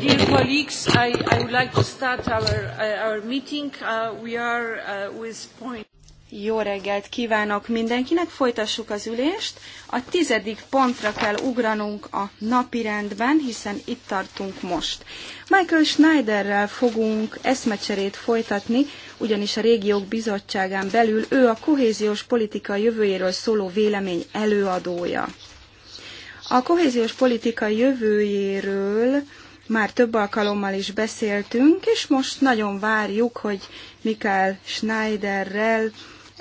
Dear colleagues, I, I would like to start our, uh, our meeting. Uh, we are uh, with point. Jó reggelt kívánok mindenkinek, folytassuk az ülést. A tizedik pontra kell ugranunk a napi rendben, hiszen itt tartunk most. Michael Schneiderrel fogunk eszmecserét folytatni, ugyanis a régiók bizottságán belül ő a kohéziós politika jövőjéről szóló vélemény előadója. A kohéziós politika jövőjéről már több alkalommal is beszéltünk, és most nagyon várjuk, hogy Mikael Schneiderrel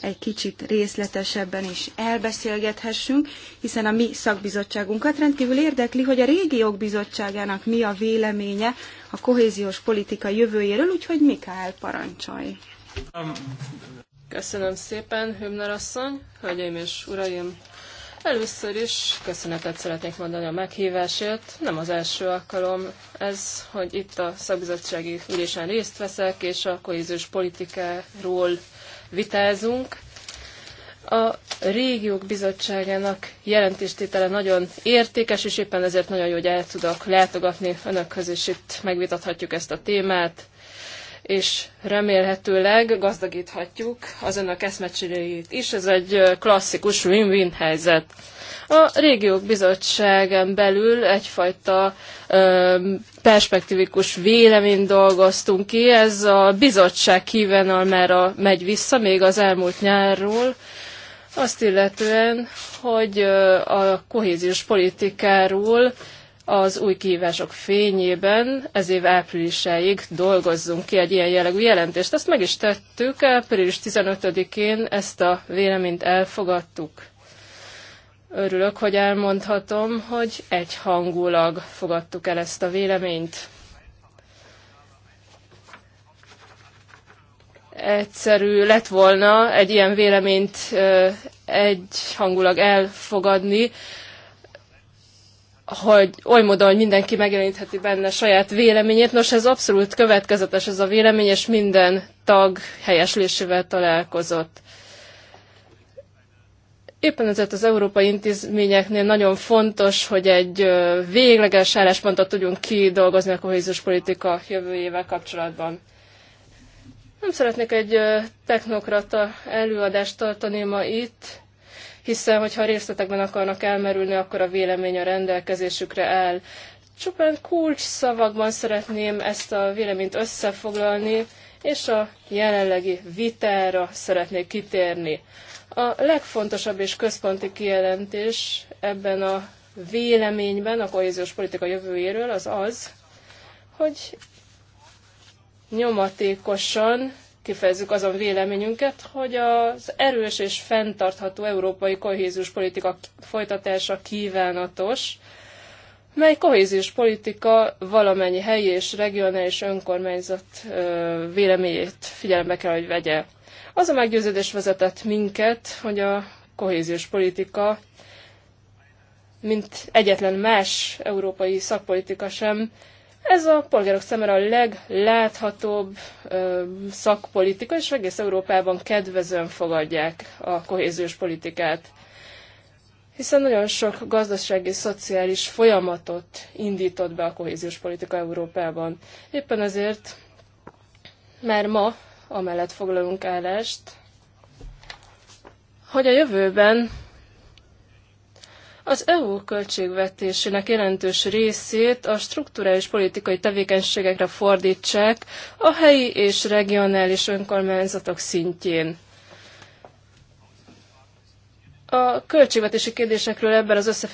egy kicsit részletesebben is elbeszélgethessünk, hiszen a mi szakbizottságunkat rendkívül érdekli, hogy a régiók bizottságának mi a véleménye a kohéziós politika jövőjéről, úgyhogy Mikael parancsolj. Köszönöm szépen, Hübner asszony, hölgyeim és uraim, Először is köszönetet szeretnék mondani a meghívásért. Nem az első alkalom ez, hogy itt a szakbizottsági ülésen részt veszek, és a kohéziós politikáról vitázunk. A régiók bizottságának jelentéstétele nagyon értékes, és éppen ezért nagyon jó, hogy el tudok látogatni önökhöz, és itt megvitathatjuk ezt a témát és remélhetőleg gazdagíthatjuk az önök eszmecseréjét is. Ez egy klasszikus win-win helyzet. A régiók bizottságán belül egyfajta ö, perspektívikus vélemény dolgoztunk ki. Ez a bizottság a, megy vissza, még az elmúlt nyárról, azt illetően, hogy a kohéziós politikáról az új kihívások fényében ez év áprilisáig dolgozzunk ki egy ilyen jellegű jelentést. Ezt meg is tettük, április 15-én ezt a véleményt elfogadtuk. Örülök, hogy elmondhatom, hogy egyhangulag fogadtuk el ezt a véleményt. egyszerű lett volna egy ilyen véleményt egyhangulag elfogadni, hogy oly módon, hogy mindenki megjelenítheti benne saját véleményét. Nos, ez abszolút következetes ez a vélemény, és minden tag helyeslésével találkozott. Éppen ezért az európai intézményeknél nagyon fontos, hogy egy végleges álláspontot tudjunk kidolgozni a kohéziós politika jövőjével kapcsolatban. Nem szeretnék egy technokrata előadást tartani ma itt, hiszen hogyha részletekben akarnak elmerülni, akkor a vélemény a rendelkezésükre áll. Csupán kulcs szavakban szeretném ezt a véleményt összefoglalni, és a jelenlegi vitára szeretnék kitérni. A legfontosabb és központi kijelentés ebben a véleményben a kohéziós politika jövőjéről az az, hogy nyomatékosan kifejezzük azon véleményünket, hogy az erős és fenntartható európai kohéziós politika folytatása kívánatos, mely kohéziós politika valamennyi helyi és regionális önkormányzat véleményét figyelembe kell, hogy vegye. Az a meggyőződés vezetett minket, hogy a kohéziós politika, mint egyetlen más európai szakpolitika sem, ez a polgárok számára a legláthatóbb ö, szakpolitika, és egész Európában kedvezően fogadják a kohéziós politikát hiszen nagyon sok gazdasági, szociális folyamatot indított be a kohéziós politika Európában. Éppen ezért már ma amellett foglalunk állást, hogy a jövőben az EU költségvetésének jelentős részét a strukturális politikai tevékenységekre fordítsák a helyi és regionális önkormányzatok szintjén. A költségvetési kérdésekről ebben az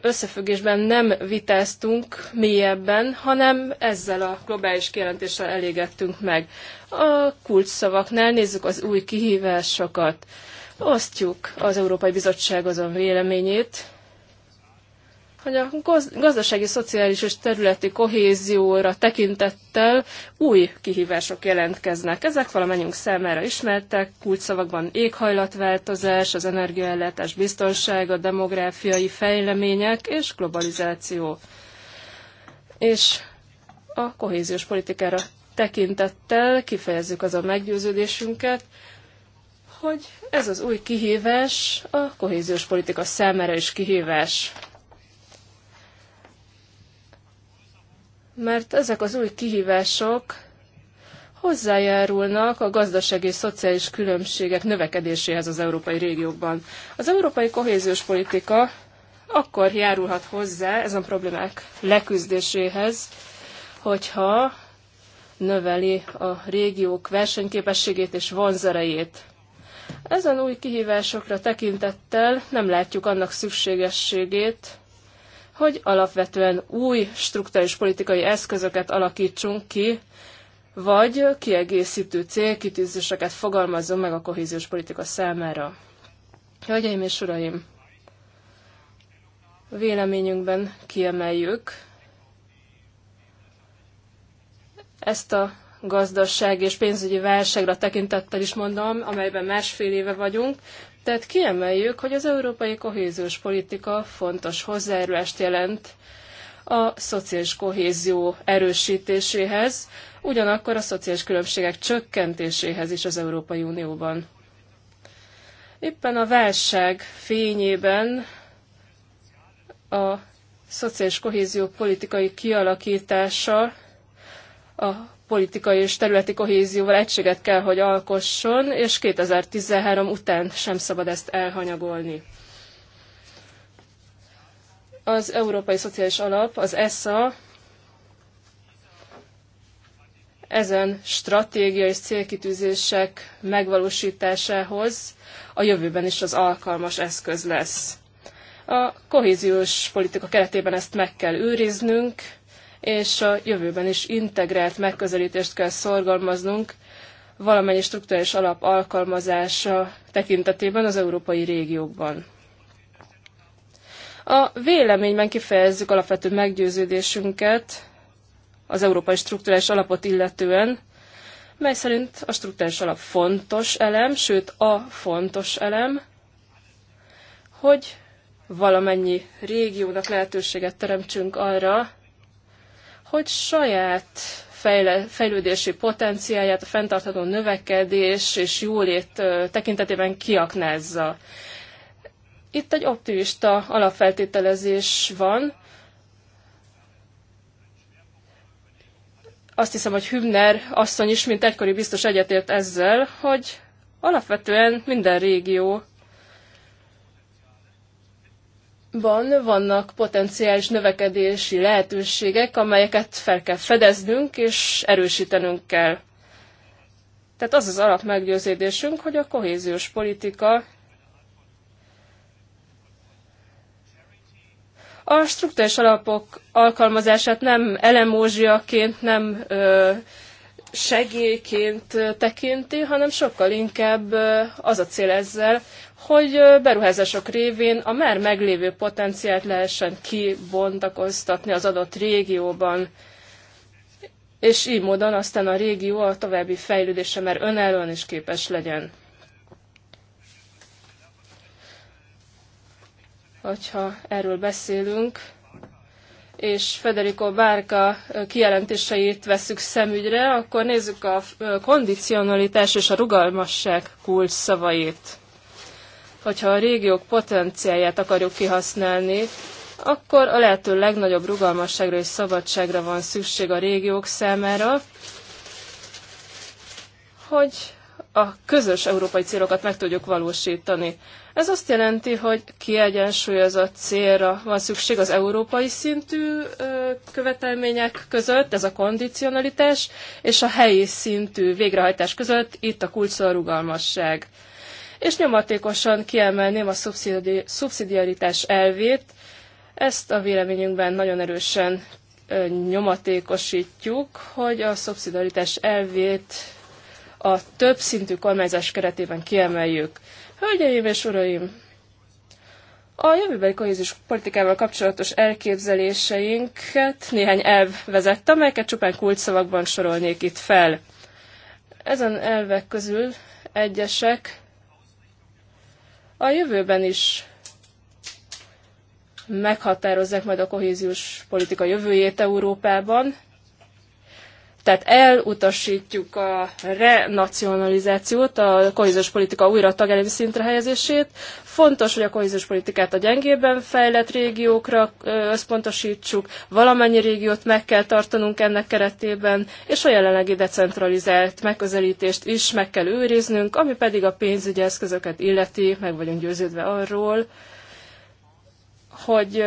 összefüggésben nem vitáztunk mélyebben, hanem ezzel a globális kijelentéssel elégettünk meg. A kulcsszavaknál nézzük az új kihívásokat. Osztjuk az Európai Bizottság azon véleményét, hogy a gazdasági, szociális és területi kohézióra tekintettel új kihívások jelentkeznek. Ezek valamennyünk számára ismertek, kulcsszavakban éghajlatváltozás, az energiaellátás biztonsága, demográfiai fejlemények és globalizáció. És a kohéziós politikára tekintettel kifejezzük az a meggyőződésünket, hogy ez az új kihívás a kohéziós politika számára is kihívás. mert ezek az új kihívások hozzájárulnak a gazdasági és szociális különbségek növekedéséhez az európai régiókban. Az európai kohéziós politika akkor járulhat hozzá ezen problémák leküzdéséhez, hogyha növeli a régiók versenyképességét és vonzerejét. Ezen új kihívásokra tekintettel nem látjuk annak szükségességét, hogy alapvetően új strukturális politikai eszközöket alakítsunk ki, vagy kiegészítő célkitűzéseket fogalmazzunk meg a kohéziós politika számára. Hölgyeim és uraim, véleményünkben kiemeljük ezt a gazdaság és pénzügyi válságra tekintettel is mondom, amelyben másfél éve vagyunk, tehát kiemeljük, hogy az európai kohéziós politika fontos hozzájárulást jelent a szociális kohézió erősítéséhez, ugyanakkor a szociális különbségek csökkentéséhez is az Európai Unióban. Éppen a válság fényében a szociális kohézió politikai kialakítása a politikai és területi kohézióval egységet kell, hogy alkosson, és 2013 után sem szabad ezt elhanyagolni. Az Európai Szociális Alap, az ESSA ezen stratégiai és célkitűzések megvalósításához a jövőben is az alkalmas eszköz lesz. A kohéziós politika keretében ezt meg kell őriznünk, és a jövőben is integrált megközelítést kell szorgalmaznunk valamennyi struktúrális alap alkalmazása tekintetében az európai régiókban. A véleményben kifejezzük alapvető meggyőződésünket az európai struktúrális alapot illetően, mely szerint a struktúrális alap fontos elem, sőt a fontos elem, hogy valamennyi régiónak lehetőséget teremtsünk arra, hogy saját fejlődési potenciáját, a fenntartható növekedés és jólét tekintetében kiaknázza. Itt egy optimista alapfeltételezés van. Azt hiszem, hogy Hübner asszony is, mint egykori biztos egyetért ezzel, hogy alapvetően minden régió Ban vannak potenciális növekedési lehetőségek, amelyeket fel kell fedeznünk és erősítenünk kell. Tehát az az alap meggyőződésünk, hogy a kohéziós politika a struktúrás alapok alkalmazását nem elemózsiaként, nem ö, segélyként tekinti, hanem sokkal inkább az a cél ezzel, hogy beruházások révén a már meglévő potenciált lehessen kibontakoztatni az adott régióban, és így módon aztán a régió a további fejlődése már önállóan is képes legyen. Hogyha erről beszélünk, és Federico Bárka kijelentéseit vesszük szemügyre, akkor nézzük a kondicionalitás és a rugalmasság kulcs szavait. Hogyha a régiók potenciáját akarjuk kihasználni, akkor a lehető legnagyobb rugalmasságra és szabadságra van szükség a régiók számára, hogy a közös európai célokat meg tudjuk valósítani. Ez azt jelenti, hogy kiegyensúlyozott célra van szükség az európai szintű követelmények között, ez a kondicionalitás, és a helyi szintű végrehajtás között, itt a kulcs a rugalmasság. És nyomatékosan kiemelném a szubszidiaritás elvét, ezt a véleményünkben nagyon erősen nyomatékosítjuk, hogy a szubszidiaritás elvét a többszintű kormányzás keretében kiemeljük. Hölgyeim és uraim! A jövőbeli kohézis politikával kapcsolatos elképzeléseinket néhány elv vezett, amelyeket csupán kulcsszavakban sorolnék itt fel. Ezen elvek közül egyesek a jövőben is meghatározzák majd a kohéziós politika jövőjét Európában, tehát elutasítjuk a renacionalizációt, a kohéziós politika újra tagállami szintre helyezését. Fontos, hogy a kohéziós politikát a gyengébben fejlett régiókra összpontosítsuk, valamennyi régiót meg kell tartanunk ennek keretében, és a jelenlegi decentralizált megközelítést is meg kell őriznünk, ami pedig a pénzügyi eszközöket illeti, meg vagyunk győződve arról, hogy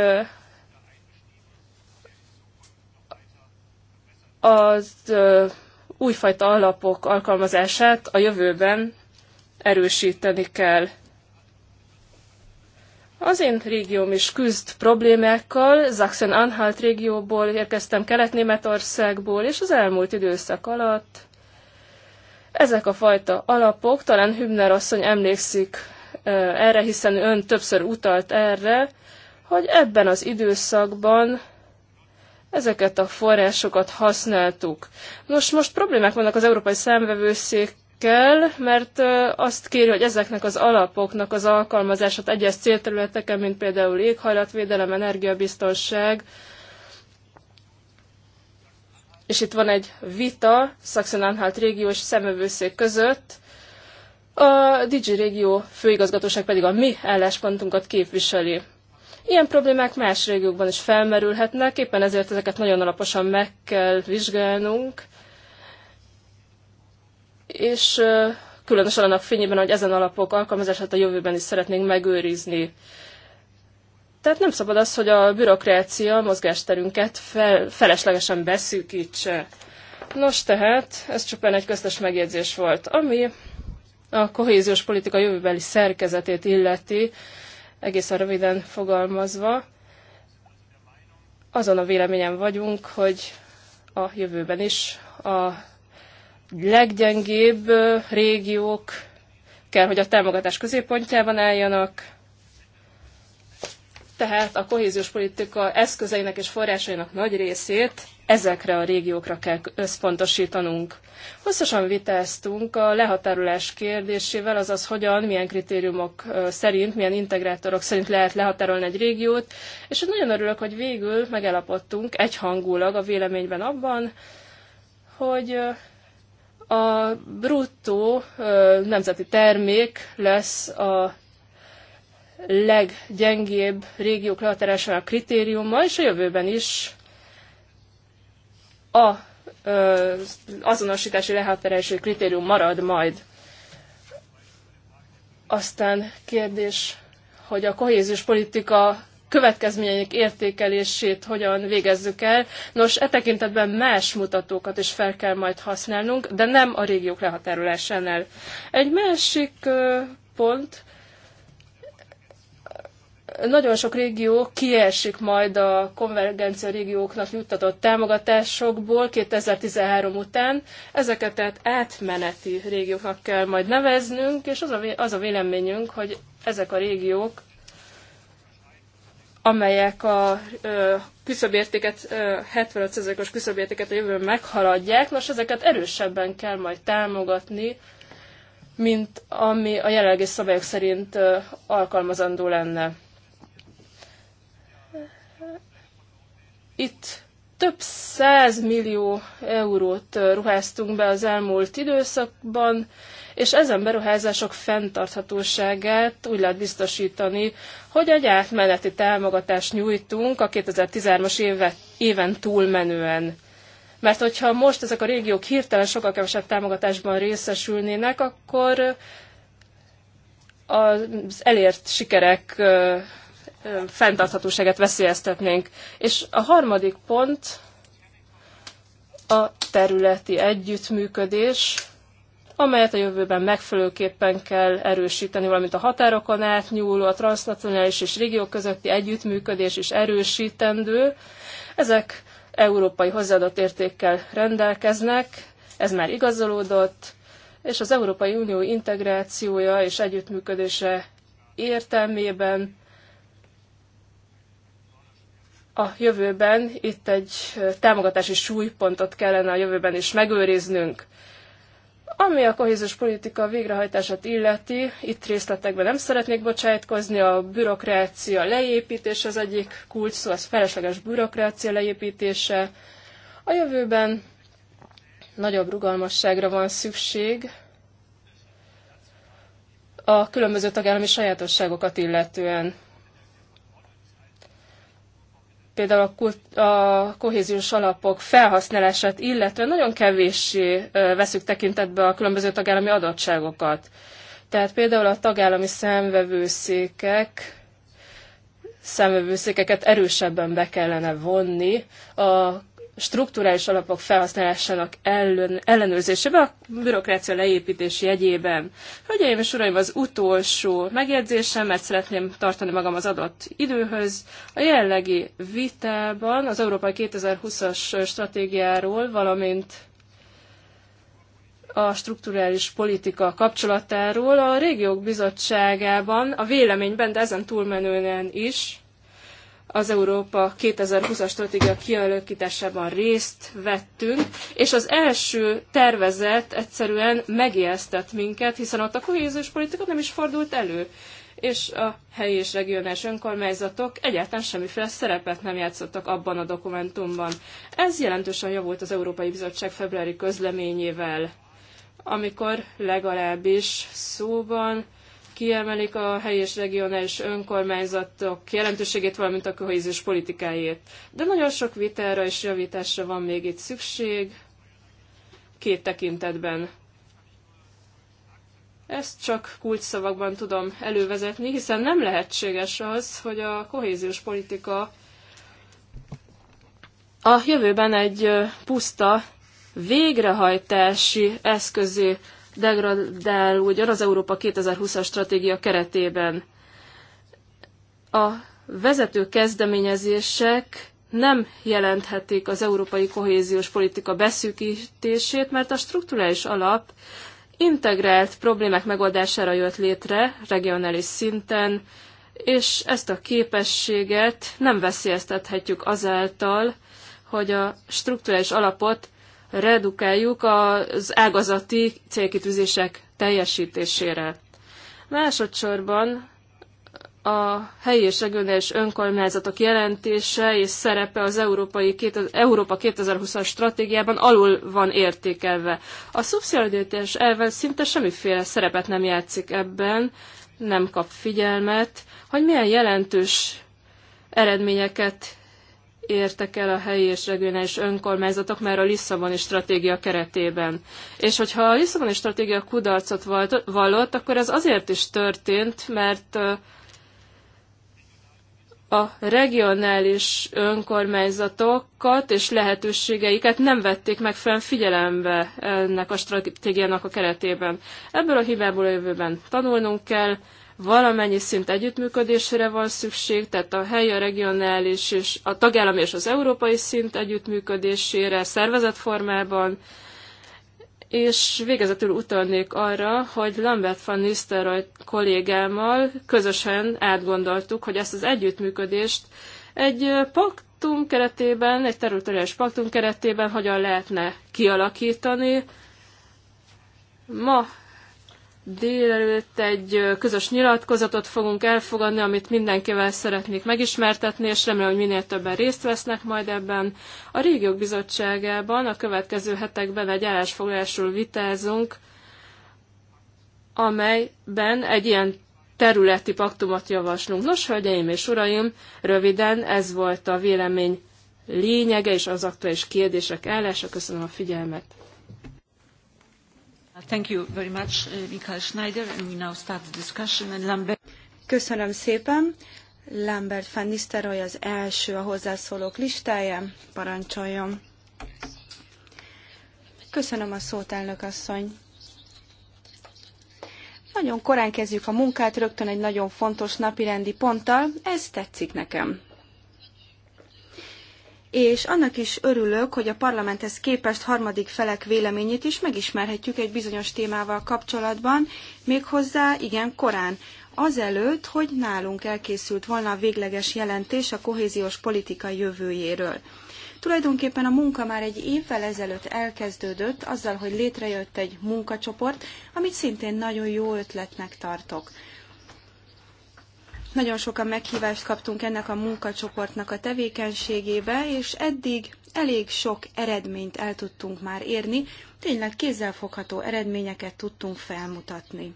az újfajta alapok alkalmazását a jövőben erősíteni kell. Az én régióm is küzd problémákkal, Sachsen-Anhalt régióból érkeztem Kelet-Németországból, és az elmúlt időszak alatt ezek a fajta alapok, talán Hübner asszony emlékszik erre, hiszen ön többször utalt erre, hogy ebben az időszakban Ezeket a forrásokat használtuk. Nos, most problémák vannak az Európai Számvevőszék kell, mert azt kéri, hogy ezeknek az alapoknak az alkalmazását egyes célterületeken, mint például éghajlatvédelem, energiabiztonság, és itt van egy vita Szaxon-Anhalt régió és szemövőszék között, a Digi régió főigazgatóság pedig a mi álláspontunkat képviseli. Ilyen problémák más régiókban is felmerülhetnek, éppen ezért ezeket nagyon alaposan meg kell vizsgálnunk, és különösen annak fényében, hogy ezen alapok alkalmazását a jövőben is szeretnénk megőrizni. Tehát nem szabad az, hogy a bürokrácia a mozgásterünket fel, feleslegesen beszűkítse. Nos tehát, ez csupán egy köztes megjegyzés volt, ami a kohéziós politika jövőbeli szerkezetét illeti egészen röviden fogalmazva, azon a véleményen vagyunk, hogy a jövőben is a leggyengébb régiók kell, hogy a támogatás középpontjában álljanak, tehát a kohéziós politika eszközeinek és forrásainak nagy részét ezekre a régiókra kell összpontosítanunk. Hosszasan vitáztunk a lehatárolás kérdésével, azaz hogyan, milyen kritériumok szerint, milyen integrátorok szerint lehet lehatárolni egy régiót, és hát nagyon örülök, hogy végül megállapodtunk egyhangulag a véleményben abban, hogy a bruttó nemzeti termék lesz a leggyengébb régiók lehatárásának a kritériuma, és a jövőben is a ö, azonosítási lehatárási kritérium marad majd. Aztán kérdés, hogy a kohéziós politika következményeinek értékelését hogyan végezzük el. Nos, e tekintetben más mutatókat is fel kell majd használnunk, de nem a régiók lehatárolásánál. Egy másik ö, pont, nagyon sok régió kiesik majd a konvergencia régióknak juttatott támogatásokból 2013 után. Ezeket tehát átmeneti régióknak kell majd neveznünk, és az a, az a véleményünk, hogy ezek a régiók, amelyek a ö, küszöbértéket, 75%-os küszöbértéket a jövőben meghaladják, nos, ezeket erősebben kell majd támogatni, mint ami a jelenlegi szabályok szerint alkalmazandó lenne. Itt több száz millió eurót ruháztunk be az elmúlt időszakban, és ezen beruházások fenntarthatóságát úgy lehet biztosítani, hogy egy átmeneti támogatást nyújtunk a 2013-as éve, éven túlmenően. Mert hogyha most ezek a régiók hirtelen sokkal kevesebb támogatásban részesülnének, akkor az elért sikerek fenntarthatóságát veszélyeztetnénk. És a harmadik pont a területi együttműködés, amelyet a jövőben megfelelőképpen kell erősíteni, valamint a határokon átnyúló, a transnacionális és régiók közötti együttműködés is erősítendő. Ezek európai hozzáadott értékkel rendelkeznek, ez már igazolódott, és az Európai Unió integrációja és együttműködése értelmében a jövőben itt egy támogatási súlypontot kellene a jövőben is megőriznünk. Ami a kohéziós politika végrehajtását illeti, itt részletekben nem szeretnék bocsájtkozni, a bürokrácia leépítés az egyik kulcs szó, az felesleges bürokrácia leépítése. A jövőben nagyobb rugalmasságra van szükség a különböző tagállami sajátosságokat illetően például a, kult, a kohéziós alapok felhasználását illetve nagyon kevéssé veszük tekintetbe a különböző tagállami adottságokat. Tehát például a tagállami szemvevőszékek szemvevőszékeket erősebben be kellene vonni a strukturális alapok felhasználásának ellen, ellenőrzésében, a bürokrácia leépítési jegyében. Hölgyeim és uraim, az utolsó megjegyzésem, mert szeretném tartani magam az adott időhöz. A jelenlegi vitában az Európai 2020-as stratégiáról, valamint a strukturális politika kapcsolatáról a régiók bizottságában, a véleményben, de ezen túlmenően is az Európa 2020-as stratégia kialakításában részt vettünk, és az első tervezet egyszerűen megijesztett minket, hiszen ott a kohéziós politika nem is fordult elő és a helyi és regionális önkormányzatok egyáltalán semmiféle szerepet nem játszottak abban a dokumentumban. Ez jelentősen javult az Európai Bizottság februári közleményével, amikor legalábbis szóban kiemelik a helyi és regionális önkormányzatok jelentőségét, valamint a kohéziós politikáját, De nagyon sok vitára és javításra van még itt szükség, két tekintetben. Ezt csak kulcsszavakban tudom elővezetni, hiszen nem lehetséges az, hogy a kohéziós politika a jövőben egy puszta végrehajtási eszközé degradálódjon az Európa 2020-as stratégia keretében. A vezető kezdeményezések nem jelenthetik az európai kohéziós politika beszűkítését, mert a strukturális alap integrált problémák megoldására jött létre regionális szinten, és ezt a képességet nem veszélyeztethetjük azáltal, hogy a strukturális alapot redukáljuk az ágazati célkitűzések teljesítésére. Másodszorban a helyi és regionális önkormányzatok jelentése és szerepe az Európai Európa 2020-as stratégiában alul van értékelve. A szubszidiaritás elve szinte semmiféle szerepet nem játszik ebben, nem kap figyelmet, hogy milyen jelentős eredményeket értek el a helyi és regionális önkormányzatok már a Lisszaboni stratégia keretében. És hogyha a Lisszaboni stratégia kudarcot vallott, akkor ez azért is történt, mert a regionális önkormányzatokat és lehetőségeiket nem vették meg fel figyelembe ennek a stratégiának a keretében. Ebből a hibából a jövőben tanulnunk kell, valamennyi szint együttműködésére van szükség, tehát a helyi, a regionális, és a tagállami és az európai szint együttműködésére szervezetformában, és végezetül utalnék arra, hogy Lambert van Nistelrooy kollégámmal közösen átgondoltuk, hogy ezt az együttműködést egy paktum keretében, egy territoriális paktum keretében hogyan lehetne kialakítani. Ma délelőtt egy közös nyilatkozatot fogunk elfogadni, amit mindenkivel szeretnék megismertetni, és remélem, hogy minél többen részt vesznek majd ebben. A Régiók Bizottságában a következő hetekben egy állásfoglalásról vitázunk, amelyben egy ilyen területi paktumot javaslunk. Nos, hölgyeim és uraim, röviden ez volt a vélemény lényege és az aktuális kérdések állása. Köszönöm a figyelmet! Köszönöm szépen. Lambert van Nisteroy az első a hozzászólók listáján. Parancsoljon. Köszönöm a szót, elnök asszony. Nagyon korán kezdjük a munkát, rögtön egy nagyon fontos napirendi ponttal. Ez tetszik nekem és annak is örülök, hogy a parlamenthez képest harmadik felek véleményét is megismerhetjük egy bizonyos témával kapcsolatban, méghozzá igen korán, azelőtt, hogy nálunk elkészült volna a végleges jelentés a kohéziós politika jövőjéről. Tulajdonképpen a munka már egy évvel ezelőtt elkezdődött, azzal, hogy létrejött egy munkacsoport, amit szintén nagyon jó ötletnek tartok. Nagyon sokan meghívást kaptunk ennek a munkacsoportnak a tevékenységébe, és eddig elég sok eredményt el tudtunk már érni, tényleg kézzelfogható eredményeket tudtunk felmutatni.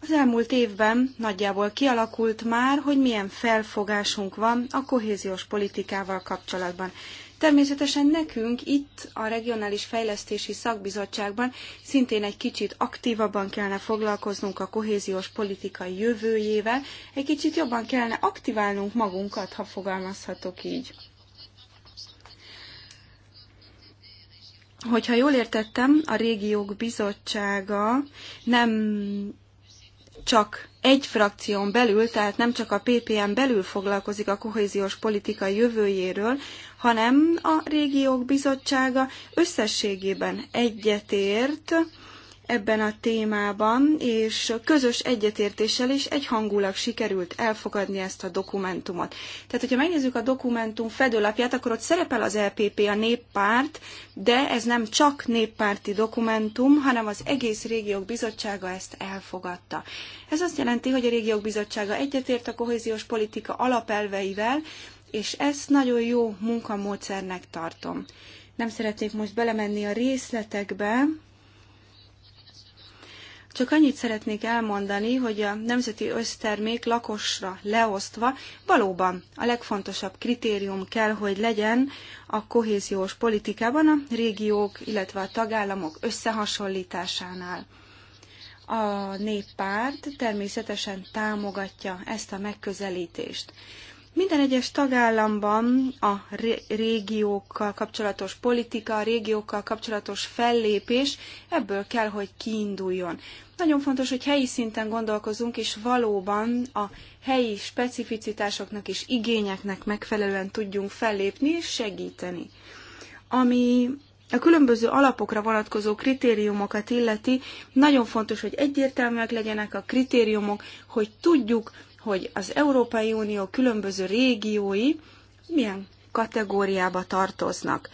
Az elmúlt évben nagyjából kialakult már, hogy milyen felfogásunk van a kohéziós politikával kapcsolatban. Természetesen nekünk itt a Regionális Fejlesztési Szakbizottságban szintén egy kicsit aktívabban kellene foglalkoznunk a kohéziós politika jövőjével, egy kicsit jobban kellene aktiválnunk magunkat, ha fogalmazhatok így. Hogyha jól értettem, a régiók bizottsága nem csak egy frakción belül, tehát nem csak a PPM belül foglalkozik a kohéziós politika jövőjéről, hanem a régiók bizottsága összességében egyetért ebben a témában, és közös egyetértéssel is egyhangulag sikerült elfogadni ezt a dokumentumot. Tehát, hogyha megnézzük a dokumentum fedőlapját, akkor ott szerepel az LPP, e a néppárt, de ez nem csak néppárti dokumentum, hanem az egész régiók bizottsága ezt elfogadta. Ez azt jelenti, hogy a régiók bizottsága egyetért a kohéziós politika alapelveivel, és ezt nagyon jó munkamódszernek tartom. Nem szeretnék most belemenni a részletekbe, csak annyit szeretnék elmondani, hogy a nemzeti össztermék lakosra leosztva valóban a legfontosabb kritérium kell, hogy legyen a kohéziós politikában a régiók, illetve a tagállamok összehasonlításánál. A néppárt természetesen támogatja ezt a megközelítést. Minden egyes tagállamban a régiókkal kapcsolatos politika, a régiókkal kapcsolatos fellépés ebből kell, hogy kiinduljon. Nagyon fontos, hogy helyi szinten gondolkozunk, és valóban a helyi specificitásoknak és igényeknek megfelelően tudjunk fellépni és segíteni. Ami a különböző alapokra vonatkozó kritériumokat illeti, nagyon fontos, hogy egyértelműek legyenek a kritériumok, hogy tudjuk, hogy az Európai Unió különböző régiói milyen kategóriába tartoznak.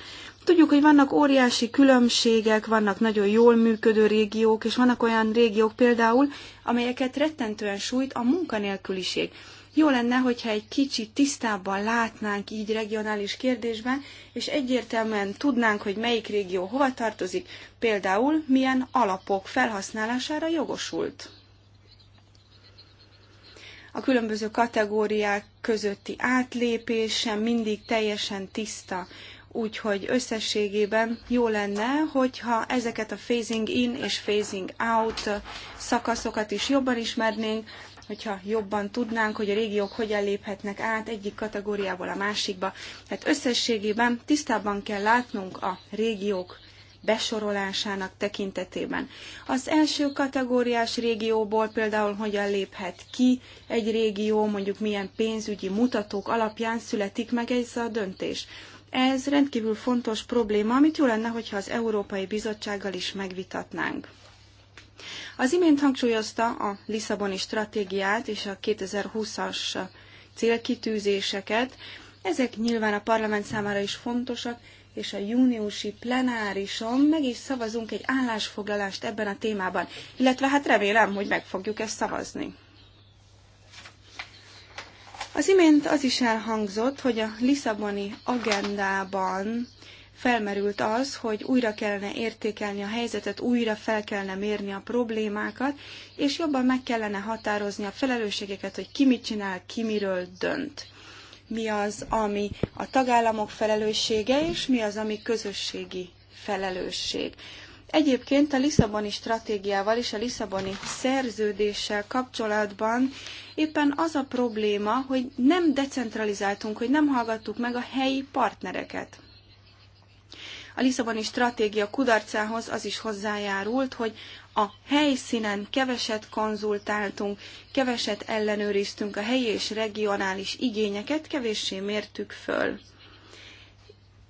Tudjuk, hogy vannak óriási különbségek, vannak nagyon jól működő régiók, és vannak olyan régiók például, amelyeket rettentően sújt a munkanélküliség. Jó lenne, hogyha egy kicsit tisztábban látnánk így regionális kérdésben, és egyértelműen tudnánk, hogy melyik régió hova tartozik, például milyen alapok felhasználására jogosult a különböző kategóriák közötti átlépés sem mindig teljesen tiszta. Úgyhogy összességében jó lenne, hogyha ezeket a phasing in és phasing out szakaszokat is jobban ismernénk, hogyha jobban tudnánk, hogy a régiók hogyan léphetnek át egyik kategóriából a másikba. Tehát összességében tisztában kell látnunk a régiók besorolásának tekintetében. Az első kategóriás régióból például hogyan léphet ki egy régió, mondjuk milyen pénzügyi mutatók alapján születik meg ez a döntés. Ez rendkívül fontos probléma, amit jó lenne, hogyha az Európai Bizottsággal is megvitatnánk. Az imént hangsúlyozta a Lisszaboni stratégiát és a 2020-as célkitűzéseket. Ezek nyilván a parlament számára is fontosak, és a júniusi plenárison meg is szavazunk egy állásfoglalást ebben a témában, illetve hát remélem, hogy meg fogjuk ezt szavazni. Az imént az is elhangzott, hogy a Lisszaboni agendában felmerült az, hogy újra kellene értékelni a helyzetet, újra fel kellene mérni a problémákat, és jobban meg kellene határozni a felelősségeket, hogy ki mit csinál, ki miről dönt mi az, ami a tagállamok felelőssége, és mi az, ami közösségi felelősség. Egyébként a Lisszaboni stratégiával és a Lisszaboni szerződéssel kapcsolatban éppen az a probléma, hogy nem decentralizáltunk, hogy nem hallgattuk meg a helyi partnereket. A Lisszaboni stratégia kudarcához az is hozzájárult, hogy a helyszínen keveset konzultáltunk, keveset ellenőriztünk a helyi és regionális igényeket, kevéssé mértük föl.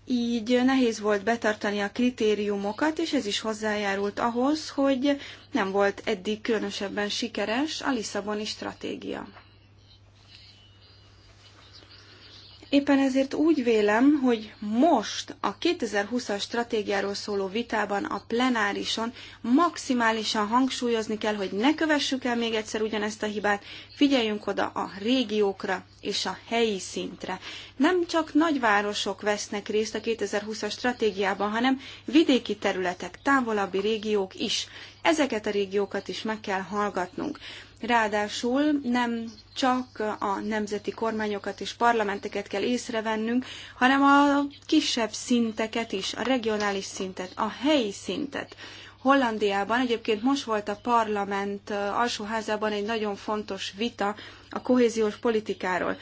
Így nehéz volt betartani a kritériumokat, és ez is hozzájárult ahhoz, hogy nem volt eddig különösebben sikeres a Lisszaboni stratégia. Éppen ezért úgy vélem, hogy most a 2020-as stratégiáról szóló vitában a plenárison maximálisan hangsúlyozni kell, hogy ne kövessük el még egyszer ugyanezt a hibát, figyeljünk oda a régiókra és a helyi szintre. Nem csak nagyvárosok vesznek részt a 2020-as stratégiában, hanem vidéki területek, távolabbi régiók is. Ezeket a régiókat is meg kell hallgatnunk. Ráadásul nem csak a nemzeti kormányokat és parlamenteket kell észrevennünk, hanem a kisebb szinteket is, a regionális szintet, a helyi szintet. Hollandiában egyébként most volt a parlament alsóházában egy nagyon fontos vita a kohéziós politikáról,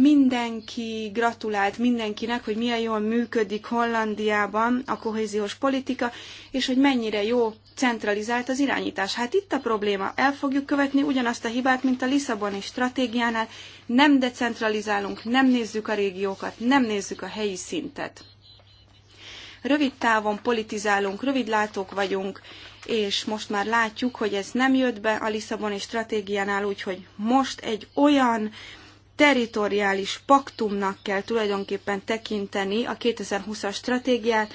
Mindenki gratulált mindenkinek, hogy milyen jól működik Hollandiában a kohéziós politika, és hogy mennyire jó centralizált az irányítás. Hát itt a probléma. El fogjuk követni ugyanazt a hibát, mint a Lisszaboni stratégiánál. Nem decentralizálunk, nem nézzük a régiókat, nem nézzük a helyi szintet. Rövid távon politizálunk, rövidlátók vagyunk, és most már látjuk, hogy ez nem jött be a Lisszaboni stratégiánál, úgyhogy most egy olyan teritoriális paktumnak kell tulajdonképpen tekinteni a 2020-as stratégiát,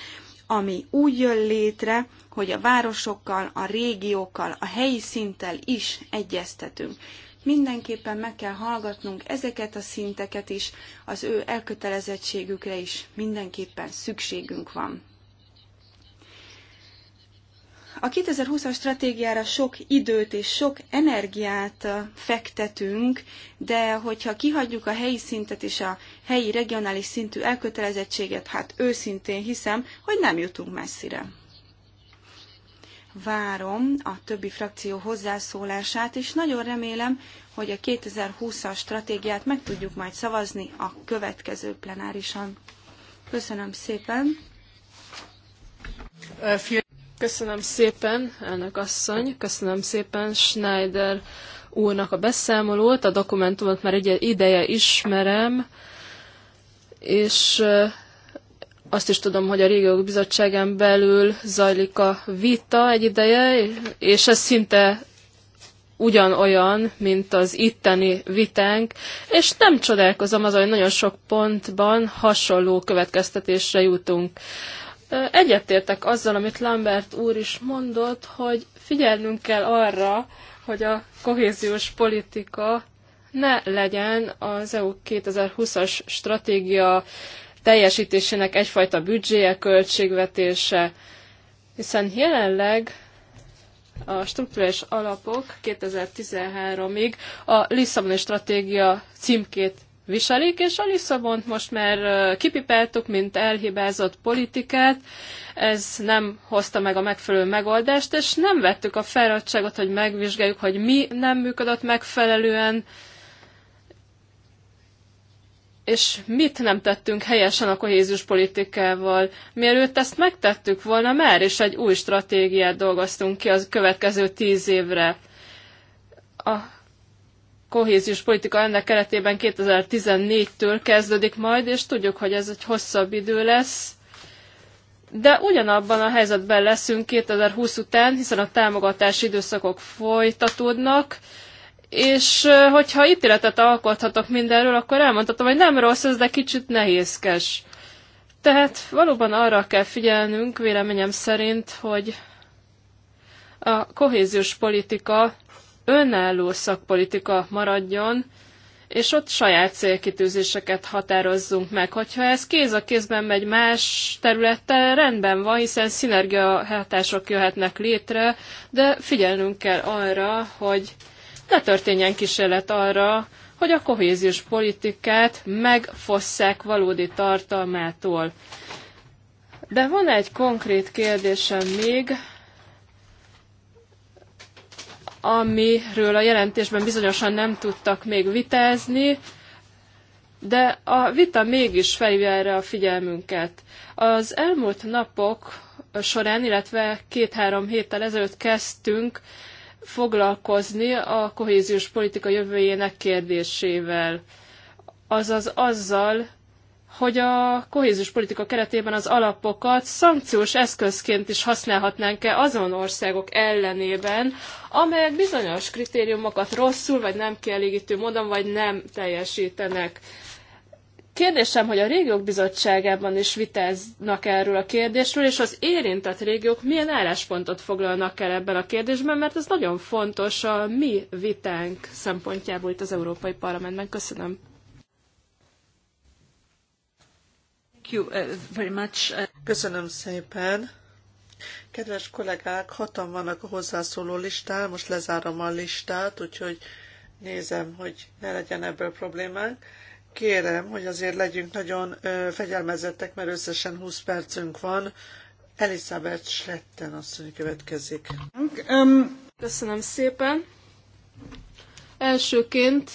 ami úgy jön létre, hogy a városokkal, a régiókkal, a helyi szinttel is egyeztetünk. Mindenképpen meg kell hallgatnunk ezeket a szinteket is, az ő elkötelezettségükre is mindenképpen szükségünk van. A 2020-as stratégiára sok időt és sok energiát fektetünk, de hogyha kihagyjuk a helyi szintet és a helyi regionális szintű elkötelezettséget, hát őszintén hiszem, hogy nem jutunk messzire. Várom a többi frakció hozzászólását, és nagyon remélem, hogy a 2020-as stratégiát meg tudjuk majd szavazni a következő plenárison. Köszönöm szépen! Köszönöm szépen, elnök asszony, köszönöm szépen Schneider úrnak a beszámolót, a dokumentumot már egy ideje ismerem, és azt is tudom, hogy a Régiók Bizottságán belül zajlik a vita egy ideje, és ez szinte ugyanolyan, mint az itteni vitánk, és nem csodálkozom azon, hogy nagyon sok pontban hasonló következtetésre jutunk. Egyetértek azzal, amit Lambert úr is mondott, hogy figyelnünk kell arra, hogy a kohéziós politika ne legyen az EU 2020-as stratégia teljesítésének egyfajta büdzséje, költségvetése, hiszen jelenleg a struktúrális alapok 2013-ig a Lisszaboni stratégia címkét viselik, és a Lisszabont most már kipipeltük, mint elhibázott politikát, ez nem hozta meg a megfelelő megoldást, és nem vettük a fáradtságot, hogy megvizsgáljuk, hogy mi nem működött megfelelően, és mit nem tettünk helyesen a kohézius politikával. Mielőtt ezt megtettük volna már, is egy új stratégiát dolgoztunk ki az következő tíz évre. A kohéziós politika ennek keretében 2014-től kezdődik majd, és tudjuk, hogy ez egy hosszabb idő lesz. De ugyanabban a helyzetben leszünk 2020 után, hiszen a támogatási időszakok folytatódnak, és hogyha ítéletet alkothatok mindenről, akkor elmondhatom, hogy nem rossz ez, de kicsit nehézkes. Tehát valóban arra kell figyelnünk, véleményem szerint, hogy a kohéziós politika önálló szakpolitika maradjon, és ott saját célkitűzéseket határozzunk meg. Hogyha ez kéz a kézben megy más területtel, rendben van, hiszen szinergia hatások jöhetnek létre, de figyelnünk kell arra, hogy ne történjen kísérlet arra, hogy a kohéziós politikát megfosszák valódi tartalmától. De van egy konkrét kérdésem még, amiről a jelentésben bizonyosan nem tudtak még vitázni, de a vita mégis felhívja erre a figyelmünket. Az elmúlt napok során, illetve két-három héttel ezelőtt kezdtünk foglalkozni a kohéziós politika jövőjének kérdésével, azaz azzal, hogy a kohézus politika keretében az alapokat szankciós eszközként is használhatnánk-e azon országok ellenében, amelyek bizonyos kritériumokat rosszul, vagy nem kielégítő módon, vagy nem teljesítenek. Kérdésem, hogy a régiók bizottságában is vitáznak erről a kérdésről, és az érintett régiók milyen álláspontot foglalnak el ebben a kérdésben, mert ez nagyon fontos a mi vitánk szempontjából itt az Európai Parlamentben. Köszönöm. Uh, uh, Köszönöm szépen. Kedves kollégák, hatan vannak a hozzászóló listán, most lezárom a listát, úgyhogy nézem, hogy ne legyen ebből problémánk. Kérem, hogy azért legyünk nagyon fegyelmezettek, mert összesen 20 percünk van. Elisabeth Schletten asszony következik. Köszönöm szépen. Elsőként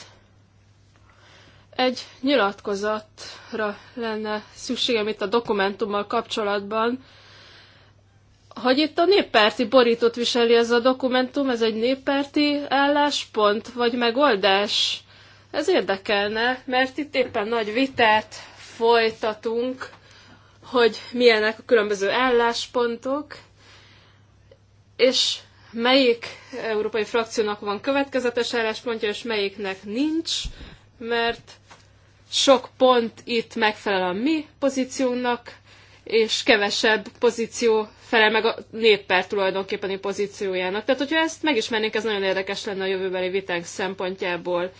egy nyilatkozatra lenne szükségem itt a dokumentummal kapcsolatban, hogy itt a néppárti borítót viseli ez a dokumentum, ez egy néppárti álláspont vagy megoldás? Ez érdekelne, mert itt éppen nagy vitát folytatunk, hogy milyenek a különböző álláspontok, és melyik európai frakciónak van következetes álláspontja, és melyiknek nincs, mert sok pont itt megfelel a mi pozíciónknak, és kevesebb pozíció felel meg a néppárt tulajdonképpeni pozíciójának. Tehát, hogyha ezt megismernénk, ez nagyon érdekes lenne a jövőbeli vitánk szempontjából.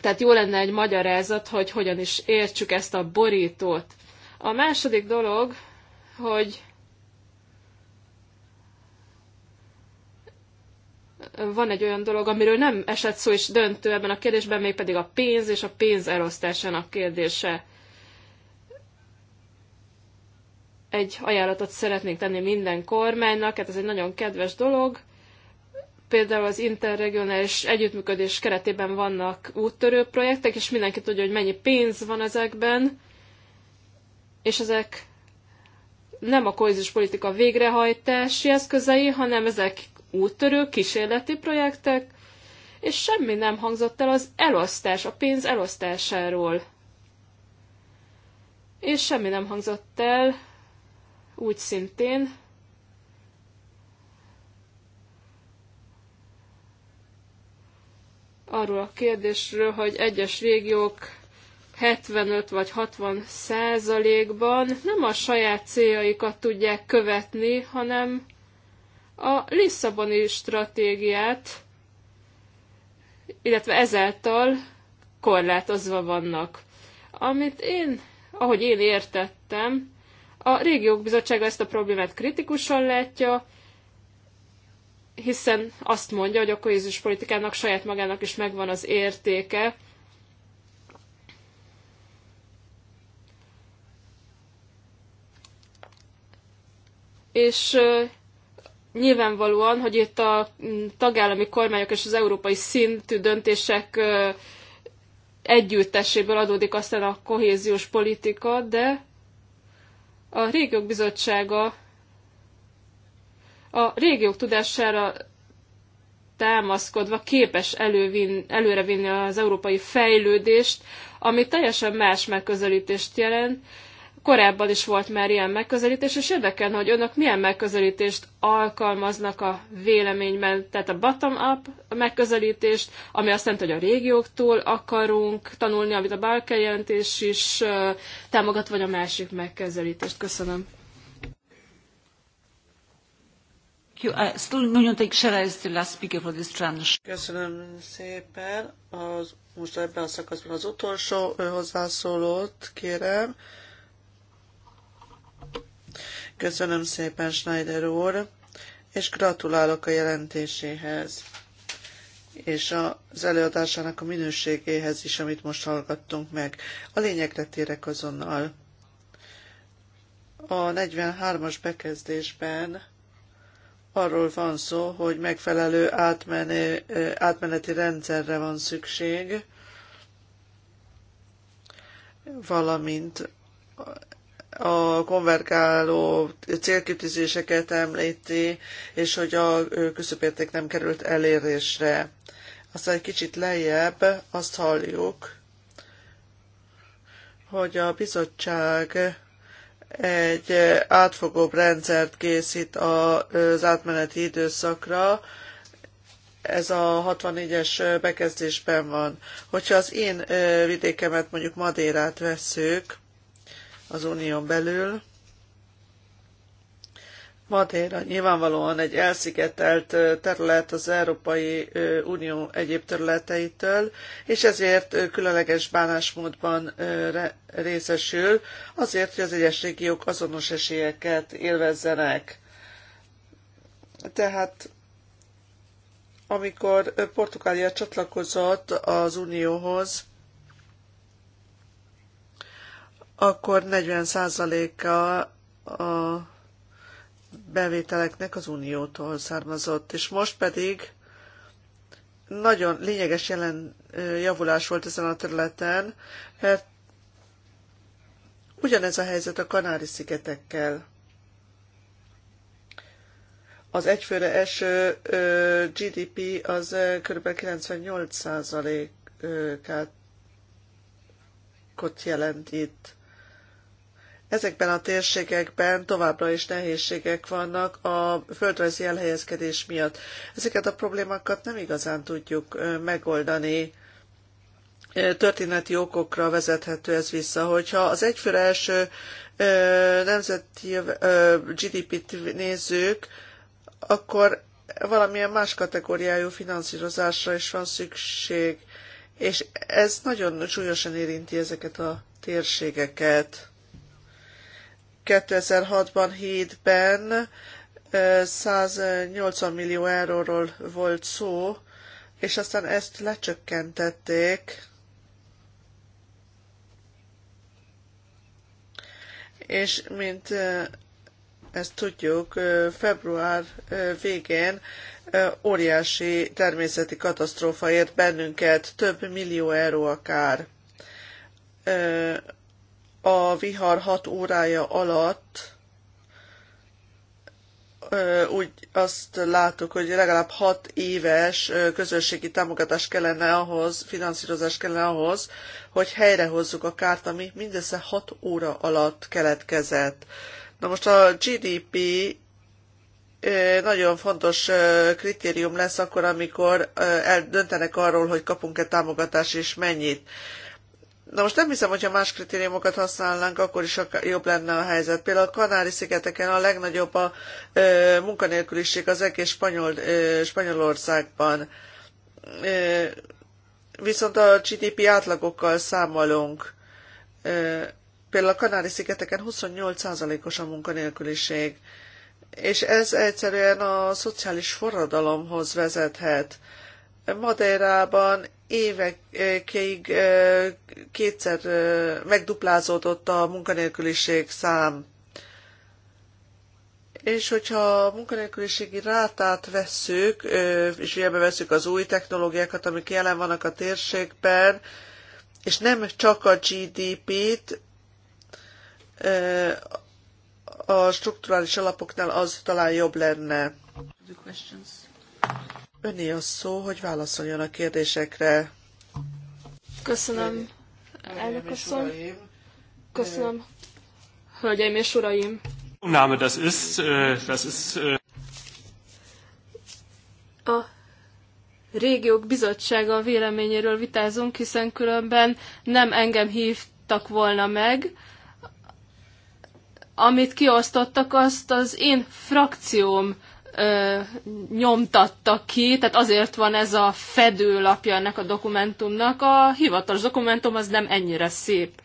Tehát jó lenne egy magyarázat, hogy hogyan is értsük ezt a borítót. A második dolog, hogy van egy olyan dolog, amiről nem esett szó is döntő ebben a kérdésben, mégpedig a pénz és a pénz elosztásának kérdése. Egy ajánlatot szeretnék tenni minden kormánynak, hát ez egy nagyon kedves dolog. Például az interregionális együttműködés keretében vannak úttörő projektek, és mindenki tudja, hogy mennyi pénz van ezekben, és ezek nem a kohéziós politika végrehajtási eszközei, hanem ezek úttörő kísérleti projektek, és semmi nem hangzott el az elosztás, a pénz elosztásáról. És semmi nem hangzott el úgy szintén, arról a kérdésről, hogy egyes régiók 75 vagy 60 százalékban nem a saját céljaikat tudják követni, hanem a Lisszaboni stratégiát, illetve ezáltal korlátozva vannak. Amit én, ahogy én értettem, a régiók bizottsága ezt a problémát kritikusan látja, hiszen azt mondja, hogy a kohézus politikának saját magának is megvan az értéke, és nyilvánvalóan, hogy itt a tagállami kormányok és az európai szintű döntések együtteséből adódik aztán a kohéziós politika, de a régiók bizottsága a régiók tudására támaszkodva képes elővin, előrevinni az európai fejlődést, ami teljesen más megközelítést jelent, Korábban is volt már ilyen megközelítés, és érdekelne, hogy önök milyen megközelítést alkalmaznak a véleményben, tehát a bottom-up megközelítést, ami azt jelenti, hogy a régióktól akarunk tanulni, amit a Barker jelentés is támogat, vagy a másik megközelítést. Köszönöm. Uh, Köszönöm szépen. Az, most ebben a szakaszban az utolsó hozzászólót kérem. Köszönöm szépen, Schneider úr, és gratulálok a jelentéséhez, és az előadásának a minőségéhez is, amit most hallgattunk meg. A lényegre térek azonnal. A 43-as bekezdésben arról van szó, hogy megfelelő átmenő, átmeneti rendszerre van szükség, valamint a konvergáló célkitűzéseket említi, és hogy a küszöbérték nem került elérésre. Aztán egy kicsit lejjebb azt halljuk, hogy a bizottság egy átfogóbb rendszert készít az átmeneti időszakra, ez a 64-es bekezdésben van. Hogyha az én vidékemet, mondjuk Madérát vesszük, az unión belül. Madeira nyilvánvalóan egy elszigetelt terület az Európai Unió egyéb területeitől, és ezért különleges bánásmódban részesül, azért, hogy az egyes régiók azonos esélyeket élvezzenek. Tehát amikor Portugália csatlakozott az Unióhoz, akkor 40%-a a bevételeknek az Uniótól származott, és most pedig nagyon lényeges jelen, javulás volt ezen a területen, mert ugyanez a helyzet a Kanári-szigetekkel. Az egyfőre eső GDP az kb. 98%-át jelent itt. Ezekben a térségekben továbbra is nehézségek vannak a földrajzi elhelyezkedés miatt. Ezeket a problémákat nem igazán tudjuk megoldani történeti okokra vezethető ez vissza, hogyha az egyfőre első nemzeti GDP-t nézzük, akkor valamilyen más kategóriájú finanszírozásra is van szükség, és ez nagyon súlyosan érinti ezeket a térségeket. 2006-ban, 7-ben 180 millió euróról volt szó, és aztán ezt lecsökkentették. És mint ezt tudjuk, február végén óriási természeti katasztrófa ért bennünket, több millió euró akár a vihar hat órája alatt úgy azt látok, hogy legalább hat éves közösségi támogatás kellene ahhoz, finanszírozás kellene ahhoz, hogy helyrehozzuk a kárt, ami mindössze hat óra alatt keletkezett. Na most a GDP nagyon fontos kritérium lesz akkor, amikor döntenek arról, hogy kapunk-e támogatást és mennyit. Na most nem hiszem, hogyha más kritériumokat használnánk, akkor is jobb lenne a helyzet. Például a Kanári-szigeteken a legnagyobb a ö, munkanélküliség az egész Spanyol, ö, Spanyolországban. Ö, viszont a GDP átlagokkal számolunk. Ö, például a Kanári-szigeteken 28%-os a munkanélküliség. És ez egyszerűen a szociális forradalomhoz vezethet. Madeirában évekéig kétszer megduplázódott a munkanélküliség szám. És hogyha a munkanélküliségi rátát vesszük, és ilyenbe vesszük az új technológiákat, amik jelen vannak a térségben, és nem csak a GDP-t, a strukturális alapoknál az talán jobb lenne. Öné a szó, hogy válaszoljon a kérdésekre. Köszönöm, elnök asszony. Köszönöm, hölgyeim és uraim. Name, das ist, äh, das ist, äh, A régiók bizottsága véleményéről vitázunk, hiszen különben nem engem hívtak volna meg, amit kiosztottak, azt az én frakcióm ö, nyomtatta ki, tehát azért van ez a fedőlapja ennek a dokumentumnak. A hivatalos dokumentum az nem ennyire szép.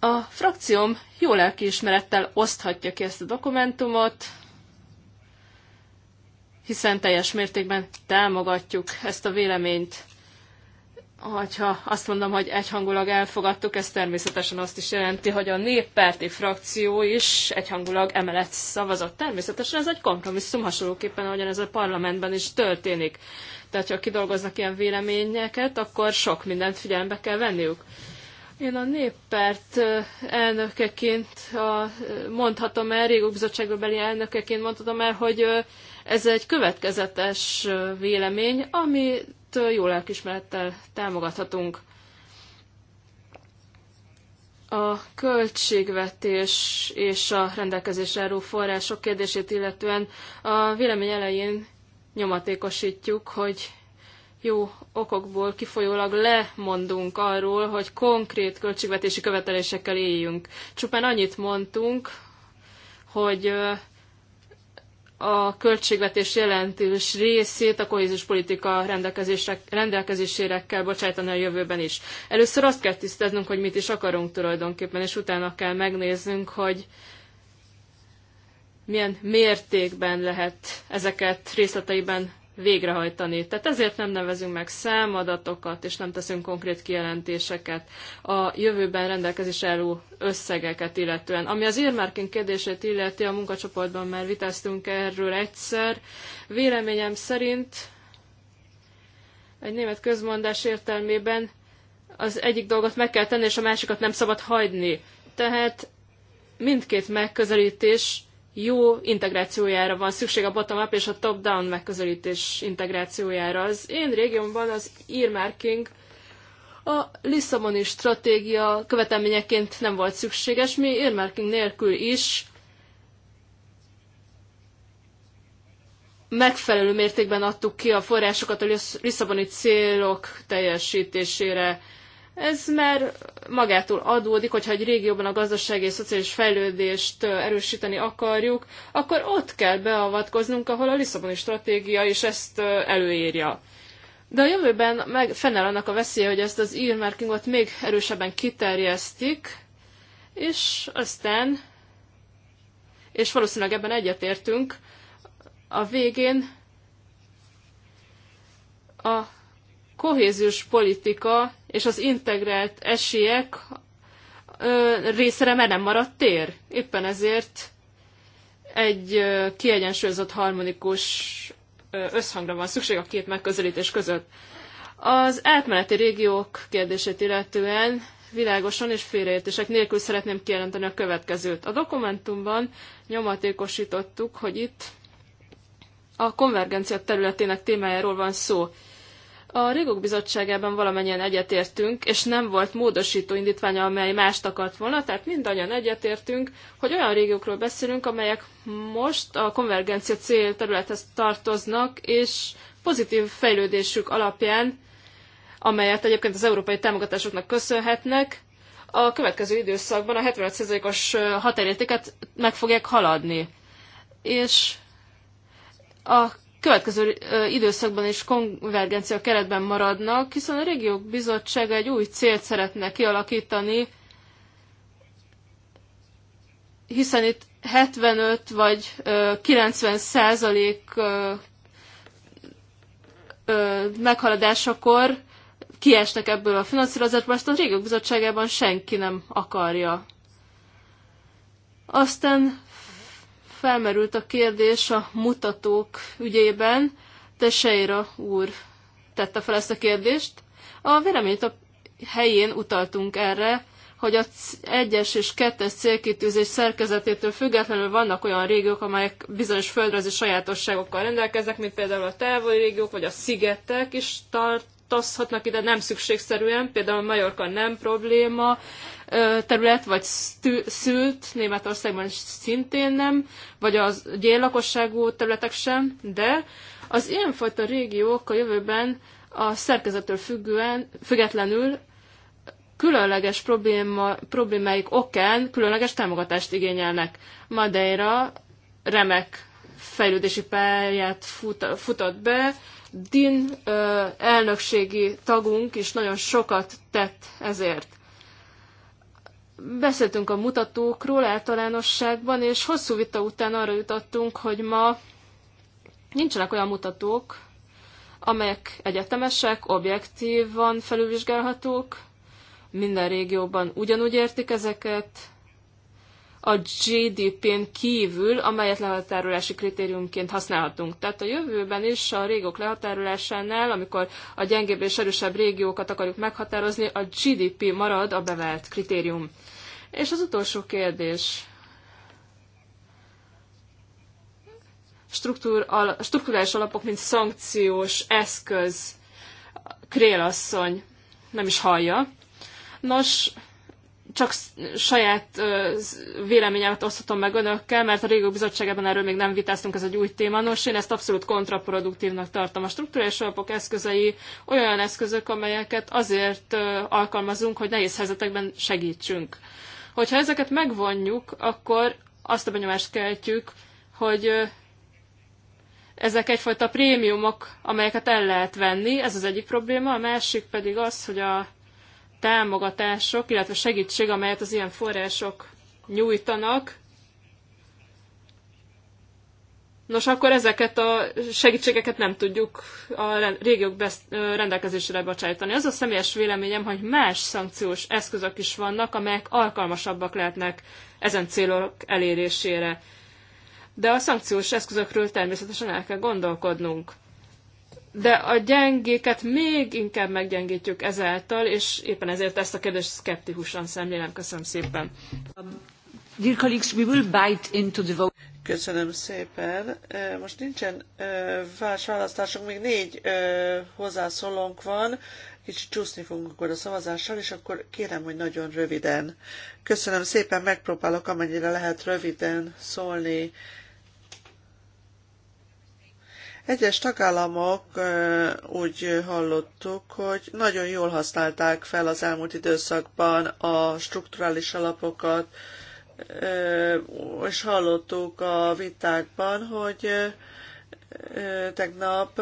A frakcióm jó lelkiismerettel oszthatja ki ezt a dokumentumot, hiszen teljes mértékben támogatjuk ezt a véleményt. Ha azt mondom, hogy egyhangulag elfogadtuk, ez természetesen azt is jelenti, hogy a néppárti frakció is egyhangulag emelet szavazott. Természetesen ez egy kompromisszum, hasonlóképpen ahogyan ez a parlamentben is történik. Tehát, ha kidolgoznak ilyen véleményeket, akkor sok mindent figyelembe kell venniük. Én a néppárt elnökeként a, mondhatom el, régók beli elnökeként mondhatom el, hogy ez egy következetes vélemény, ami jó lelkismerettel támogathatunk. A költségvetés és a rendelkezésre álló források kérdését illetően a vélemény elején nyomatékosítjuk, hogy jó okokból kifolyólag lemondunk arról, hogy konkrét költségvetési követelésekkel éljünk. Csupán annyit mondtunk, hogy a költségvetés jelentős részét a kohézus politika rendelkezésére kell bocsájtani a jövőben is. Először azt kell tisztáznunk, hogy mit is akarunk tulajdonképpen, és utána kell megnéznünk, hogy milyen mértékben lehet ezeket részleteiben végrehajtani. Tehát ezért nem nevezünk meg számadatokat, és nem teszünk konkrét kijelentéseket a jövőben rendelkezés elú összegeket illetően. Ami az earmarking kérdését illeti, a munkacsoportban már vitáztunk erről egyszer. Véleményem szerint egy német közmondás értelmében az egyik dolgot meg kell tenni, és a másikat nem szabad hagyni. Tehát mindkét megközelítés jó integrációjára van szükség a bottom-up és a top-down megközelítés integrációjára. Az én régiómban az earmarking a Lisszaboni stratégia követelményeként nem volt szükséges, mi earmarking nélkül is megfelelő mértékben adtuk ki a forrásokat a Lisszaboni célok teljesítésére. Ez már magától adódik, hogyha egy régióban a gazdasági és szociális fejlődést erősíteni akarjuk, akkor ott kell beavatkoznunk, ahol a Lisszaboni stratégia is ezt előírja. De a jövőben meg fennáll annak a veszélye, hogy ezt az earmarkingot még erősebben kiterjesztik, és aztán, és valószínűleg ebben egyetértünk, a végén a kohéziós politika és az integrált esélyek részre már nem maradt tér. Éppen ezért egy kiegyensúlyozott harmonikus összhangra van szükség a két megközelítés között. Az átmeneti régiók kérdését illetően világosan és félreértések nélkül szeretném kijelenteni a következőt. A dokumentumban nyomatékosítottuk, hogy itt a konvergencia területének témájáról van szó. A Régok Bizottságában valamennyien egyetértünk, és nem volt módosító indítványa, amely mást akart volna, tehát mindannyian egyetértünk, hogy olyan régiókról beszélünk, amelyek most a konvergencia cél területhez tartoznak, és pozitív fejlődésük alapján, amelyet egyébként az európai támogatásoknak köszönhetnek, a következő időszakban a 75%-os határértéket meg fogják haladni. És a következő időszakban is konvergencia keretben maradnak, hiszen a régiók bizottsága egy új célt szeretne kialakítani, hiszen itt 75 vagy 90 százalék meghaladásakor kiesnek ebből a finanszírozásból, ezt a régiók bizottságában senki nem akarja. Aztán felmerült a kérdés a mutatók ügyében, de Seira úr tette fel ezt a kérdést. A véleményt a helyén utaltunk erre, hogy a egyes és kettes célkitűzés szerkezetétől függetlenül vannak olyan régiók, amelyek bizonyos földrajzi sajátosságokkal rendelkeznek, mint például a távoli régiók vagy a szigetek is tartozhatnak ide nem szükségszerűen, például a Majorka nem probléma, terület, vagy szült, Németországban szintén nem, vagy az gyéllakosságú területek sem, de az ilyenfajta régiók a jövőben a szerkezettől függően, függetlenül különleges probléma, problémáik okán különleges támogatást igényelnek. Madeira remek fejlődési pályát fut, futott be, DIN elnökségi tagunk is nagyon sokat tett ezért. Beszéltünk a mutatókról általánosságban, és hosszú vita után arra jutottunk, hogy ma nincsenek olyan mutatók, amelyek egyetemesek, objektívan felülvizsgálhatók, minden régióban ugyanúgy értik ezeket, a GDP-n kívül, amelyet lehatárolási kritériumként használhatunk. Tehát a jövőben is a régiók lehatárolásánál, amikor a gyengébb és erősebb régiókat akarjuk meghatározni, a GDP marad a bevált kritérium. És az utolsó kérdés. Struktúr, al, strukturális alapok, mint szankciós eszköz. Krélasszony nem is hallja. Nos, csak saját véleményemet oszthatom meg önökkel, mert a régió Bizottságában erről még nem vitáztunk, ez egy új téma. Nos, én ezt abszolút kontraproduktívnak tartom. A struktúrális alapok eszközei olyan eszközök, amelyeket azért alkalmazunk, hogy nehéz helyzetekben segítsünk. Hogyha ezeket megvonjuk, akkor azt a benyomást keltjük, hogy ezek egyfajta prémiumok, amelyeket el lehet venni, ez az egyik probléma, a másik pedig az, hogy a támogatások, illetve segítség, amelyet az ilyen források nyújtanak, Nos, akkor ezeket a segítségeket nem tudjuk a régiók rendelkezésére bocsájtani. Az a személyes véleményem, hogy más szankciós eszközök is vannak, amelyek alkalmasabbak lehetnek ezen célok elérésére. De a szankciós eszközökről természetesen el kell gondolkodnunk. De a gyengéket még inkább meggyengítjük ezáltal, és éppen ezért ezt a kérdést szkeptikusan szemlélem. Köszönöm szépen. Um, dear colleagues, we will bite into the vote. Köszönöm szépen. Most nincsen vás választásunk, még négy hozzászólónk van. Kicsit csúszni fogunk akkor a szavazással, és akkor kérem, hogy nagyon röviden. Köszönöm szépen, megpróbálok amennyire lehet röviden szólni. Egyes tagállamok úgy hallottuk, hogy nagyon jól használták fel az elmúlt időszakban a strukturális alapokat, és hallottuk a vitákban, hogy tegnap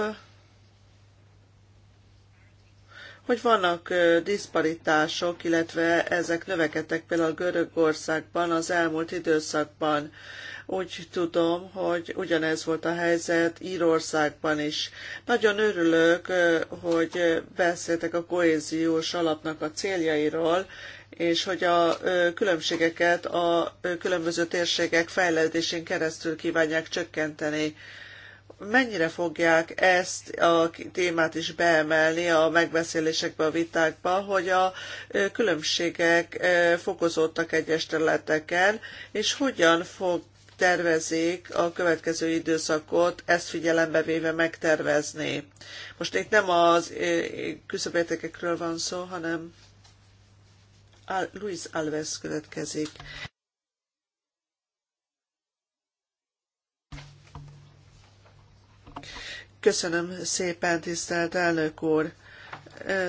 hogy vannak diszparitások, illetve ezek növekedtek például Görögországban az elmúlt időszakban. Úgy tudom, hogy ugyanez volt a helyzet Írországban is. Nagyon örülök, hogy beszéltek a kohéziós alapnak a céljairól, és hogy a különbségeket a különböző térségek fejlődésén keresztül kívánják csökkenteni. Mennyire fogják ezt a témát is beemelni a megbeszélésekbe, a vitákba, hogy a különbségek fokozódtak egyes területeken, és hogyan fog tervezik a következő időszakot, ezt figyelembe véve megtervezni. Most itt nem az küszöbértékekről van szó, hanem Luis Alves következik. Köszönöm szépen, tisztelt elnök úr.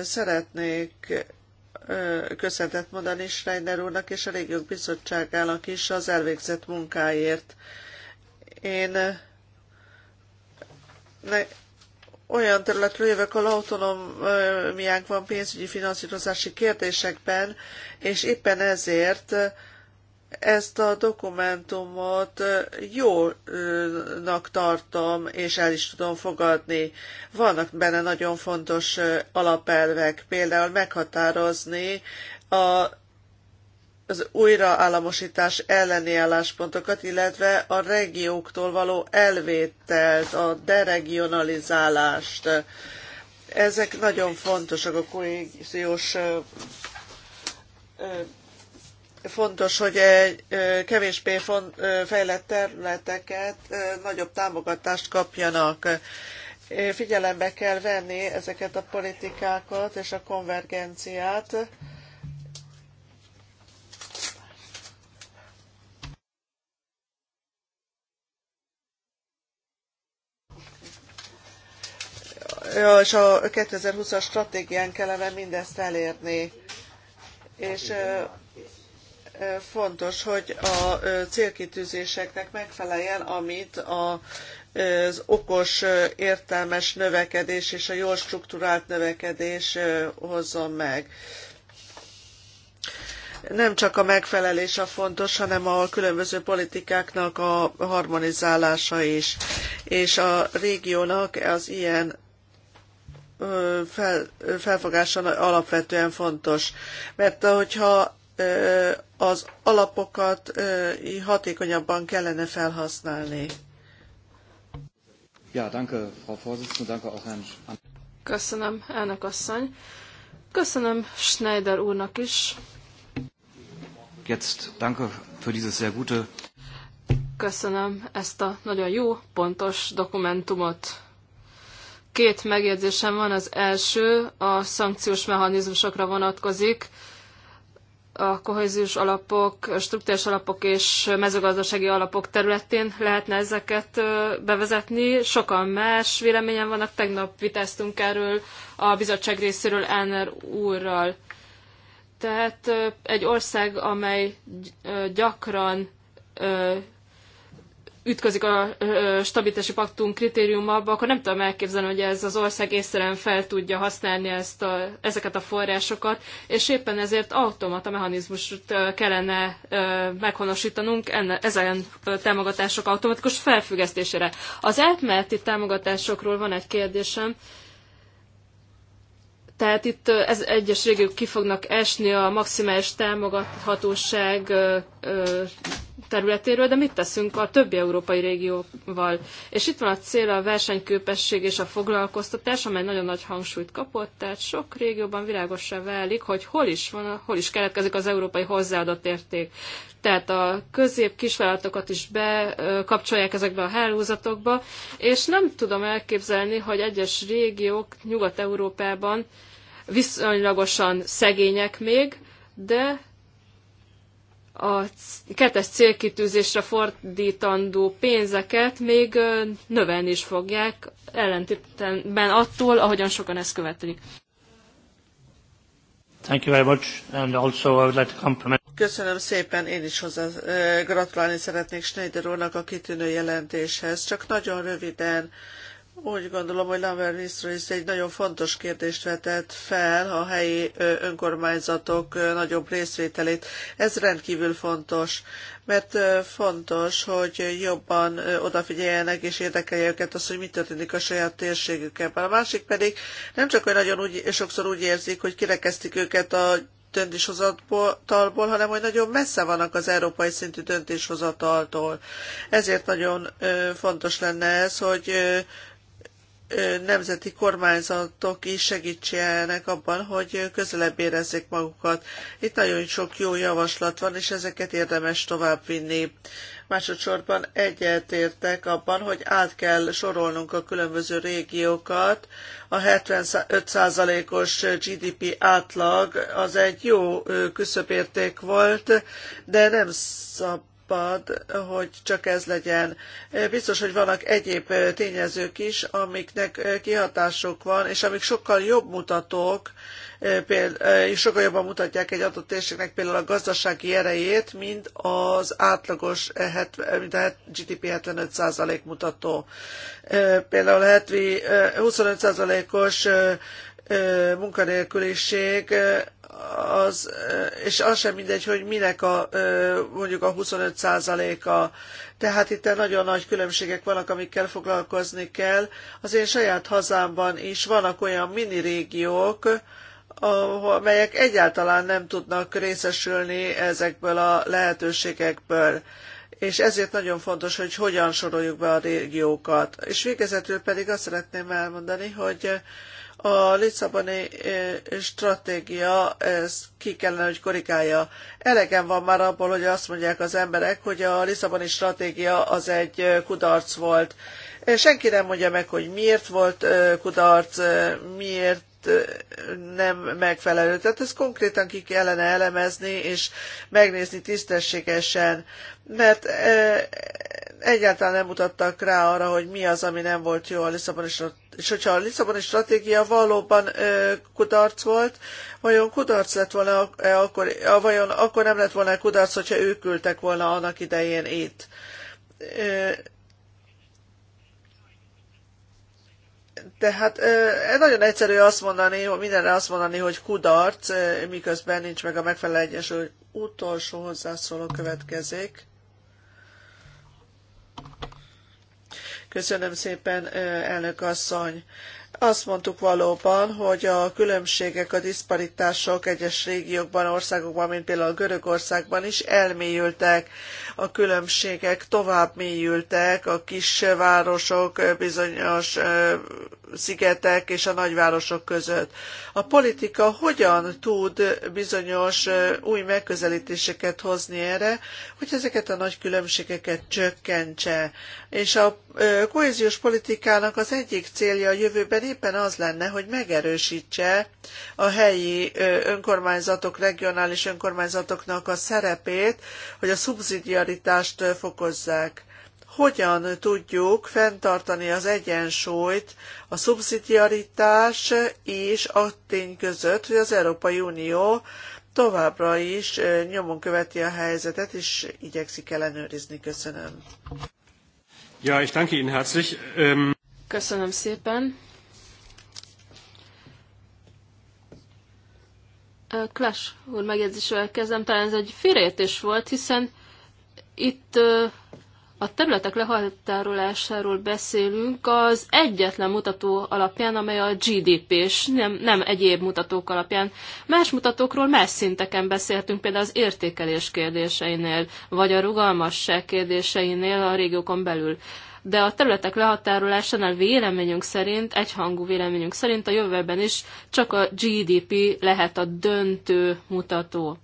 Szeretnék köszöntet mondani Schreiner úrnak és a Régiók Bizottságának is az elvégzett munkáért. Én olyan területről jövök, ahol autonómiánk van pénzügyi finanszírozási kérdésekben, és éppen ezért ezt a dokumentumot jónak tartom, és el is tudom fogadni. Vannak benne nagyon fontos alapelvek, például meghatározni a az újraállamosítás elleni álláspontokat, illetve a regióktól való elvételt, a deregionalizálást. Ezek nagyon fontosak a kohéziós fontos, hogy egy kevésbé fejlett területeket nagyobb támogatást kapjanak. Figyelembe kell venni ezeket a politikákat és a konvergenciát, és a 2020-as stratégián kellene mindezt elérni. És fontos, hogy a célkitűzéseknek megfeleljen, amit a, az okos, értelmes növekedés és a jól struktúrált növekedés hozzon meg nem csak a megfelelés a fontos, hanem a különböző politikáknak a harmonizálása is. És a régiónak az ilyen fel, felfogása alapvetően fontos. Mert hogyha az alapokat hatékonyabban kellene felhasználni. Ja, danke, Frau Vorsitzende, danke auch Herrn... Köszönöm, elnök asszony. Köszönöm Schneider úrnak is. Jetzt danke für dieses sehr gute... Köszönöm ezt a nagyon jó, pontos dokumentumot. Két megjegyzésem van, az első a szankciós mechanizmusokra vonatkozik, a kohéziós alapok, struktúrás alapok és mezőgazdasági alapok területén lehetne ezeket bevezetni. Sokan más véleményen vannak, tegnap vitáztunk erről a bizottság részéről Elner úrral. Tehát egy ország, amely gyakran ütközik a stabilitási paktum kritériumába, akkor nem tudom elképzelni, hogy ez az ország észszerűen fel tudja használni ezt a, ezeket a forrásokat, és éppen ezért automata mechanizmust kellene meghonosítanunk enne, ezen támogatások automatikus felfüggesztésére. Az átmeneti támogatásokról van egy kérdésem, tehát itt ez egyes régiók ki fognak esni a maximális támogathatóság területéről, de mit teszünk a többi európai régióval? És itt van a cél a versenyképesség és a foglalkoztatás, amely nagyon nagy hangsúlyt kapott, tehát sok régióban világosra válik, hogy hol is van, hol is keletkezik az európai hozzáadott érték. Tehát a közép-kisvállalatokat is bekapcsolják ezekbe a hálózatokba, és nem tudom elképzelni, hogy egyes régiók Nyugat-Európában viszonylagosan szegények még, de a kettes célkitűzésre fordítandó pénzeket még növelni is fogják, ellentétben attól, ahogyan sokan ezt követelik. Thank you very much, and also I would like to compliment Köszönöm szépen, én is hozzá gratulálni szeretnék Schneider úrnak a kitűnő jelentéshez. Csak nagyon röviden úgy gondolom, hogy Lambert Nisztrész egy nagyon fontos kérdést vetett fel a helyi önkormányzatok nagyobb részvételét. Ez rendkívül fontos, mert fontos, hogy jobban odafigyeljenek és érdekelje őket az, hogy mi történik a saját térségükben. A másik pedig nem csak, hogy nagyon úgy, sokszor úgy érzik, hogy kirekeztik őket a döntéshozatalból, hanem hogy nagyon messze vannak az európai szintű döntéshozataltól. Ezért nagyon fontos lenne ez, hogy nemzeti kormányzatok is segítsenek abban, hogy közelebb érezzék magukat. Itt nagyon sok jó javaslat van, és ezeket érdemes továbbvinni. Másodszorban egyetértek abban, hogy át kell sorolnunk a különböző régiókat. A 75%-os GDP átlag az egy jó küszöbérték volt, de nem szab szabad, hogy csak ez legyen. Biztos, hogy vannak egyéb tényezők is, amiknek kihatásuk van, és amik sokkal jobb mutatók, például, sokkal jobban mutatják egy adott térségnek például a gazdasági erejét, mint az átlagos eh, mint a GDP 75% mutató. Eh, például a 25%-os eh, munkanélküliség az, és az sem mindegy, hogy minek a mondjuk a 25%-a. Tehát itt nagyon nagy különbségek vannak, amikkel foglalkozni kell. Az én saját hazámban is vannak olyan mini régiók, amelyek egyáltalán nem tudnak részesülni ezekből a lehetőségekből és ezért nagyon fontos, hogy hogyan soroljuk be a régiókat. És végezetül pedig azt szeretném elmondani, hogy a Lisszaboni eh, stratégia ezt ki kellene, hogy korrigálja. Elegem van már abból, hogy azt mondják az emberek, hogy a Lisszaboni stratégia az egy eh, kudarc volt. Eh, senki nem mondja meg, hogy miért volt kudarc, miért nem megfelelő. Tehát ezt konkrétan ki kellene elemezni, és megnézni tisztességesen, mert egyáltalán nem mutattak rá arra, hogy mi az, ami nem volt jó a Lisszaboni és hogyha a Lisszaboni stratégia valóban kudarc volt, vajon kudarc lett volna, -e akkor, vajon akkor nem lett volna kudarc, hogyha ők küldtek volna annak idején itt. Tehát e nagyon egyszerű azt mondani, hogy mindenre azt mondani, hogy kudarc, miközben nincs meg a megfelelő egyensúly. Utolsó hozzászóló következik. Köszönöm szépen, elnök asszony azt mondtuk valóban, hogy a különbségek, a diszparitások egyes régiókban, országokban, mint például Görögországban is elmélyültek, a különbségek tovább mélyültek, a városok bizonyos szigetek és a nagyvárosok között. A politika hogyan tud bizonyos új megközelítéseket hozni erre, hogy ezeket a nagy különbségeket csökkentse, és a kohéziós politikának az egyik célja a jövőben éppen az lenne, hogy megerősítse a helyi önkormányzatok, regionális önkormányzatoknak a szerepét, hogy a szubszidiaritást fokozzák. Hogyan tudjuk fenntartani az egyensúlyt a szubszidiaritás és a tény között, hogy az Európai Unió továbbra is nyomon követi a helyzetet, és igyekszik ellenőrizni. Köszönöm. Ja, ich danke Ihnen herzlich. Ähm, Köszönöm szépen. Klass, úr megjegyzésével kezdem, talán ez egy félreértés volt, hiszen itt a területek lehatárolásáról beszélünk az egyetlen mutató alapján, amely a GDP, és nem, nem egyéb mutatók alapján. Más mutatókról más szinteken beszéltünk, például az értékelés kérdéseinél, vagy a rugalmasság kérdéseinél a régiókon belül. De a területek lehatárolásánál véleményünk szerint, egyhangú véleményünk szerint a jövőben is csak a GDP lehet a döntő mutató.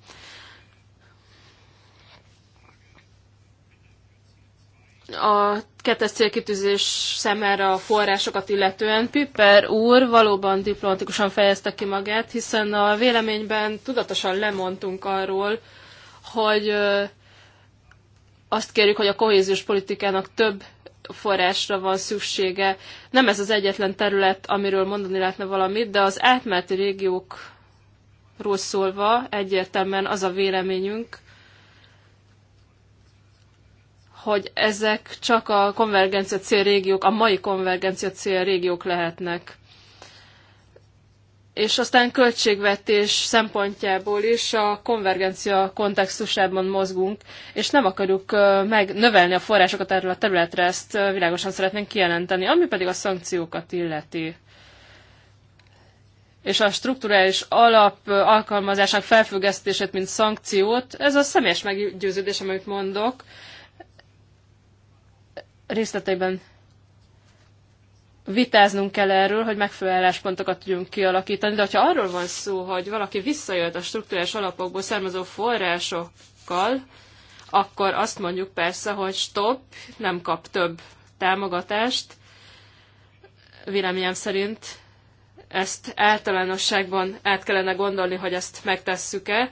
a kettes célkitűzés szemére a forrásokat illetően Piper úr valóban diplomatikusan fejezte ki magát, hiszen a véleményben tudatosan lemondtunk arról, hogy azt kérjük, hogy a kohéziós politikának több forrásra van szüksége. Nem ez az egyetlen terület, amiről mondani lehetne valamit, de az átmeneti régiókról szólva egyértelműen az a véleményünk, hogy ezek csak a konvergencia célrégiók, a mai konvergencia célrégiók lehetnek. És aztán költségvetés szempontjából is a konvergencia kontextusában mozgunk, és nem akarjuk megnövelni a forrásokat erről a területre, ezt világosan szeretnénk kijelenteni, ami pedig a szankciókat illeti és a strukturális alap alkalmazásának felfüggesztését, mint szankciót, ez a személyes meggyőződés, amit mondok, részleteiben vitáznunk kell erről, hogy megfelelő álláspontokat tudjunk kialakítani, de ha arról van szó, hogy valaki visszajött a struktúrás alapokból származó forrásokkal, akkor azt mondjuk persze, hogy stop, nem kap több támogatást. Véleményem szerint ezt általánosságban át kellene gondolni, hogy ezt megtesszük-e,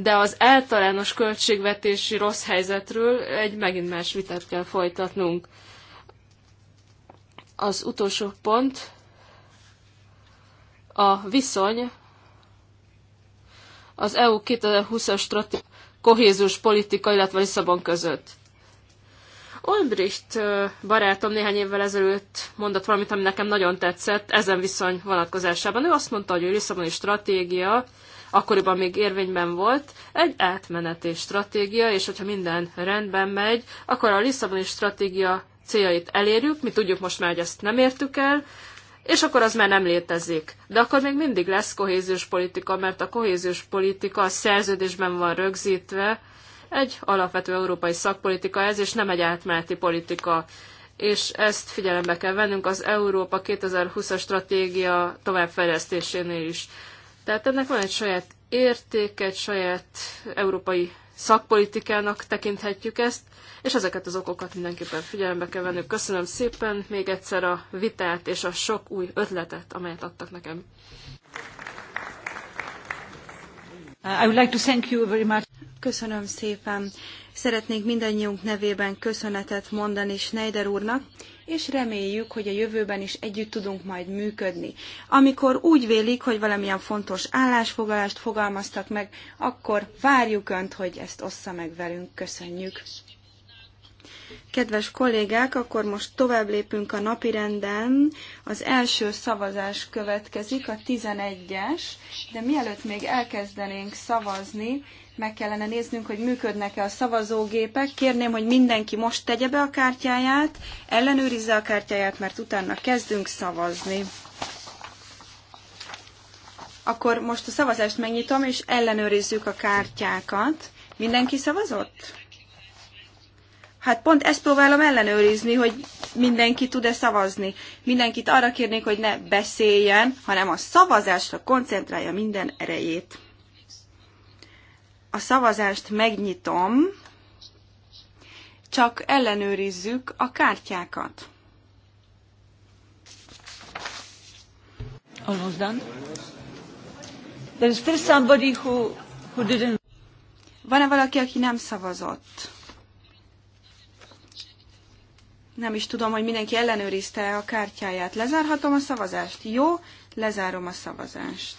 de az általános költségvetési rossz helyzetről egy megint más vitát kell folytatnunk. Az utolsó pont a viszony az EU 2020-as kohézus politika, illetve Lisszabon között. Olbricht barátom néhány évvel ezelőtt mondott valamit, ami nekem nagyon tetszett ezen viszony vonatkozásában. Ő azt mondta, hogy a Lisszaboni stratégia akkoriban még érvényben volt, egy átmeneti stratégia, és hogyha minden rendben megy, akkor a Lisszaboni stratégia céljait elérjük, mi tudjuk most már, hogy ezt nem értük el, és akkor az már nem létezik. De akkor még mindig lesz kohéziós politika, mert a kohéziós politika a szerződésben van rögzítve, egy alapvető európai szakpolitika ez, és nem egy átmeneti politika. És ezt figyelembe kell vennünk az Európa 2020-as stratégia továbbfejlesztésénél is. Tehát ennek van egy saját értéke, egy saját európai szakpolitikának tekinthetjük ezt, és ezeket az okokat mindenképpen figyelembe kell venni. Köszönöm szépen még egyszer a vitát és a sok új ötletet, amelyet adtak nekem. Uh, Köszönöm szépen. Szeretnénk mindannyiunk nevében köszönetet mondani Schneider úrnak, és reméljük, hogy a jövőben is együtt tudunk majd működni. Amikor úgy vélik, hogy valamilyen fontos állásfoglalást fogalmaztak meg, akkor várjuk Önt, hogy ezt ossza meg velünk. Köszönjük! Kedves kollégák, akkor most tovább lépünk a renden. Az első szavazás következik, a 11-es, de mielőtt még elkezdenénk szavazni, meg kellene néznünk, hogy működnek-e a szavazógépek. Kérném, hogy mindenki most tegye be a kártyáját, ellenőrizze a kártyáját, mert utána kezdünk szavazni. Akkor most a szavazást megnyitom, és ellenőrizzük a kártyákat. Mindenki szavazott? Hát pont ezt próbálom ellenőrizni, hogy mindenki tud-e szavazni. Mindenkit arra kérnék, hogy ne beszéljen, hanem a szavazásra koncentrálja minden erejét. A szavazást megnyitom, csak ellenőrizzük a kártyákat. Almost done. There is still somebody who, who didn't... Van-e valaki, aki nem szavazott? Nem is tudom, hogy mindenki ellenőrizte a kártyáját. Lezárhatom a szavazást? Jó, lezárom a szavazást.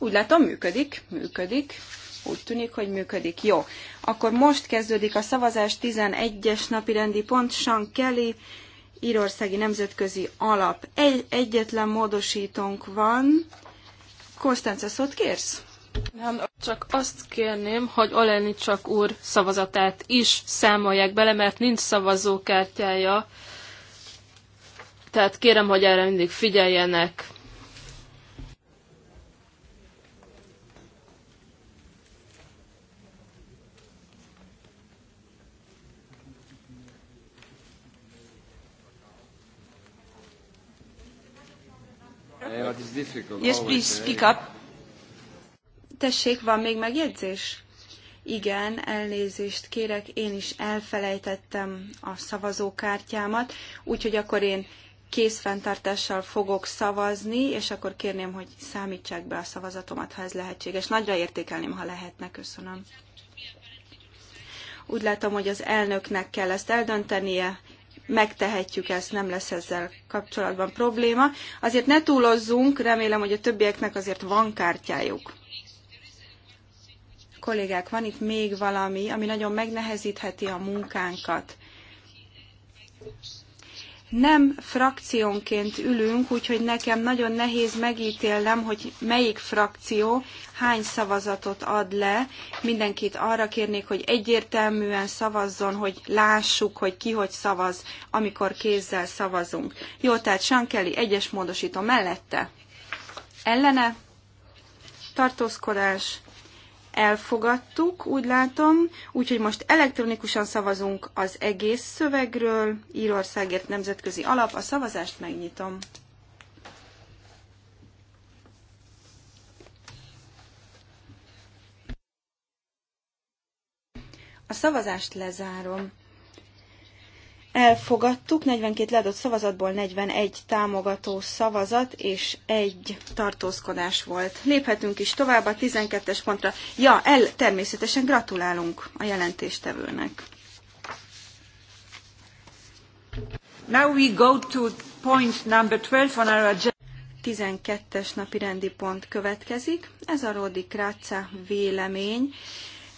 Úgy látom, működik, működik, úgy tűnik, hogy működik. Jó. Akkor most kezdődik a szavazás 11-es napi rendi pont. Sean Kelly, Írországi Nemzetközi Alap. Egy, egyetlen módosítónk van. Konstanca, szót kérsz? Nem, csak azt kérném, hogy Oleni csak úr szavazatát is számolják bele, mert nincs szavazókártyája. Tehát kérem, hogy erre mindig figyeljenek. yes, please eh? speak up. Tessék, van még megjegyzés? Igen, elnézést kérek, én is elfelejtettem a szavazókártyámat, úgyhogy akkor én készfenntartással fogok szavazni, és akkor kérném, hogy számítsák be a szavazatomat, ha ez lehetséges. Nagyra értékelném, ha lehetne. Köszönöm. Úgy látom, hogy az elnöknek kell ezt eldöntenie megtehetjük ezt, nem lesz ezzel kapcsolatban probléma. Azért ne túlozzunk, remélem, hogy a többieknek azért van kártyájuk. Kollégák, van itt még valami, ami nagyon megnehezítheti a munkánkat nem frakciónként ülünk, úgyhogy nekem nagyon nehéz megítélnem, hogy melyik frakció hány szavazatot ad le. Mindenkit arra kérnék, hogy egyértelműen szavazzon, hogy lássuk, hogy ki hogy szavaz, amikor kézzel szavazunk. Jó, tehát Sankeli egyes módosító mellette. Ellene? Tartózkodás? elfogadtuk, úgy látom, úgyhogy most elektronikusan szavazunk az egész szövegről, Írországért Nemzetközi Alap, a szavazást megnyitom. A szavazást lezárom. Elfogadtuk, 42 leadott szavazatból 41 támogató szavazat és egy tartózkodás volt. Léphetünk is tovább a 12-es pontra. Ja, el természetesen gratulálunk a jelentéstevőnek. Now we go to point number 12 on our agenda. 12-es napi rendi pont következik. Ez a Ródi Kráca vélemény.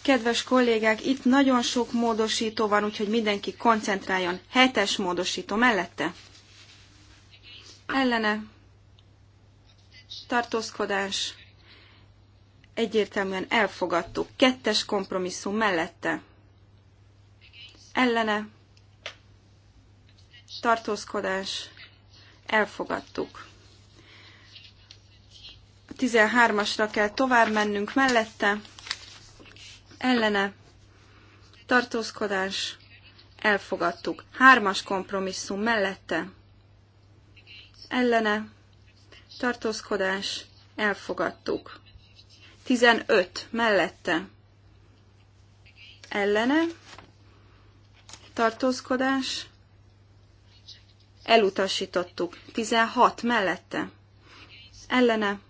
Kedves kollégák, itt nagyon sok módosító van, úgyhogy mindenki koncentráljon. Hetes módosító mellette. Ellene. Tartózkodás. Egyértelműen elfogadtuk. Kettes kompromisszum mellette. Ellene. Tartózkodás. Elfogadtuk. A 13-asra kell tovább mennünk mellette ellene, tartózkodás, elfogadtuk. Hármas kompromisszum mellette, ellene, tartózkodás, elfogadtuk. 15 mellette, ellene, tartózkodás, elutasítottuk. 16 mellette, ellene,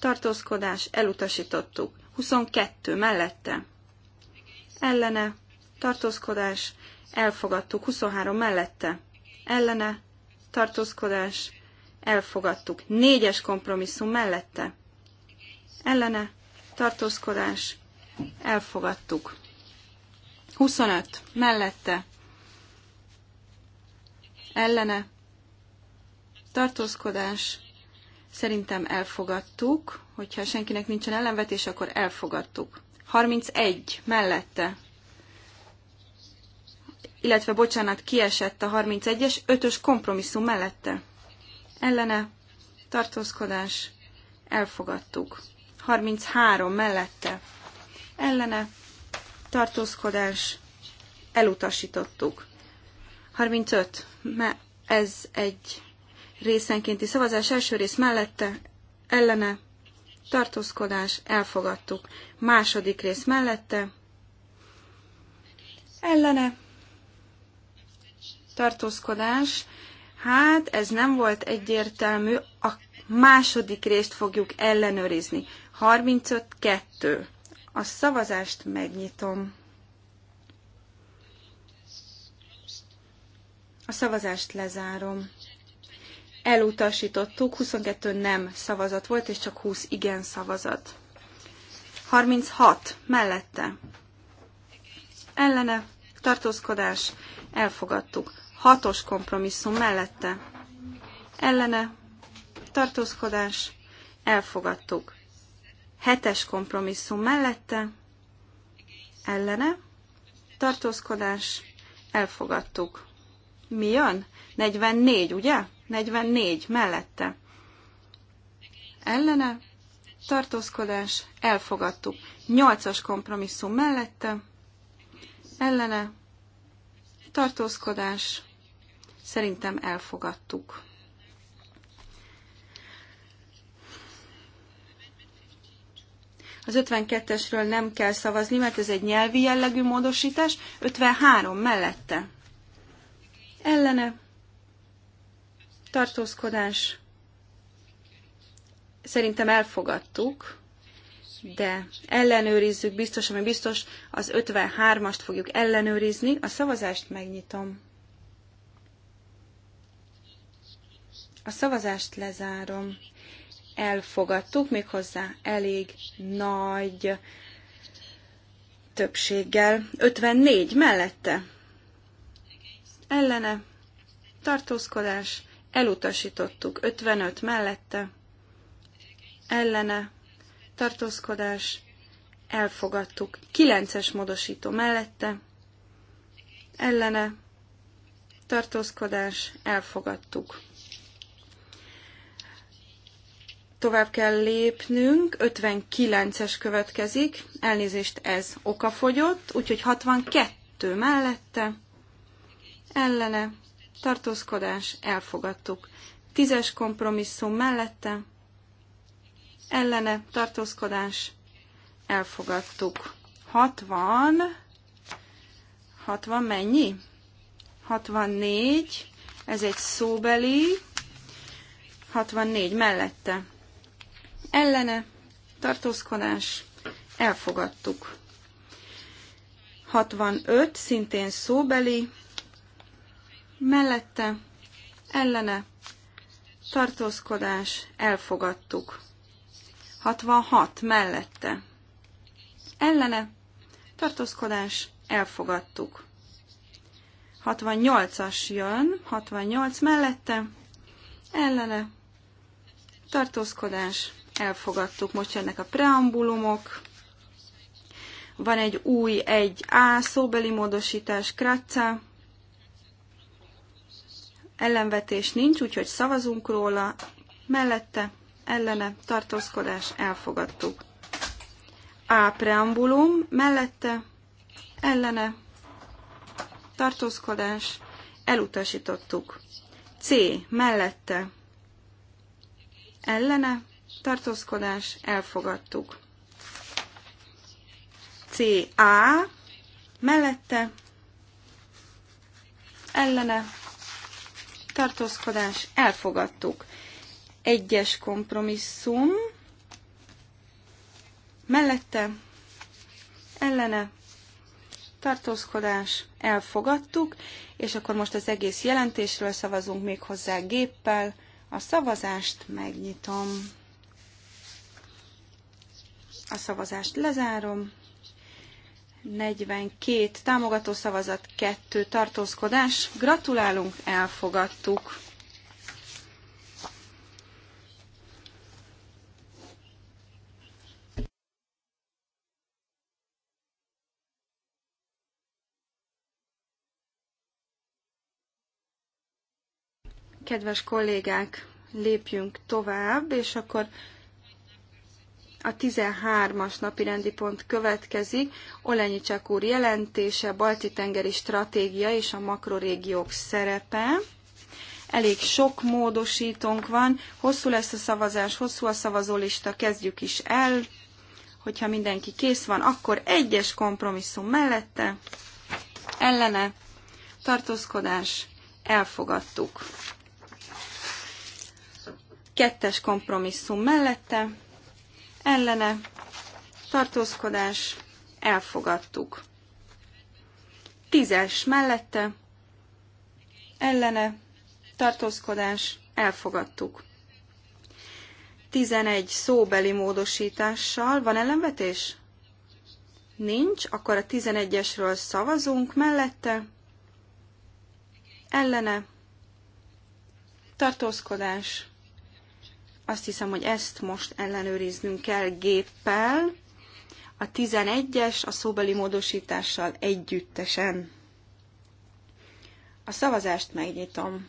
tartózkodás, elutasítottuk. 22 mellette. Ellene. Tartózkodás. Elfogadtuk. 23 mellette. Ellene. Tartózkodás. Elfogadtuk. Négyes kompromisszum mellette. Ellene. Tartózkodás. Elfogadtuk. 25 mellette. Ellene. Tartózkodás Szerintem elfogadtuk, hogyha senkinek nincsen ellenvetés, akkor elfogadtuk. 31 mellette. Illetve, bocsánat, kiesett a 31-es, 5-ös kompromisszum mellette. Ellene, tartózkodás, elfogadtuk. 33 mellette. Ellene, tartózkodás, elutasítottuk. 35, mert ez egy részenkénti szavazás első rész mellette, ellene, tartózkodás, elfogadtuk. Második rész mellette, ellene, tartózkodás, hát ez nem volt egyértelmű, a második részt fogjuk ellenőrizni. 35-2. A szavazást megnyitom. A szavazást lezárom elutasítottuk, 22 nem szavazat volt, és csak 20 igen szavazat. 36 mellette. Ellene, tartózkodás, elfogadtuk. 6-os kompromisszum mellette. Ellene, tartózkodás, elfogadtuk. 7-es kompromisszum mellette. Ellene, tartózkodás, elfogadtuk. Mi jön? 44, ugye? 44 mellette. Ellene, tartózkodás, elfogadtuk. 8-as kompromisszum mellette, ellene, tartózkodás, szerintem elfogadtuk. Az 52-esről nem kell szavazni, mert ez egy nyelvi jellegű módosítás. 53 mellette. Ellene tartózkodás. Szerintem elfogadtuk, de ellenőrizzük, biztos, ami biztos, az 53-ast fogjuk ellenőrizni. A szavazást megnyitom. A szavazást lezárom. Elfogadtuk, méghozzá elég nagy többséggel. 54 mellette. Ellene. Tartózkodás elutasítottuk. 55 mellette, ellene, tartózkodás, elfogadtuk. 9-es módosító mellette, ellene, tartózkodás, elfogadtuk. Tovább kell lépnünk, 59-es következik, elnézést ez okafogyott, úgyhogy 62 mellette, ellene, tartózkodás, elfogadtuk. Tízes kompromisszum mellette, ellene, tartózkodás, elfogadtuk. 60, 60 mennyi? 64, ez egy szóbeli, 64 mellette. Ellene, tartózkodás, elfogadtuk. 65, szintén szóbeli, mellette, ellene, tartózkodás, elfogadtuk. 66 mellette, ellene, tartózkodás, elfogadtuk. 68-as jön, 68 mellette, ellene, tartózkodás, elfogadtuk. Most jönnek a preambulumok, van egy új, egy A szóbeli módosítás, Kratza, ellenvetés nincs, úgyhogy szavazunk róla, mellette, ellene, tartózkodás, elfogadtuk. A preambulum, mellette, ellene, tartózkodás, elutasítottuk. C. Mellette, ellene, tartózkodás, elfogadtuk. C. A. Mellette, ellene, megtartózkodás, elfogadtuk. Egyes kompromisszum, mellette, ellene, tartózkodás, elfogadtuk, és akkor most az egész jelentésről szavazunk még hozzá géppel. A szavazást megnyitom. A szavazást lezárom. 42 támogató szavazat, 2 tartózkodás. Gratulálunk, elfogadtuk. Kedves kollégák, lépjünk tovább, és akkor a 13-as napi rendi pont következik, Csak úr jelentése, Balti-tengeri stratégia és a makrorégiók szerepe. Elég sok módosítónk van, hosszú lesz a szavazás, hosszú a szavazólista, kezdjük is el. Hogyha mindenki kész van, akkor egyes kompromisszum mellette, ellene, tartózkodás, elfogadtuk. Kettes kompromisszum mellette, ellene, tartózkodás, elfogadtuk. Tízes mellette, ellene, tartózkodás, elfogadtuk. Tizenegy szóbeli módosítással van ellenvetés? Nincs, akkor a tizenegyesről szavazunk mellette. Ellene. Tartózkodás. Azt hiszem, hogy ezt most ellenőriznünk kell géppel, a 11-es a szóbeli módosítással együttesen. A szavazást megnyitom.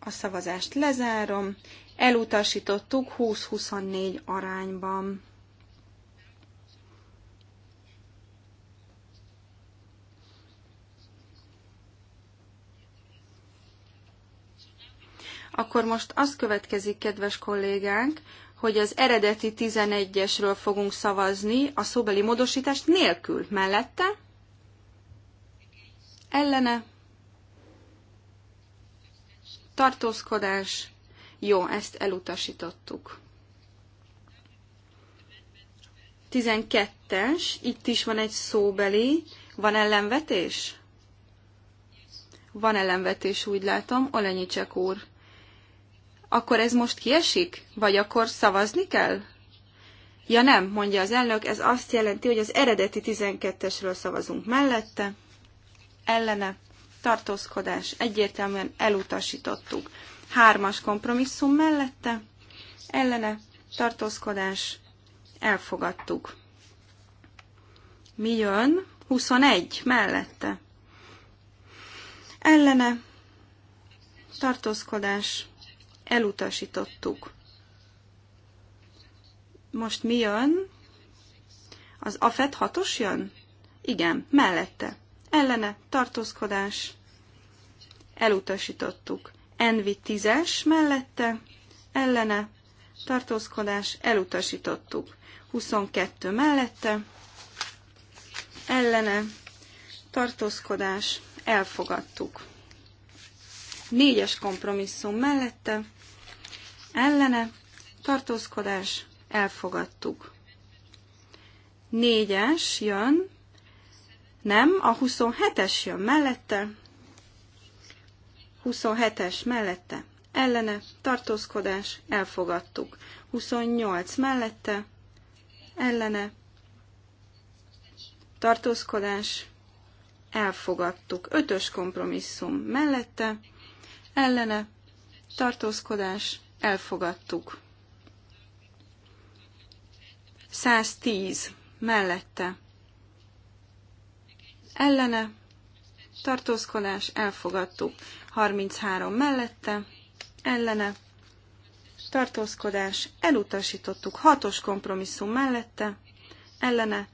A szavazást lezárom. Elutasítottuk 20-24 arányban. Akkor most azt következik, kedves kollégánk, hogy az eredeti 11-esről fogunk szavazni a szóbeli módosítást nélkül. Mellette? Ellene? Tartózkodás? Jó, ezt elutasítottuk. 12-es, itt is van egy szóbeli. Van ellenvetés? Van ellenvetés, úgy látom. Olenyicek úr akkor ez most kiesik? Vagy akkor szavazni kell? Ja nem, mondja az elnök, ez azt jelenti, hogy az eredeti 12-esről szavazunk mellette, ellene, tartózkodás, egyértelműen elutasítottuk. Hármas kompromisszum mellette, ellene, tartózkodás, elfogadtuk. Mi jön? 21 mellette. Ellene, tartózkodás, elutasítottuk. Most mi jön? Az AFET hatos jön? Igen, mellette. Ellene, tartózkodás. Elutasítottuk. Envi tízes mellette, ellene, tartózkodás, elutasítottuk. 22 mellette, ellene, tartózkodás, elfogadtuk. Négyes kompromisszum mellette, ellene, tartózkodás, elfogadtuk. Négyes jön, nem, a 27-es jön mellette, 27-es mellette, ellene, tartózkodás, elfogadtuk. 28 mellette, ellene, tartózkodás, elfogadtuk. Ötös kompromisszum mellette, ellene, tartózkodás, Elfogadtuk. 110. Mellette. Ellene. Tartózkodás. Elfogadtuk. 33. Mellette. Ellene. Tartózkodás. Elutasítottuk. Hatos kompromisszum mellette. Ellene.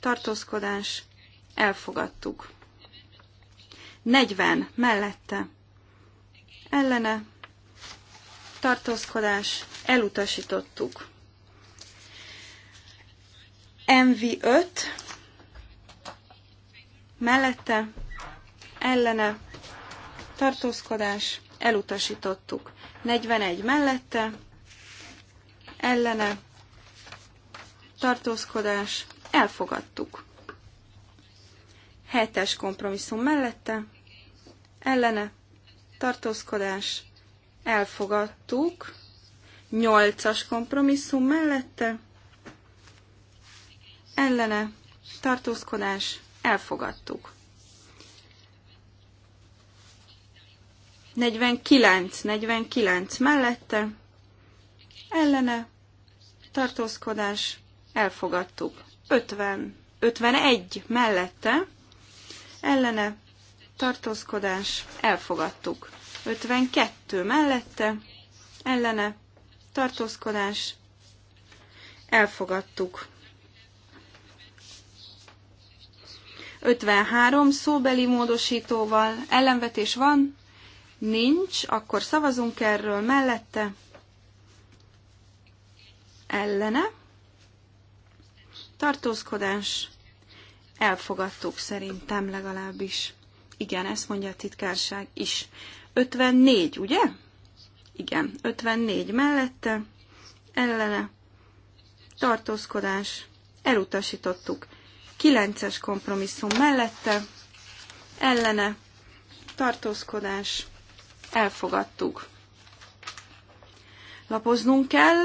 Tartózkodás. Elfogadtuk. 40. Mellette. Ellene tartózkodás, elutasítottuk. MV5 mellette, ellene, tartózkodás, elutasítottuk. 41 mellette, ellene, tartózkodás, elfogadtuk. Hetes kompromisszum mellette, ellene, tartózkodás, elfogadtuk, 8-as kompromisszum mellette, ellene, tartózkodás, elfogadtuk. 49, 49 mellette, ellene, tartózkodás, elfogadtuk. 50, 51 mellette, ellene, tartózkodás, elfogadtuk. 52 mellette, ellene, tartózkodás, elfogadtuk. 53 szóbeli módosítóval ellenvetés van, nincs, akkor szavazunk erről mellette, ellene, tartózkodás, elfogadtuk szerintem legalábbis. Igen, ezt mondja a titkárság is. 54, ugye? Igen, 54 mellette, ellene, tartózkodás, elutasítottuk. 9-es kompromisszum mellette, ellene, tartózkodás, elfogadtuk. Lapoznunk kell.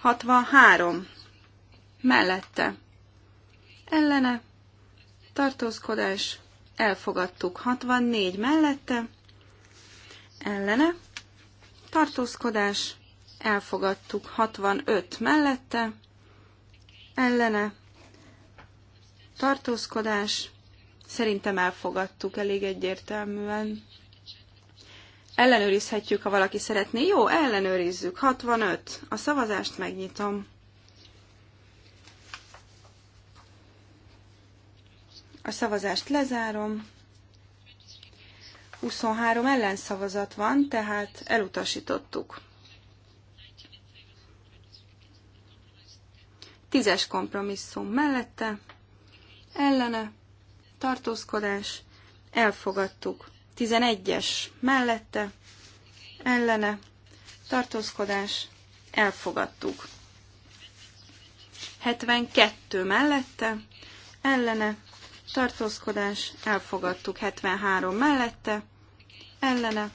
63. Mellette. Ellene. Tartózkodás elfogadtuk. 64 mellette, ellene, tartózkodás, elfogadtuk. 65 mellette, ellene, tartózkodás, szerintem elfogadtuk elég egyértelműen. Ellenőrizhetjük, ha valaki szeretné. Jó, ellenőrizzük. 65. A szavazást megnyitom. A szavazást lezárom. 23 ellenszavazat van, tehát elutasítottuk. Tízes kompromisszum mellette, ellene, tartózkodás, elfogadtuk. 11-es mellette, ellene, tartózkodás, elfogadtuk. 72 mellette, ellene, tartózkodás, elfogadtuk 73 mellette, ellene,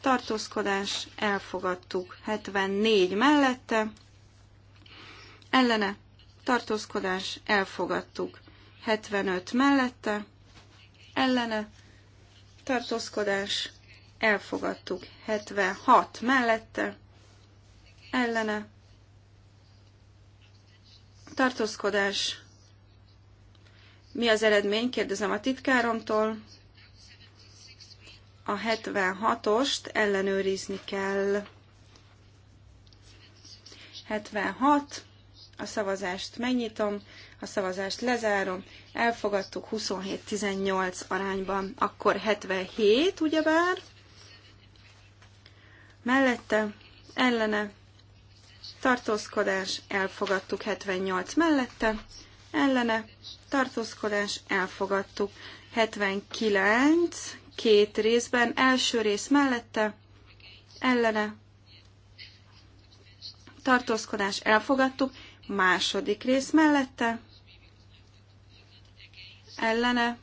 tartózkodás, elfogadtuk 74 mellette, ellene, tartózkodás, elfogadtuk 75 mellette, ellene, tartózkodás, elfogadtuk 76 mellette, ellene, tartózkodás, mi az eredmény? Kérdezem a titkáromtól. A 76-ost ellenőrizni kell. 76. A szavazást megnyitom, a szavazást lezárom. Elfogadtuk 27-18 arányban. Akkor 77, ugyebár? Mellette, ellene, tartózkodás, elfogadtuk 78 mellette, ellene, tartózkodás, elfogadtuk. 79, két részben, első rész mellette, ellene, tartózkodás, elfogadtuk, második rész mellette, ellene,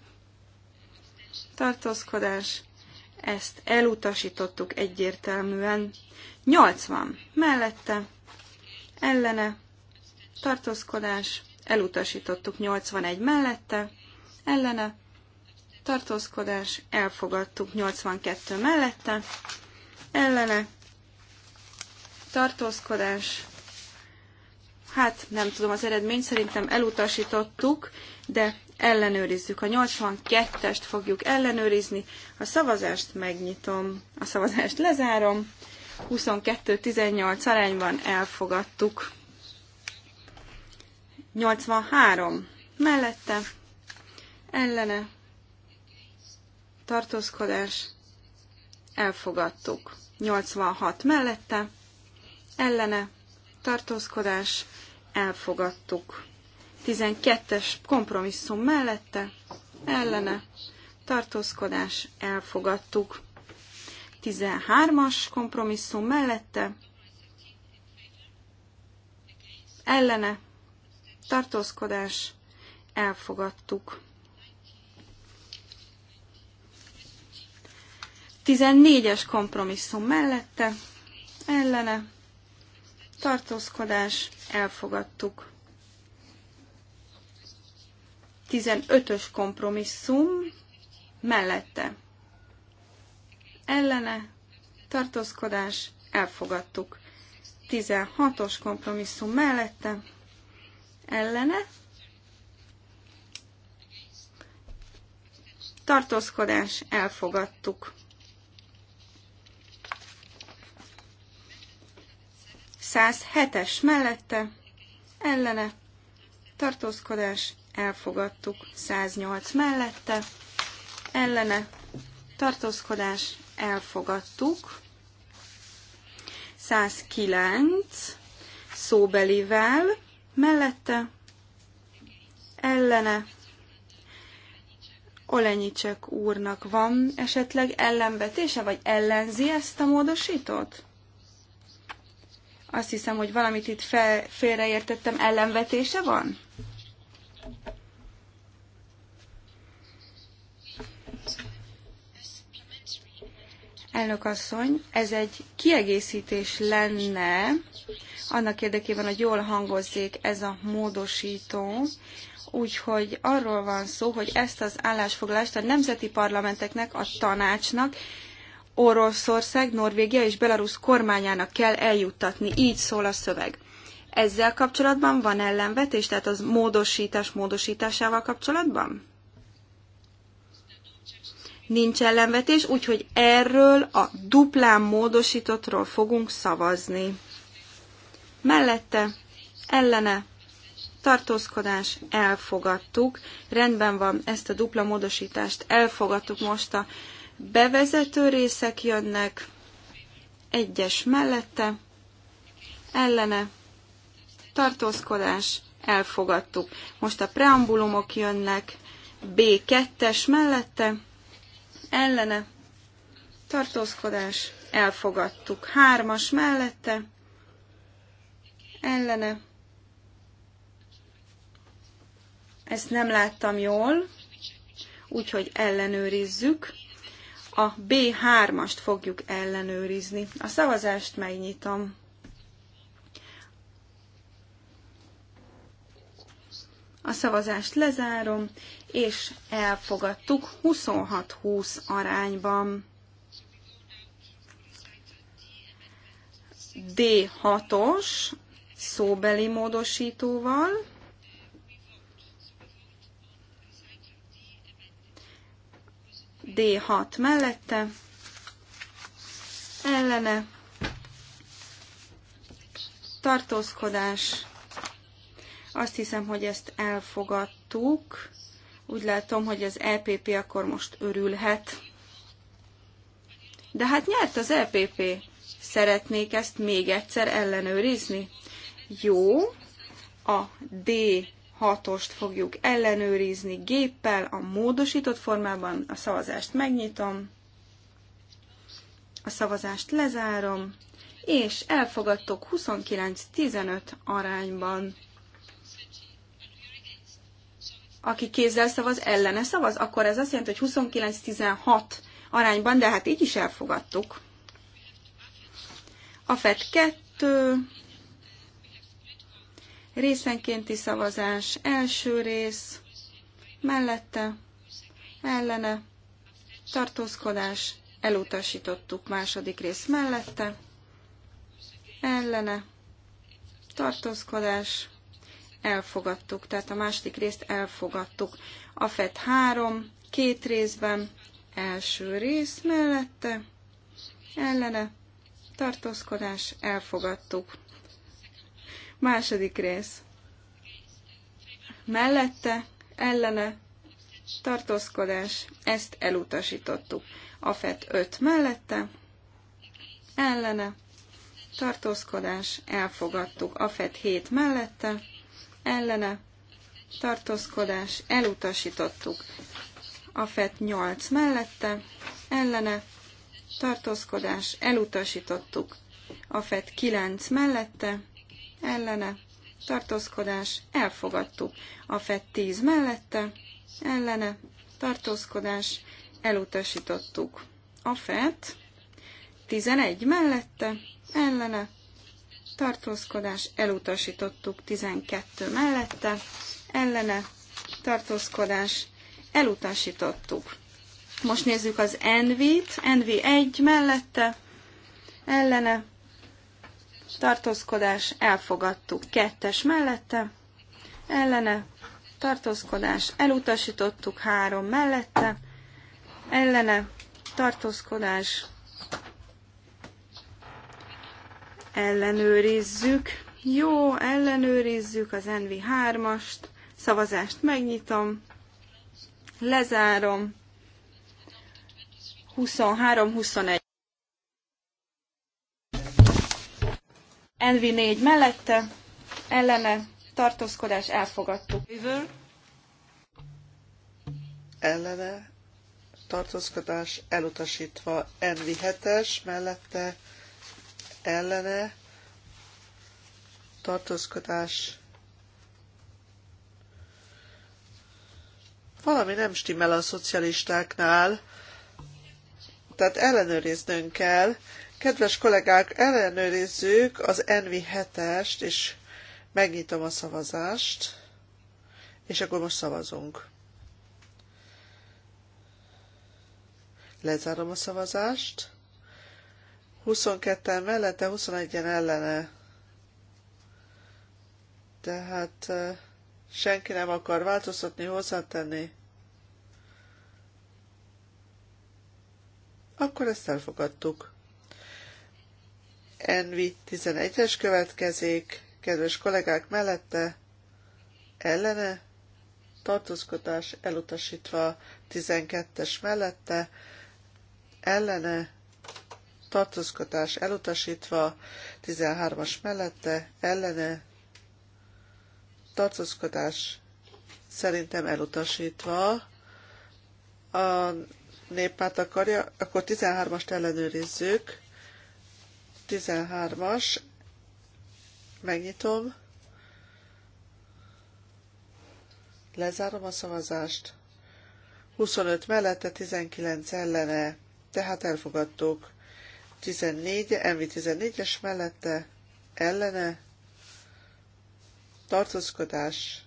tartózkodás, ezt elutasítottuk egyértelműen. 80. Mellette, ellene, tartózkodás, elutasítottuk 81 mellette, ellene, tartózkodás, elfogadtuk 82 mellette, ellene, tartózkodás, hát nem tudom az eredmény szerintem elutasítottuk, de ellenőrizzük. A 82-est fogjuk ellenőrizni. A szavazást megnyitom, a szavazást lezárom. 22-18 arányban elfogadtuk. 83 mellette, ellene, tartózkodás, elfogadtuk. 86 mellette, ellene, tartózkodás, elfogadtuk. 12-es kompromisszum mellette, ellene, tartózkodás, elfogadtuk. 13-as kompromisszum mellette, ellene, tartózkodás, elfogadtuk. 14-es kompromisszum mellette, ellene, tartózkodás, elfogadtuk. 15-ös kompromisszum mellette, ellene, tartózkodás, elfogadtuk. 16-os kompromisszum mellette, ellene. Tartózkodás elfogadtuk. 107 hetes mellette ellene. Tartózkodás elfogadtuk. 108 mellette ellene. Tartózkodás elfogadtuk. 109 szóbelivel mellette, ellene, Olenyicsek úrnak van esetleg ellenvetése, vagy ellenzi ezt a módosítót? Azt hiszem, hogy valamit itt fel, félreértettem, ellenvetése van? Elnök asszony, ez egy kiegészítés lenne annak érdekében, hogy jól hangozzék ez a módosító. Úgyhogy arról van szó, hogy ezt az állásfoglalást a nemzeti parlamenteknek, a tanácsnak, Oroszország, Norvégia és Belarus kormányának kell eljuttatni. Így szól a szöveg. Ezzel kapcsolatban van ellenvetés, tehát az módosítás módosításával kapcsolatban? Nincs ellenvetés, úgyhogy erről a duplán módosítottról fogunk szavazni mellette, ellene, tartózkodás, elfogadtuk. Rendben van, ezt a dupla módosítást elfogadtuk. Most a bevezető részek jönnek, egyes mellette, ellene, tartózkodás, elfogadtuk. Most a preambulumok jönnek, B2-es mellette, ellene, tartózkodás, elfogadtuk. Hármas mellette, ellene. Ezt nem láttam jól, úgyhogy ellenőrizzük. A B3-ast fogjuk ellenőrizni. A szavazást megnyitom. A szavazást lezárom, és elfogadtuk 26-20 arányban. D6-os, szóbeli módosítóval. D6 mellette, ellene, tartózkodás, azt hiszem, hogy ezt elfogadtuk. Úgy látom, hogy az EPP akkor most örülhet. De hát nyert az EPP. Szeretnék ezt még egyszer ellenőrizni? Jó, a D6-ost fogjuk ellenőrizni géppel a módosított formában. A szavazást megnyitom, a szavazást lezárom, és elfogadtok 29-15 arányban. Aki kézzel szavaz, ellene szavaz, akkor ez azt jelenti, hogy 29-16 arányban, de hát így is elfogadtuk. A FED 2, Részenkénti szavazás, első rész, mellette, ellene, tartózkodás, elutasítottuk második rész mellette, ellene, tartózkodás, elfogadtuk, tehát a második részt elfogadtuk. A FED 3, két részben, első rész mellette, ellene, tartózkodás, elfogadtuk. Második rész. Mellette, ellene, tartózkodás, ezt elutasítottuk. A FET 5 mellette, ellene, tartózkodás, elfogadtuk. A FET 7 mellette, ellene, tartózkodás, elutasítottuk. A FET 8 mellette, ellene, tartózkodás, elutasítottuk. A FET 9 mellette, ellene, tartózkodás, elfogadtuk. A FED 10 mellette, ellene, tartózkodás, elutasítottuk. A FED 11 mellette, ellene, tartózkodás, elutasítottuk 12 mellette, ellene, tartózkodás, elutasítottuk. Most nézzük az NV-t, NV1 mellette, ellene, tartózkodás, elfogadtuk. Kettes mellette, ellene, tartózkodás, elutasítottuk. Három mellette, ellene, tartózkodás, ellenőrizzük. Jó, ellenőrizzük az NV3-ast, szavazást megnyitom, lezárom, 23-21. NV4 mellette, ellene, tartózkodás, elfogadtuk. Ellene, tartózkodás, elutasítva, NV7-es mellette, ellene, tartózkodás, valami nem stimmel a szocialistáknál, tehát ellenőriznünk kell, Kedves kollégák, ellenőrizzük az Envi hetest és megnyitom a szavazást, és akkor most szavazunk. Lezárom a szavazást. 22-en mellette, 21-en ellene. Tehát senki nem akar változtatni, hozzátenni. Akkor ezt elfogadtuk envi 11-es következik, kedves kollégák mellette, ellene, tartózkodás elutasítva 12-es mellette, ellene, tartózkodás elutasítva 13-as mellette, ellene, tartózkodás szerintem elutasítva. A néppárt akarja, akkor 13-ast ellenőrizzük. 13-as, megnyitom, lezárom a szavazást, 25 mellette, 19 ellene, tehát elfogadtuk, 14, MV14-es mellette, ellene, tartózkodás,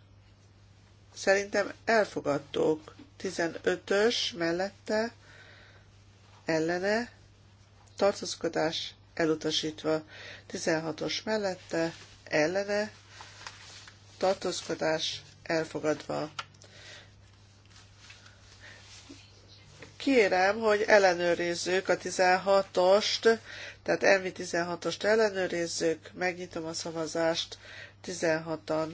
szerintem elfogadtuk, 15-ös mellette, ellene, tartózkodás, elutasítva 16-os mellette, ellene, tartózkodás elfogadva. Kérem, hogy ellenőrizzük a 16-ost, tehát elmi 16-ost ellenőrizzük, megnyitom a szavazást, 16-an.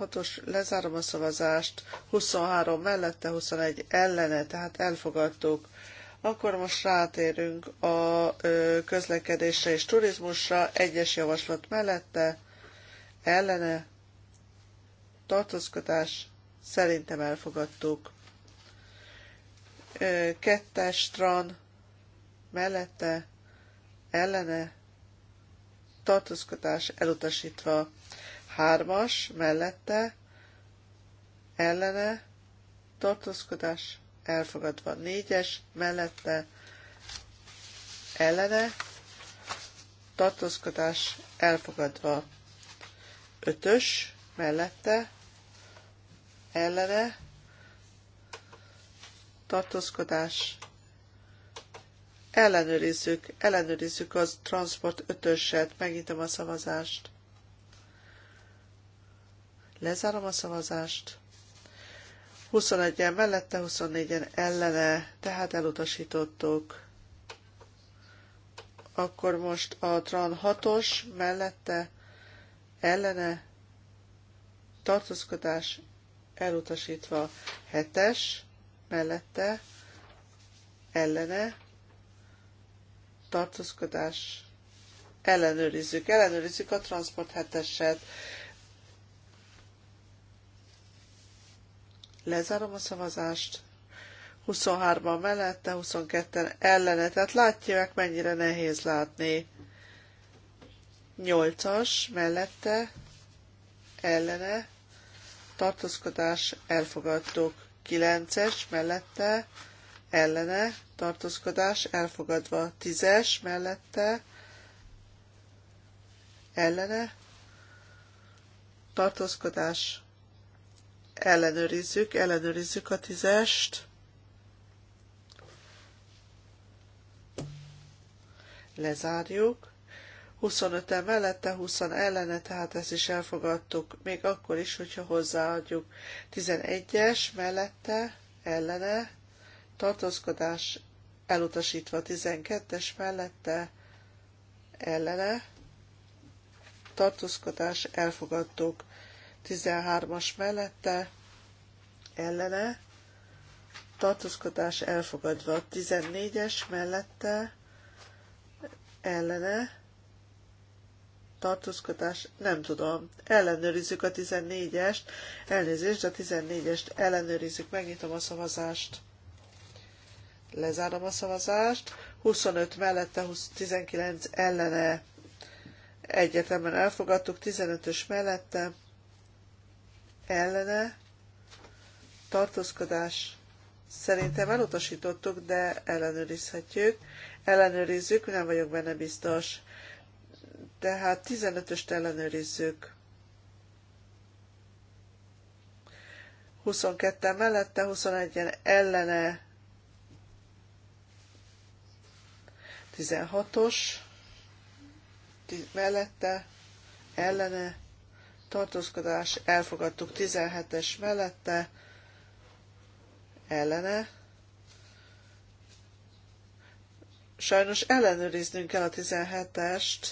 6-os, lezárom a szavazást, 23 mellette, 21 ellene, tehát elfogadtuk. Akkor most rátérünk a közlekedésre és turizmusra. Egyes javaslat mellette, ellene, tartózkodás, szerintem elfogadtuk. Kettes strand, mellette, ellene, tartózkodás elutasítva. Hármas, mellette, ellene, tartózkodás elfogadva. Négyes mellette ellene tartózkodás elfogadva. Ötös mellette ellene tartózkodás ellenőrizzük, ellenőrizzük az transport ötöset, megnyitom a szavazást. Lezárom a szavazást. 21-en mellette, 24-en ellene, tehát elutasítottuk. Akkor most a Tran 6-os mellette, ellene, tartózkodás elutasítva 7-es mellette, ellene, tartózkodás ellenőrizzük. Ellenőrizzük a transport 7-eset. Lezárom a szavazást. 23 ban mellette, 22-en ellene. Tehát látják, mennyire nehéz látni. 8-as mellette, ellene, tartózkodás, elfogadtuk. 9-es mellette, ellene, tartózkodás, elfogadva. 10-es mellette, ellene, tartózkodás, ellenőrizzük, ellenőrizzük a tízest. Lezárjuk. 25 mellette, 20 ellene, tehát ezt is elfogadtuk, még akkor is, hogyha hozzáadjuk 11-es mellette, ellene, tartózkodás elutasítva 12-es mellette, ellene, tartózkodás elfogadtuk 13-as mellette ellene, tartózkodás elfogadva. 14-es mellette ellene, tartózkodás, nem tudom. Ellenőrizzük a 14-est, elnézést, a 14-est ellenőrizzük, megnyitom a szavazást. Lezárom a szavazást. 25 mellette, 19 ellene. Egyetemen elfogadtuk, 15-ös mellette, ellene tartózkodás szerintem elutasítottuk, de ellenőrizhetjük. Ellenőrizzük, nem vagyok benne biztos. Tehát 15-öst ellenőrizzük. 22 mellette, 21-en ellene, 16-os mellette, ellene, tartózkodás, elfogadtuk 17-es mellette, ellene. Sajnos ellenőriznünk kell a 17-est.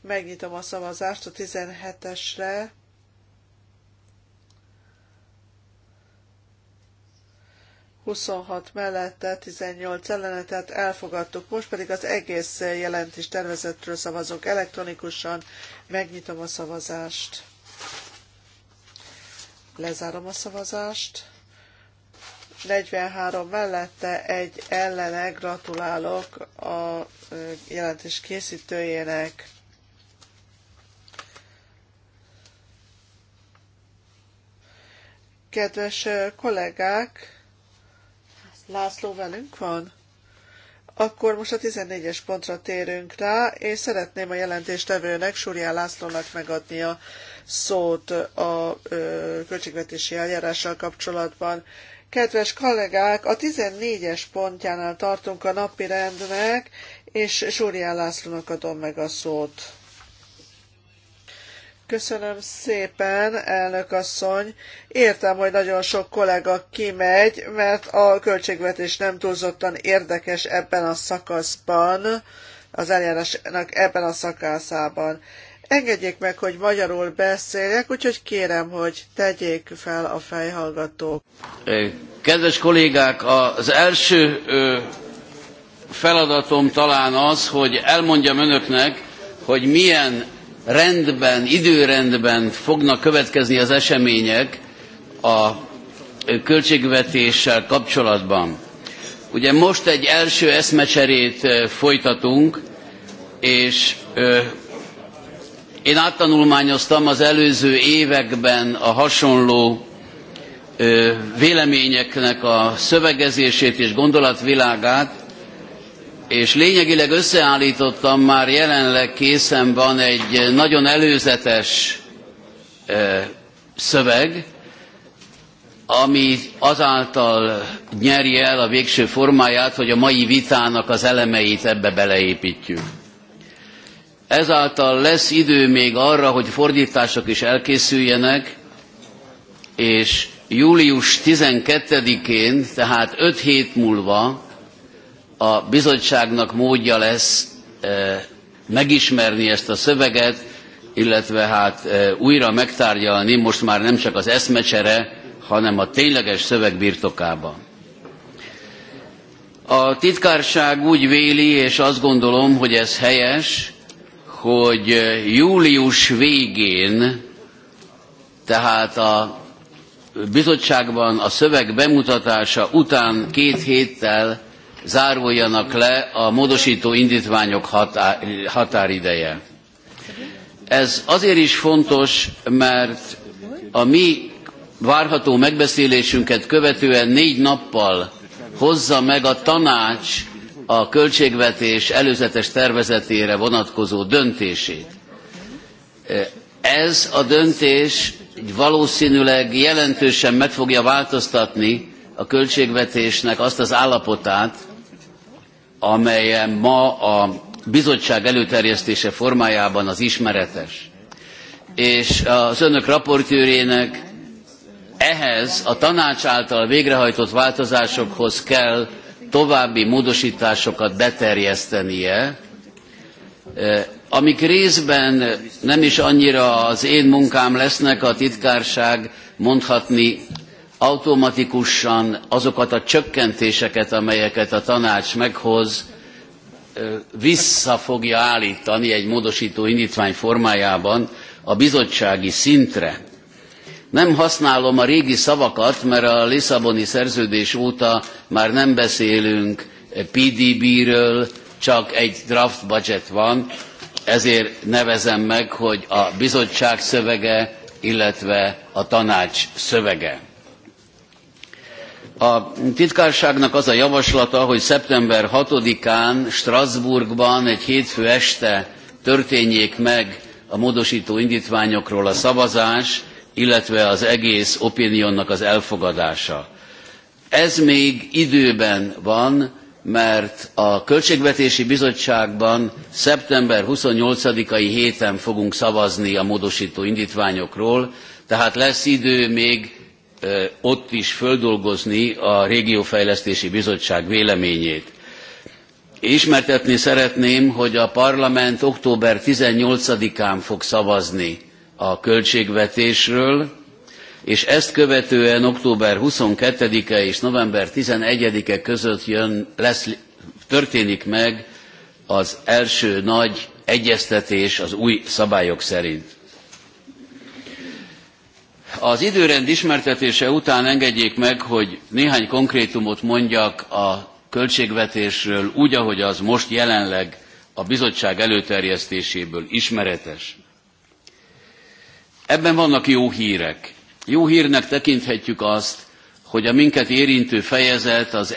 Megnyitom a szavazást a 17-esre. Huszonhat mellette, 18 ellenetet elfogadtuk. Most pedig az egész jelentés tervezetről szavazunk elektronikusan. Megnyitom a szavazást. Lezárom a szavazást. 43 mellette egy ellene gratulálok a jelentés készítőjének. Kedves kollégák, László velünk van? Akkor most a 14-es pontra térünk rá, és szeretném a jelentéstevőnek, Súrián Lászlónak megadni a szót a ö, költségvetési eljárással kapcsolatban. Kedves kollégák, a 14-es pontjánál tartunk a napi rendnek, és Súrián Lászlónak adom meg a szót. Köszönöm szépen, elnök asszony. Értem, hogy nagyon sok kollega kimegy, mert a költségvetés nem túlzottan érdekes ebben a szakaszban, az eljárásnak ebben a szakaszában. Engedjék meg, hogy magyarul beszéljek, úgyhogy kérem, hogy tegyék fel a fejhallgatók. Kedves kollégák, az első feladatom talán az, hogy elmondjam önöknek, hogy milyen rendben, időrendben fognak következni az események a költségvetéssel kapcsolatban. Ugye most egy első eszmecserét folytatunk, és én áttanulmányoztam az előző években a hasonló véleményeknek a szövegezését és gondolatvilágát, és lényegileg összeállítottam, már jelenleg készen van egy nagyon előzetes szöveg, ami azáltal nyeri el a végső formáját, hogy a mai vitának az elemeit ebbe beleépítjük. Ezáltal lesz idő még arra, hogy fordítások is elkészüljenek, és július 12-én, tehát 5 hét múlva a bizottságnak módja lesz e, megismerni ezt a szöveget, illetve hát e, újra megtárgyalni, most már nem csak az eszmecsere, hanem a tényleges szöveg birtokában. A titkárság úgy véli, és azt gondolom, hogy ez helyes, hogy e, július végén, tehát a bizottságban a szöveg bemutatása után két héttel záruljanak le a módosító indítványok határideje. Ez azért is fontos, mert a mi várható megbeszélésünket követően négy nappal hozza meg a tanács a költségvetés előzetes tervezetére vonatkozó döntését. Ez a döntés valószínűleg jelentősen meg fogja változtatni a költségvetésnek azt az állapotát, amelyen ma a bizottság előterjesztése formájában az ismeretes. És az önök raportőrének ehhez a tanács által végrehajtott változásokhoz kell további módosításokat beterjesztenie, eh, amik részben nem is annyira az én munkám lesznek, a titkárság mondhatni automatikusan azokat a csökkentéseket, amelyeket a tanács meghoz, vissza fogja állítani egy módosító indítvány formájában a bizottsági szintre. Nem használom a régi szavakat, mert a Lisszaboni szerződés óta már nem beszélünk PDB-ről, csak egy draft budget van, ezért nevezem meg, hogy a bizottság szövege, illetve a tanács szövege. A titkárságnak az a javaslata, hogy szeptember 6-án Strasbourgban egy hétfő este történjék meg a módosító indítványokról a szavazás, illetve az egész opiniónnak az elfogadása. Ez még időben van, mert a Költségvetési Bizottságban szeptember 28-ai héten fogunk szavazni a módosító indítványokról, tehát lesz idő még ott is földolgozni a Régiófejlesztési Bizottság véleményét. Ismertetni szeretném, hogy a parlament október 18-án fog szavazni a költségvetésről, és ezt követően október 22-e és november 11-e között jön, lesz, történik meg az első nagy egyeztetés az új szabályok szerint. Az időrend ismertetése után engedjék meg, hogy néhány konkrétumot mondjak a költségvetésről úgy, ahogy az most jelenleg a bizottság előterjesztéséből ismeretes. Ebben vannak jó hírek. Jó hírnek tekinthetjük azt, hogy a minket érintő fejezet az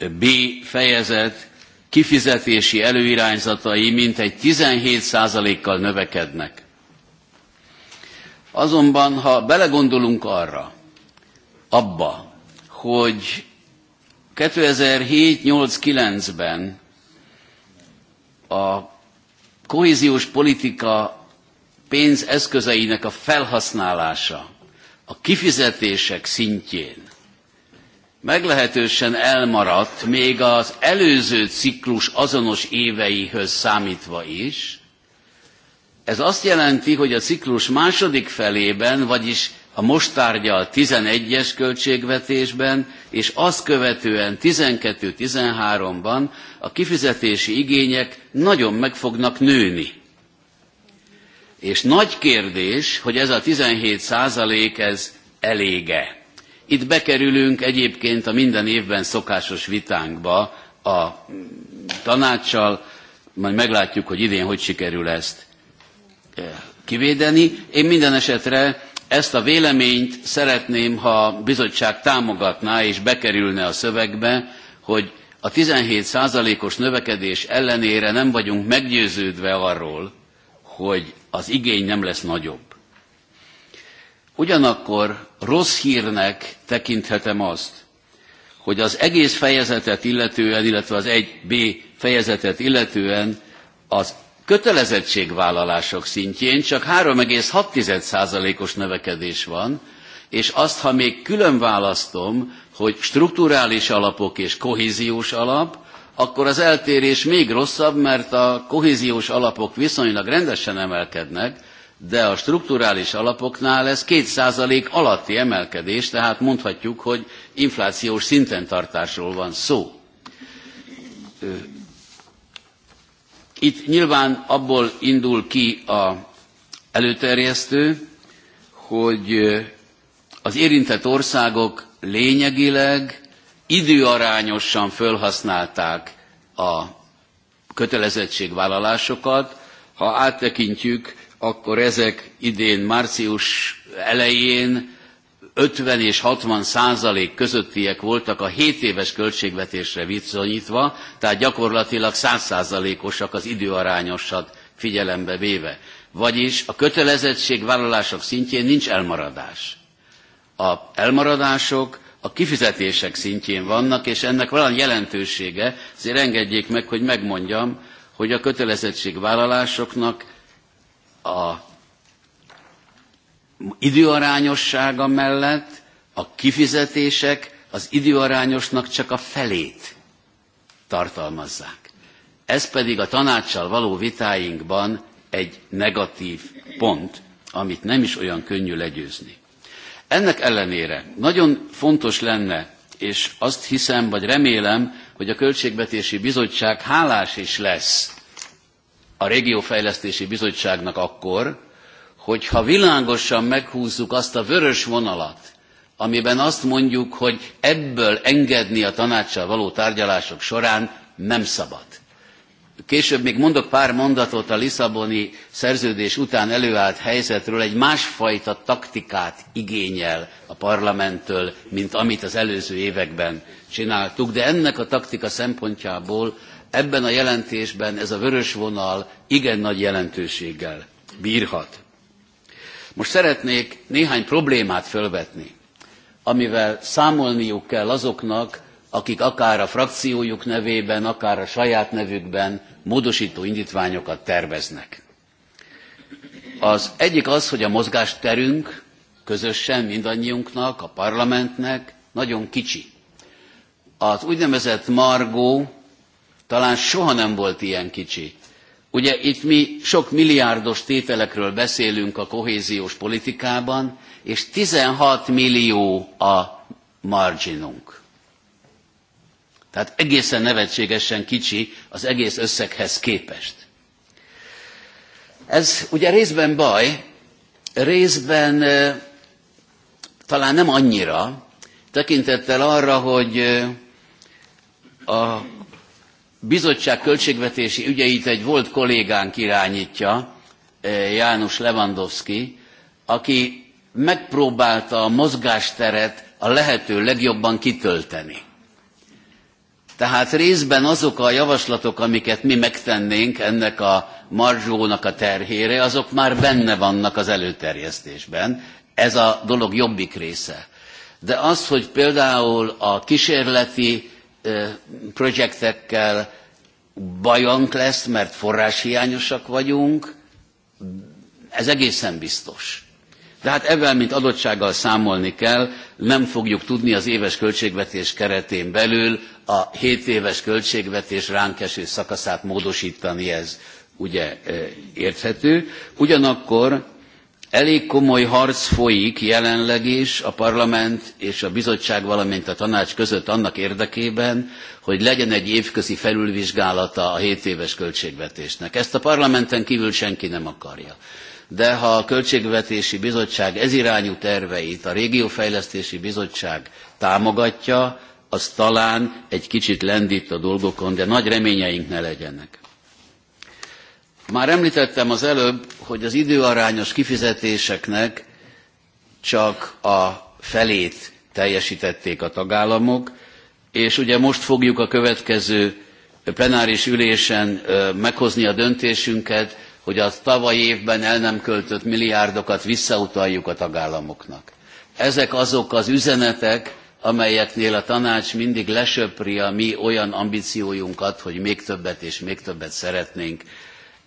1B fejezet kifizetési előirányzatai mintegy 17%-kal növekednek. Azonban, ha belegondolunk arra, abba, hogy 2007-8-9-ben a kohéziós politika pénzeszközeinek a felhasználása a kifizetések szintjén meglehetősen elmaradt, még az előző ciklus azonos éveihöz számítva is, ez azt jelenti, hogy a ciklus második felében, vagyis a most tárgyal 11-es költségvetésben, és azt követően 12-13-ban a kifizetési igények nagyon meg fognak nőni. És nagy kérdés, hogy ez a 17 százalék, ez elége. Itt bekerülünk egyébként a minden évben szokásos vitánkba a tanácssal, majd meglátjuk, hogy idén hogy sikerül ezt kivédeni. Én minden esetre ezt a véleményt szeretném, ha a bizottság támogatná és bekerülne a szövegbe, hogy a 17 os növekedés ellenére nem vagyunk meggyőződve arról, hogy az igény nem lesz nagyobb. Ugyanakkor rossz hírnek tekinthetem azt, hogy az egész fejezetet illetően, illetve az 1B fejezetet illetően az kötelezettségvállalások szintjén csak 3,6%-os növekedés van, és azt, ha még külön választom, hogy strukturális alapok és kohéziós alap, akkor az eltérés még rosszabb, mert a kohéziós alapok viszonylag rendesen emelkednek, de a strukturális alapoknál ez 2% alatti emelkedés, tehát mondhatjuk, hogy inflációs szinten tartásról van szó itt nyilván abból indul ki a előterjesztő, hogy az érintett országok lényegileg időarányosan felhasználták a kötelezettségvállalásokat. Ha áttekintjük, akkor ezek idén március elején 50 és 60 százalék közöttiek voltak a 7 éves költségvetésre viszonyítva, tehát gyakorlatilag 100 százalékosak az időarányosat figyelembe véve. Vagyis a kötelezettségvállalások szintjén nincs elmaradás. A elmaradások a kifizetések szintjén vannak, és ennek valami jelentősége, azért engedjék meg, hogy megmondjam, hogy a kötelezettségvállalásoknak a időarányossága mellett a kifizetések az időarányosnak csak a felét tartalmazzák. Ez pedig a tanácssal való vitáinkban egy negatív pont, amit nem is olyan könnyű legyőzni. Ennek ellenére nagyon fontos lenne, és azt hiszem, vagy remélem, hogy a Költségvetési Bizottság hálás is lesz a Régiófejlesztési Bizottságnak akkor, hogy ha világosan meghúzzuk azt a vörös vonalat, amiben azt mondjuk, hogy ebből engedni a tanácssal való tárgyalások során nem szabad. Később még mondok pár mondatot a Lisszaboni szerződés után előállt helyzetről, egy másfajta taktikát igényel a parlamenttől, mint amit az előző években csináltuk, de ennek a taktika szempontjából ebben a jelentésben ez a vörös vonal igen nagy jelentőséggel bírhat. Most szeretnék néhány problémát fölvetni, amivel számolniuk kell azoknak, akik akár a frakciójuk nevében, akár a saját nevükben módosító indítványokat terveznek. Az egyik az, hogy a mozgásterünk közösen mindannyiunknak, a parlamentnek nagyon kicsi. Az úgynevezett Margó talán soha nem volt ilyen kicsi. Ugye itt mi sok milliárdos tételekről beszélünk a kohéziós politikában, és 16 millió a marginunk. Tehát egészen nevetségesen kicsi az egész összeghez képest. Ez ugye részben baj, részben talán nem annyira, tekintettel arra, hogy a bizottság költségvetési ügyeit egy volt kollégánk irányítja, eh, János Lewandowski, aki megpróbálta a mozgásteret a lehető legjobban kitölteni. Tehát részben azok a javaslatok, amiket mi megtennénk ennek a marzsónak a terhére, azok már benne vannak az előterjesztésben. Ez a dolog jobbik része. De az, hogy például a kísérleti projektekkel bajunk lesz, mert forráshiányosak vagyunk, ez egészen biztos. De hát ebben, mint adottsággal számolni kell, nem fogjuk tudni az éves költségvetés keretén belül a 7 éves költségvetés ránk eső szakaszát módosítani, ez ugye érthető. Ugyanakkor Elég komoly harc folyik jelenleg is a parlament és a bizottság, valamint a tanács között annak érdekében, hogy legyen egy évközi felülvizsgálata a 7 éves költségvetésnek. Ezt a parlamenten kívül senki nem akarja. De ha a Költségvetési Bizottság ez irányú terveit a Régiófejlesztési Bizottság támogatja, az talán egy kicsit lendít a dolgokon, de nagy reményeink ne legyenek. Már említettem az előbb, hogy az időarányos kifizetéseknek csak a felét teljesítették a tagállamok, és ugye most fogjuk a következő plenáris ülésen meghozni a döntésünket, hogy a tavaly évben el nem költött milliárdokat visszautaljuk a tagállamoknak. Ezek azok az üzenetek, amelyeknél a tanács mindig lesöpri a mi olyan ambíciójunkat, hogy még többet és még többet szeretnénk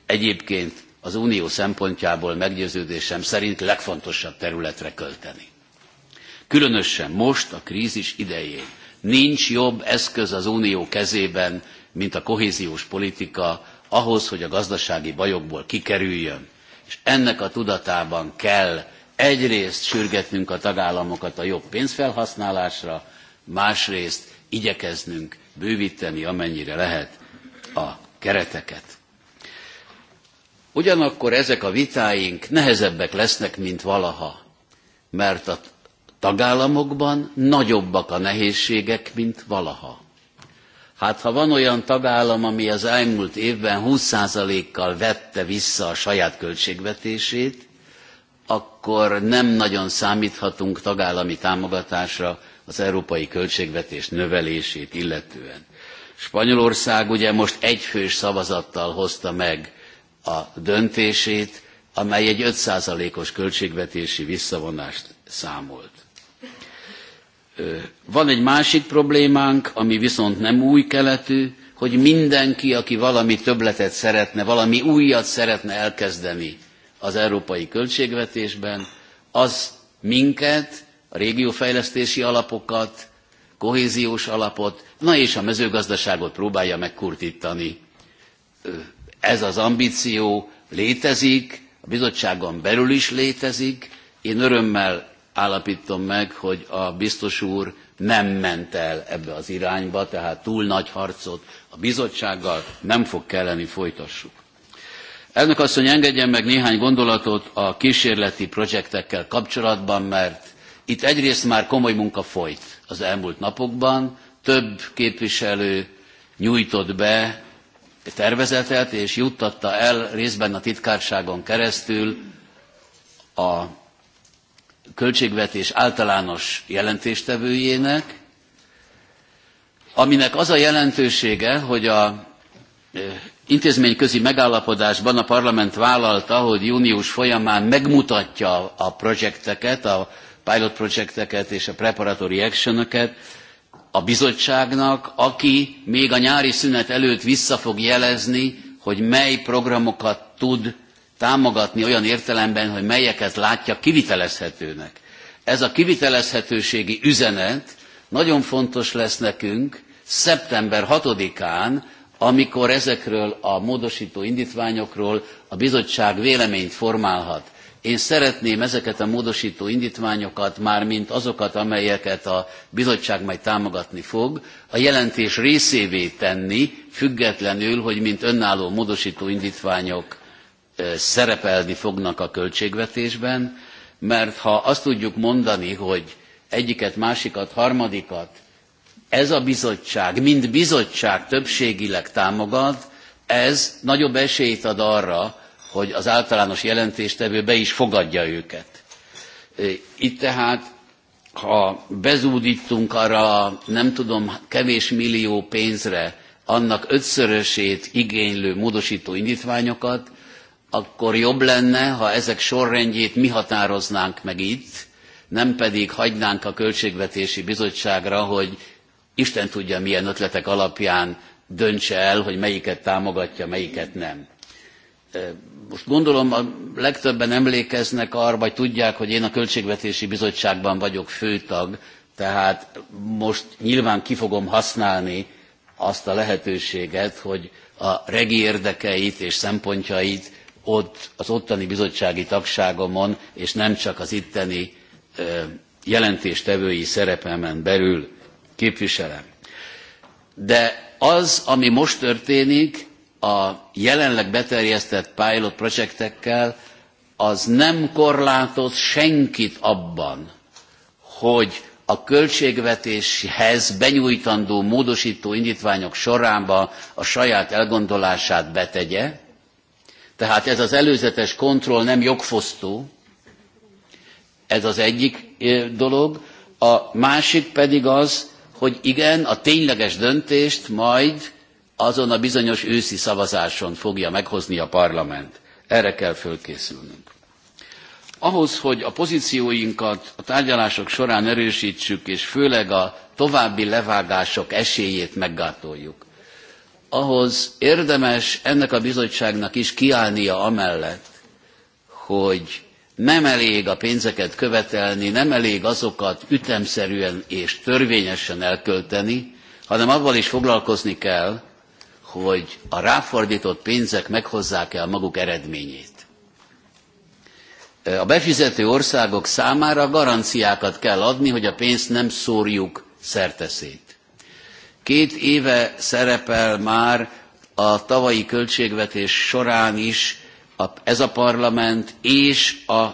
egyébként az unió szempontjából meggyőződésem szerint legfontosabb területre költeni. Különösen most, a krízis idején nincs jobb eszköz az unió kezében, mint a kohéziós politika ahhoz, hogy a gazdasági bajokból kikerüljön. És ennek a tudatában kell egyrészt sürgetnünk a tagállamokat a jobb pénzfelhasználásra, másrészt igyekeznünk bővíteni, amennyire lehet a kereteket. Ugyanakkor ezek a vitáink nehezebbek lesznek, mint valaha, mert a tagállamokban nagyobbak a nehézségek, mint valaha. Hát ha van olyan tagállam, ami az elmúlt évben 20%-kal vette vissza a saját költségvetését, akkor nem nagyon számíthatunk tagállami támogatásra az európai költségvetés növelését illetően. Spanyolország ugye most egyfős szavazattal hozta meg a döntését, amely egy 5%-os költségvetési visszavonást számolt. Van egy másik problémánk, ami viszont nem új keletű, hogy mindenki, aki valami többletet szeretne, valami újat szeretne elkezdeni az európai költségvetésben, az minket, a régiófejlesztési alapokat, kohéziós alapot, na és a mezőgazdaságot próbálja megkurtítani ez az ambíció létezik, a bizottságon belül is létezik. Én örömmel állapítom meg, hogy a biztos úr nem ment el ebbe az irányba, tehát túl nagy harcot a bizottsággal nem fog kelleni folytassuk. Elnök asszony, engedjen meg néhány gondolatot a kísérleti projektekkel kapcsolatban, mert itt egyrészt már komoly munka folyt az elmúlt napokban, több képviselő nyújtott be tervezetet, és juttatta el részben a titkárságon keresztül a költségvetés általános jelentéstevőjének, aminek az a jelentősége, hogy a intézményközi megállapodásban a parlament vállalta, hogy június folyamán megmutatja a projekteket, a pilot projekteket és a preparatory actionöket, a bizottságnak, aki még a nyári szünet előtt vissza fog jelezni, hogy mely programokat tud támogatni olyan értelemben, hogy melyeket látja kivitelezhetőnek. Ez a kivitelezhetőségi üzenet nagyon fontos lesz nekünk szeptember 6-án, amikor ezekről a módosító indítványokról a bizottság véleményt formálhat. Én szeretném ezeket a módosító indítványokat, mármint azokat, amelyeket a bizottság majd támogatni fog, a jelentés részévé tenni, függetlenül, hogy mint önálló módosító indítványok szerepelni fognak a költségvetésben, mert ha azt tudjuk mondani, hogy egyiket, másikat, harmadikat ez a bizottság, mint bizottság többségileg támogat, ez nagyobb esélyt ad arra, hogy az általános jelentéstevő be is fogadja őket. Itt tehát, ha bezúdítunk arra, nem tudom, kevés millió pénzre annak ötszörösét igénylő módosító indítványokat, akkor jobb lenne, ha ezek sorrendjét mi határoznánk meg itt, nem pedig hagynánk a Költségvetési Bizottságra, hogy Isten tudja, milyen ötletek alapján döntse el, hogy melyiket támogatja, melyiket nem most gondolom a legtöbben emlékeznek arra, vagy tudják, hogy én a Költségvetési Bizottságban vagyok főtag, tehát most nyilván ki fogom használni azt a lehetőséget, hogy a regi érdekeit és szempontjait ott, az ottani bizottsági tagságomon, és nem csak az itteni jelentéstevői szerepemen belül képviselem. De az, ami most történik, a jelenleg beterjesztett pilot projektekkel az nem korlátoz senkit abban, hogy a költségvetéshez benyújtandó módosító indítványok soránba a saját elgondolását betegye, tehát ez az előzetes kontroll nem jogfosztó, ez az egyik dolog. A másik pedig az, hogy igen, a tényleges döntést majd azon a bizonyos őszi szavazáson fogja meghozni a parlament. Erre kell fölkészülnünk. Ahhoz, hogy a pozícióinkat a tárgyalások során erősítsük, és főleg a további levágások esélyét meggátoljuk, ahhoz érdemes ennek a bizottságnak is kiállnia amellett, hogy nem elég a pénzeket követelni, nem elég azokat ütemszerűen és törvényesen elkölteni, hanem avval is foglalkozni kell, hogy a ráfordított pénzek meghozzák e a maguk eredményét. A befizető országok számára garanciákat kell adni, hogy a pénzt nem szórjuk szerteszét. Két éve szerepel már a tavalyi költségvetés során is ez a parlament és a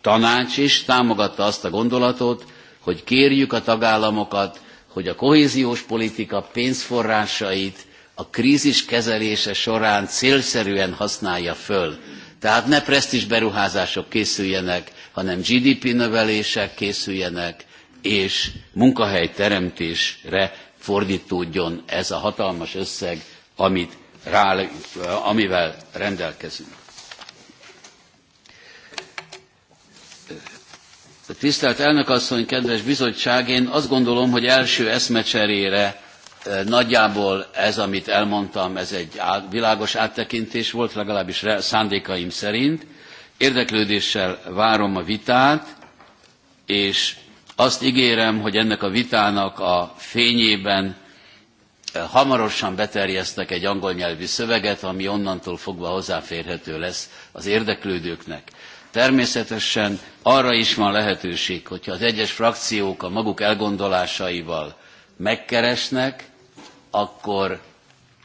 tanács is támogatta azt a gondolatot, hogy kérjük a tagállamokat, hogy a kohéziós politika pénzforrásait a krízis kezelése során célszerűen használja föl. Tehát ne presztis beruházások készüljenek, hanem GDP növelések készüljenek, és munkahelyteremtésre fordítódjon ez a hatalmas összeg, amit rá, amivel rendelkezünk. Tisztelt elnök asszony, kedves bizottság, én azt gondolom, hogy első eszmecserére Nagyjából ez, amit elmondtam, ez egy világos áttekintés volt, legalábbis szándékaim szerint. Érdeklődéssel várom a vitát, és azt ígérem, hogy ennek a vitának a fényében hamarosan beterjesztek egy angol nyelvi szöveget, ami onnantól fogva hozzáférhető lesz az érdeklődőknek. Természetesen arra is van lehetőség, hogyha az egyes frakciók a maguk elgondolásaival megkeresnek, akkor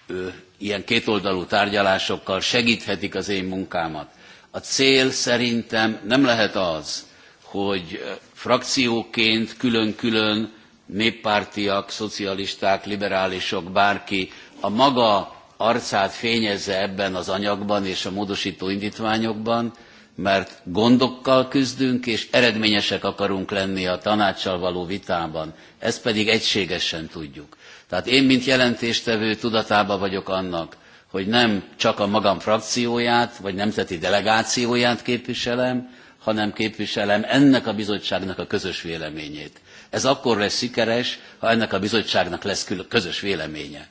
ő, ilyen kétoldalú tárgyalásokkal segíthetik az én munkámat. A cél szerintem nem lehet az, hogy frakcióként külön-külön néppártiak, szocialisták, liberálisok, bárki a maga arcát fényezze ebben az anyagban és a módosító indítványokban, mert gondokkal küzdünk, és eredményesek akarunk lenni a tanácssal való vitában. Ezt pedig egységesen tudjuk. Tehát én, mint jelentéstevő tudatában vagyok annak, hogy nem csak a magam frakcióját, vagy nemzeti delegációját képviselem, hanem képviselem ennek a bizottságnak a közös véleményét. Ez akkor lesz sikeres, ha ennek a bizottságnak lesz közös véleménye.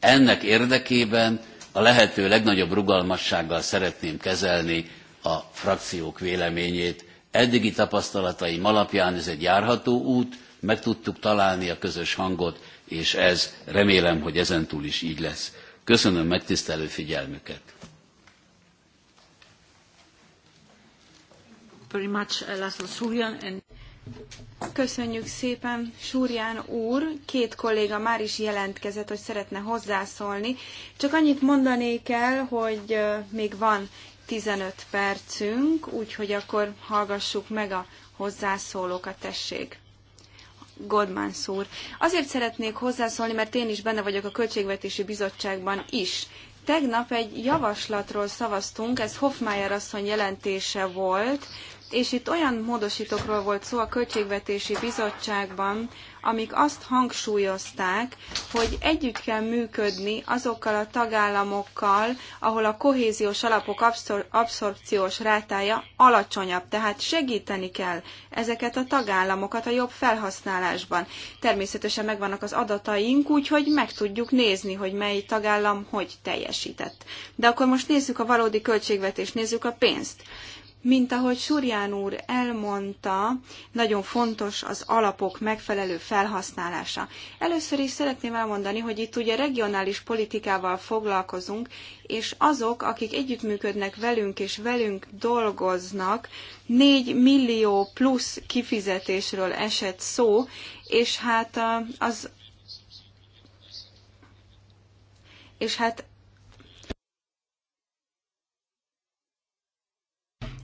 Ennek érdekében a lehető legnagyobb rugalmassággal szeretném kezelni a frakciók véleményét. Eddigi tapasztalataim alapján ez egy járható út, meg tudtuk találni a közös hangot, és ez remélem, hogy ezentúl is így lesz. Köszönöm megtisztelő figyelmüket! Uh, Köszönjük szépen, Súrján úr. Két kolléga már is jelentkezett, hogy szeretne hozzászólni. Csak annyit mondanék el, hogy uh, még van 15 percünk, úgyhogy akkor hallgassuk meg a hozzászólókat, tessék. Goldman szúr. Azért szeretnék hozzászólni, mert én is benne vagyok a Költségvetési Bizottságban is. Tegnap egy javaslatról szavaztunk, ez Hofmeier asszony jelentése volt, és itt olyan módosítókról volt szó a Költségvetési Bizottságban, amik azt hangsúlyozták, hogy együtt kell működni azokkal a tagállamokkal, ahol a kohéziós alapok abszor- abszorpciós rátája alacsonyabb, tehát segíteni kell ezeket a tagállamokat a jobb felhasználásban. Természetesen megvannak az adataink, úgyhogy meg tudjuk nézni, hogy mely tagállam hogy teljesített. De akkor most nézzük a valódi költségvetést, nézzük a pénzt. Mint ahogy Surján úr elmondta, nagyon fontos az alapok megfelelő felhasználása. Először is szeretném elmondani, hogy itt ugye regionális politikával foglalkozunk, és azok, akik együttműködnek velünk és velünk dolgoznak, 4 millió plusz kifizetésről esett szó, és hát az és hát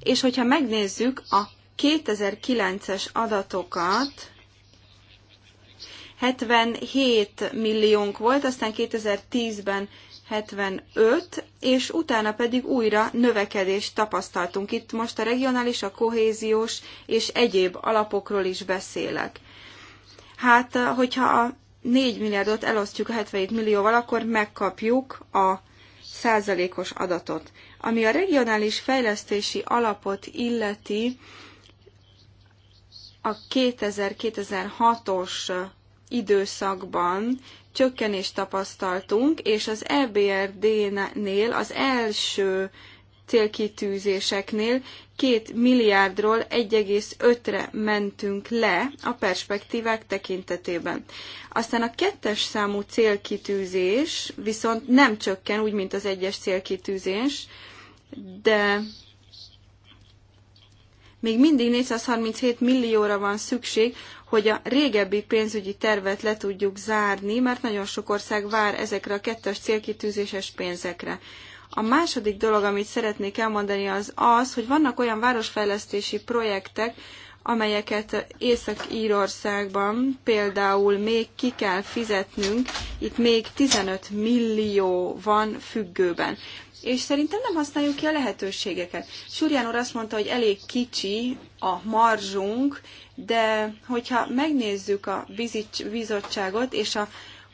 És hogyha megnézzük a 2009-es adatokat, 77 milliónk volt, aztán 2010-ben 75, és utána pedig újra növekedést tapasztaltunk. Itt most a regionális, a kohéziós és egyéb alapokról is beszélek. Hát, hogyha a 4 milliárdot elosztjuk a 77 millióval, akkor megkapjuk a százalékos adatot. Ami a regionális fejlesztési alapot illeti, a 2000-2006-os időszakban csökkenést tapasztaltunk, és az EBRD-nél az első célkitűzéseknél 2 milliárdról 1,5-re mentünk le a perspektívák tekintetében. Aztán a kettes számú célkitűzés viszont nem csökken, úgy, mint az egyes célkitűzés, de még mindig 437 millióra van szükség, hogy a régebbi pénzügyi tervet le tudjuk zárni, mert nagyon sok ország vár ezekre a kettes célkitűzéses pénzekre. A második dolog, amit szeretnék elmondani, az az, hogy vannak olyan városfejlesztési projektek, amelyeket Észak-Írországban például még ki kell fizetnünk, itt még 15 millió van függőben és szerintem nem használjuk ki a lehetőségeket. Surján úr azt mondta, hogy elég kicsi a marzsunk, de hogyha megnézzük a bizottságot és a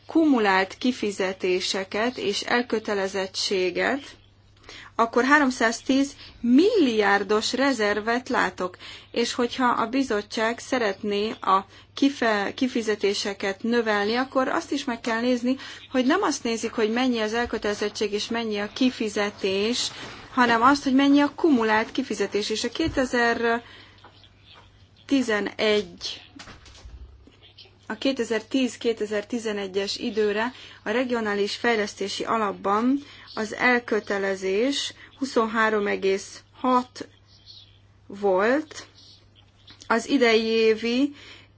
kumulált kifizetéseket és elkötelezettséget, akkor 310 milliárdos rezervet látok. És hogyha a bizottság szeretné a kife, kifizetéseket növelni, akkor azt is meg kell nézni, hogy nem azt nézik, hogy mennyi az elkötelezettség és mennyi a kifizetés, hanem azt, hogy mennyi a kumulált kifizetés. És a 2011 a 2010-2011-es időre a regionális fejlesztési alapban az elkötelezés 23,6 volt, az idei évi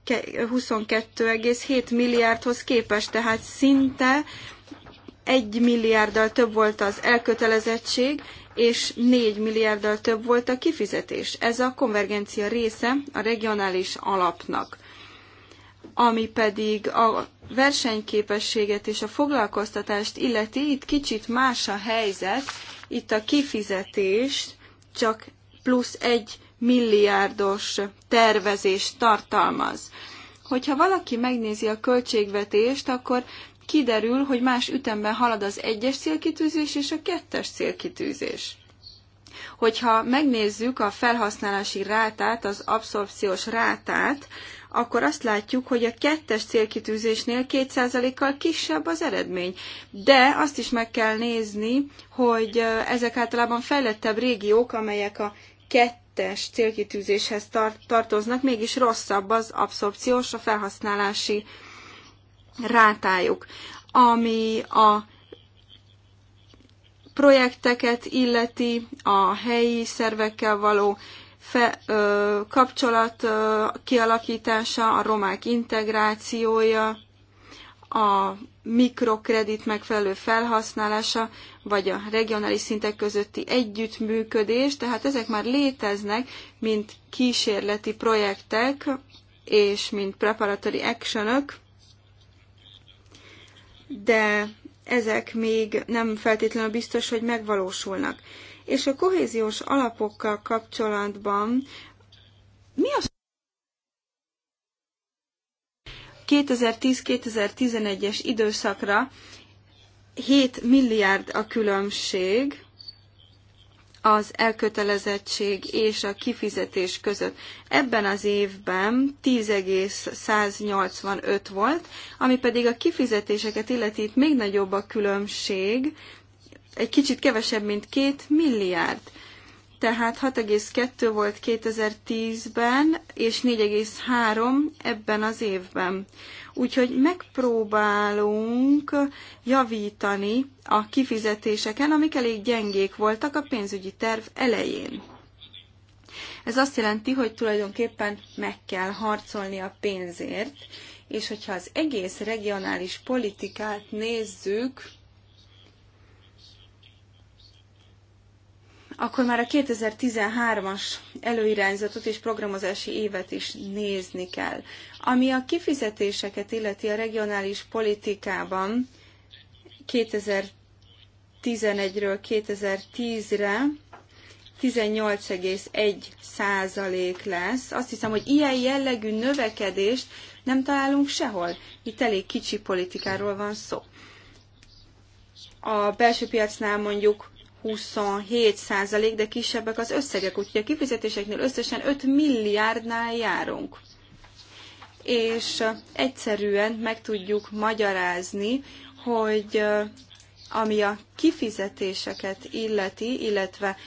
22,7 milliárdhoz képest, tehát szinte 1 milliárddal több volt az elkötelezettség, és 4 milliárddal több volt a kifizetés. Ez a konvergencia része a regionális alapnak. Ami pedig a versenyképességet és a foglalkoztatást illeti, itt kicsit más a helyzet, itt a kifizetés csak plusz egy milliárdos tervezést tartalmaz. Hogyha valaki megnézi a költségvetést, akkor kiderül, hogy más ütemben halad az egyes célkitűzés és a kettes célkitűzés. Hogyha megnézzük a felhasználási rátát, az abszorpciós rátát, akkor azt látjuk, hogy a kettes célkitűzésnél 2%-kal kisebb az eredmény. De azt is meg kell nézni, hogy ezek általában fejlettebb régiók, amelyek a kettes célkitűzéshez tartoznak, mégis rosszabb az abszorpciós, a felhasználási rátájuk. Ami a projekteket illeti, a helyi szervekkel való fe, ö, kapcsolat ö, kialakítása, a romák integrációja, a mikrokredit megfelelő felhasználása, vagy a regionális szintek közötti együttműködés, tehát ezek már léteznek, mint kísérleti projektek és mint preparatory actionök, de ezek még nem feltétlenül biztos, hogy megvalósulnak. És a kohéziós alapokkal kapcsolatban mi az 2010-2011-es időszakra 7 milliárd a különbség az elkötelezettség és a kifizetés között. Ebben az évben 10,185 volt, ami pedig a kifizetéseket illeti itt még nagyobb a különbség, egy kicsit kevesebb, mint 2 milliárd. Tehát 6,2 volt 2010-ben, és 4,3 ebben az évben. Úgyhogy megpróbálunk javítani a kifizetéseken, amik elég gyengék voltak a pénzügyi terv elején. Ez azt jelenti, hogy tulajdonképpen meg kell harcolni a pénzért, és hogyha az egész regionális politikát nézzük, akkor már a 2013-as előirányzatot és programozási évet is nézni kell. Ami a kifizetéseket illeti a regionális politikában 2011-ről 2010-re 18,1 százalék lesz. Azt hiszem, hogy ilyen jellegű növekedést nem találunk sehol. Itt elég kicsi politikáról van szó. A belső piacnál mondjuk 27 százalék, de kisebbek az összegek, úgyhogy a kifizetéseknél összesen 5 milliárdnál járunk. És egyszerűen meg tudjuk magyarázni, hogy ami a kifizetéseket illeti, illetve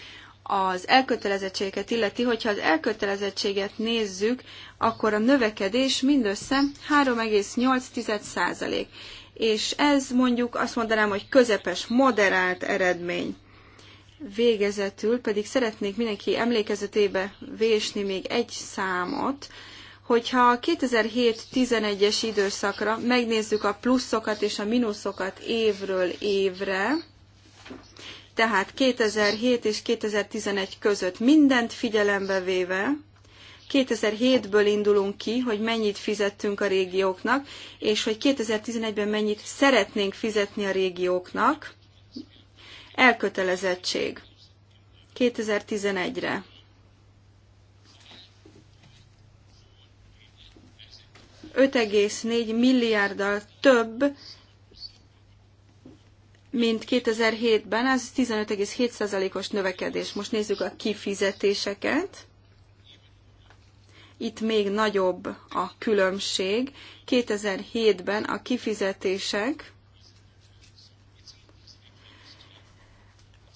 az elkötelezettséget illeti, hogyha az elkötelezettséget nézzük, akkor a növekedés mindössze 3,8 és ez mondjuk azt mondanám, hogy közepes, moderált eredmény. Végezetül pedig szeretnék mindenki emlékezetébe vésni még egy számot, hogyha a 2007-11-es időszakra megnézzük a pluszokat és a mínuszokat évről évre, tehát 2007 és 2011 között mindent figyelembe véve, 2007-ből indulunk ki, hogy mennyit fizettünk a régióknak, és hogy 2011-ben mennyit szeretnénk fizetni a régióknak, Elkötelezettség 2011-re. milliárddal több, mint 2007-ben, ez 15,7%-os növekedés. Most nézzük a kifizetéseket itt még nagyobb a különbség. 2007-ben a kifizetések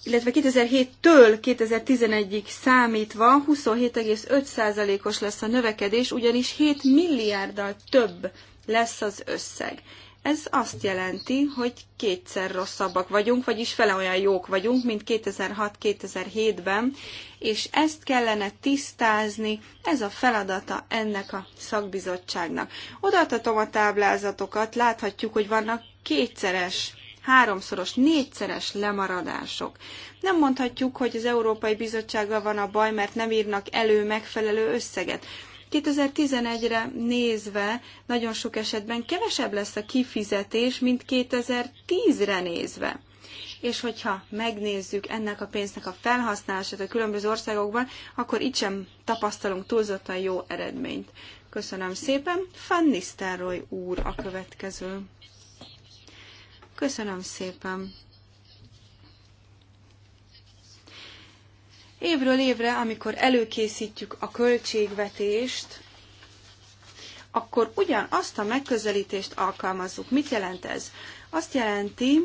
illetve 2007-től 2011-ig számítva 27,5%-os lesz a növekedés, ugyanis 7 milliárddal több lesz az összeg. Ez azt jelenti, hogy kétszer rosszabbak vagyunk, vagyis fele olyan jók vagyunk, mint 2006-2007-ben, és ezt kellene tisztázni, ez a feladata ennek a szakbizottságnak. Odaadhatom a táblázatokat, láthatjuk, hogy vannak kétszeres háromszoros, négyszeres lemaradások. Nem mondhatjuk, hogy az Európai Bizottsággal van a baj, mert nem írnak elő megfelelő összeget. 2011-re nézve nagyon sok esetben kevesebb lesz a kifizetés, mint 2010-re nézve. És hogyha megnézzük ennek a pénznek a felhasználását a különböző országokban, akkor itt sem tapasztalunk túlzottan jó eredményt. Köszönöm szépen. Fannisztároly úr a következő. Köszönöm szépen! Évről évre, amikor előkészítjük a költségvetést, akkor ugyanazt a megközelítést alkalmazzuk. Mit jelent ez? Azt jelenti,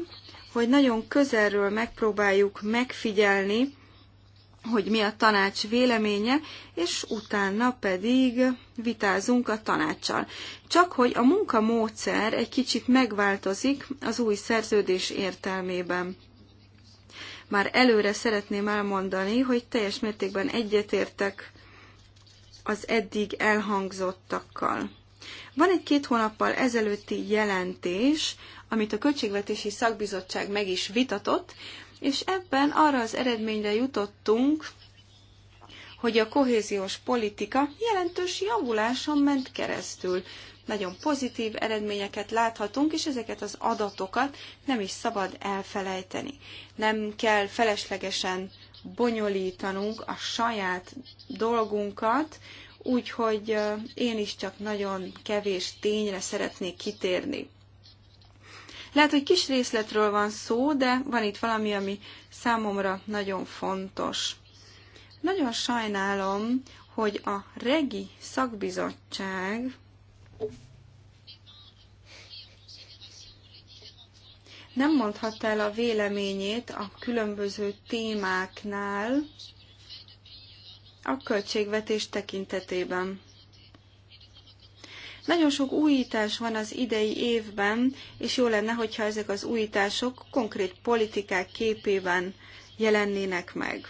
hogy nagyon közelről megpróbáljuk megfigyelni, hogy mi a tanács véleménye, és utána pedig vitázunk a tanácssal. Csak hogy a munkamódszer egy kicsit megváltozik az új szerződés értelmében. Már előre szeretném elmondani, hogy teljes mértékben egyetértek az eddig elhangzottakkal. Van egy két hónappal ezelőtti jelentés, amit a Költségvetési Szakbizottság meg is vitatott, és ebben arra az eredményre jutottunk, hogy a kohéziós politika jelentős javuláson ment keresztül. Nagyon pozitív eredményeket láthatunk, és ezeket az adatokat nem is szabad elfelejteni. Nem kell feleslegesen bonyolítanunk a saját dolgunkat, úgyhogy én is csak nagyon kevés tényre szeretnék kitérni. Lehet, hogy kis részletről van szó, de van itt valami, ami számomra nagyon fontos. Nagyon sajnálom, hogy a Regi szakbizottság nem mondhatta el a véleményét a különböző témáknál a költségvetés tekintetében. Nagyon sok újítás van az idei évben, és jó lenne, hogyha ezek az újítások konkrét politikák képében jelennének meg.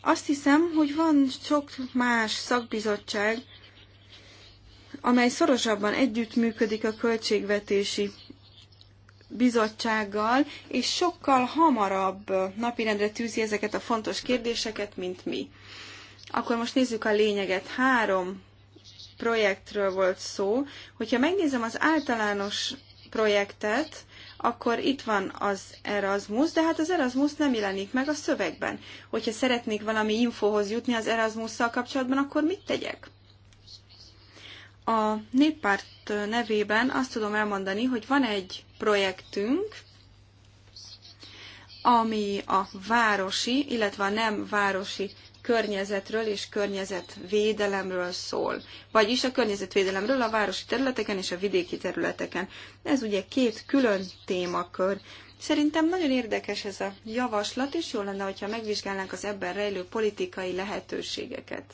Azt hiszem, hogy van sok más szakbizottság, amely szorosabban együttműködik a költségvetési bizottsággal, és sokkal hamarabb napirendre tűzi ezeket a fontos kérdéseket, mint mi. Akkor most nézzük a lényeget. Három projektről volt szó. Hogyha megnézem az általános projektet, akkor itt van az Erasmus, de hát az Erasmus nem jelenik meg a szövegben. Hogyha szeretnék valami infóhoz jutni az Erasmusszal kapcsolatban, akkor mit tegyek? A néppárt nevében azt tudom elmondani, hogy van egy projektünk, ami a városi, illetve a nem városi környezetről és környezetvédelemről szól, vagyis a környezetvédelemről a városi területeken és a vidéki területeken. Ez ugye két külön témakör. Szerintem nagyon érdekes ez a javaslat, és jó lenne, hogyha megvizsgálnánk az ebben rejlő politikai lehetőségeket.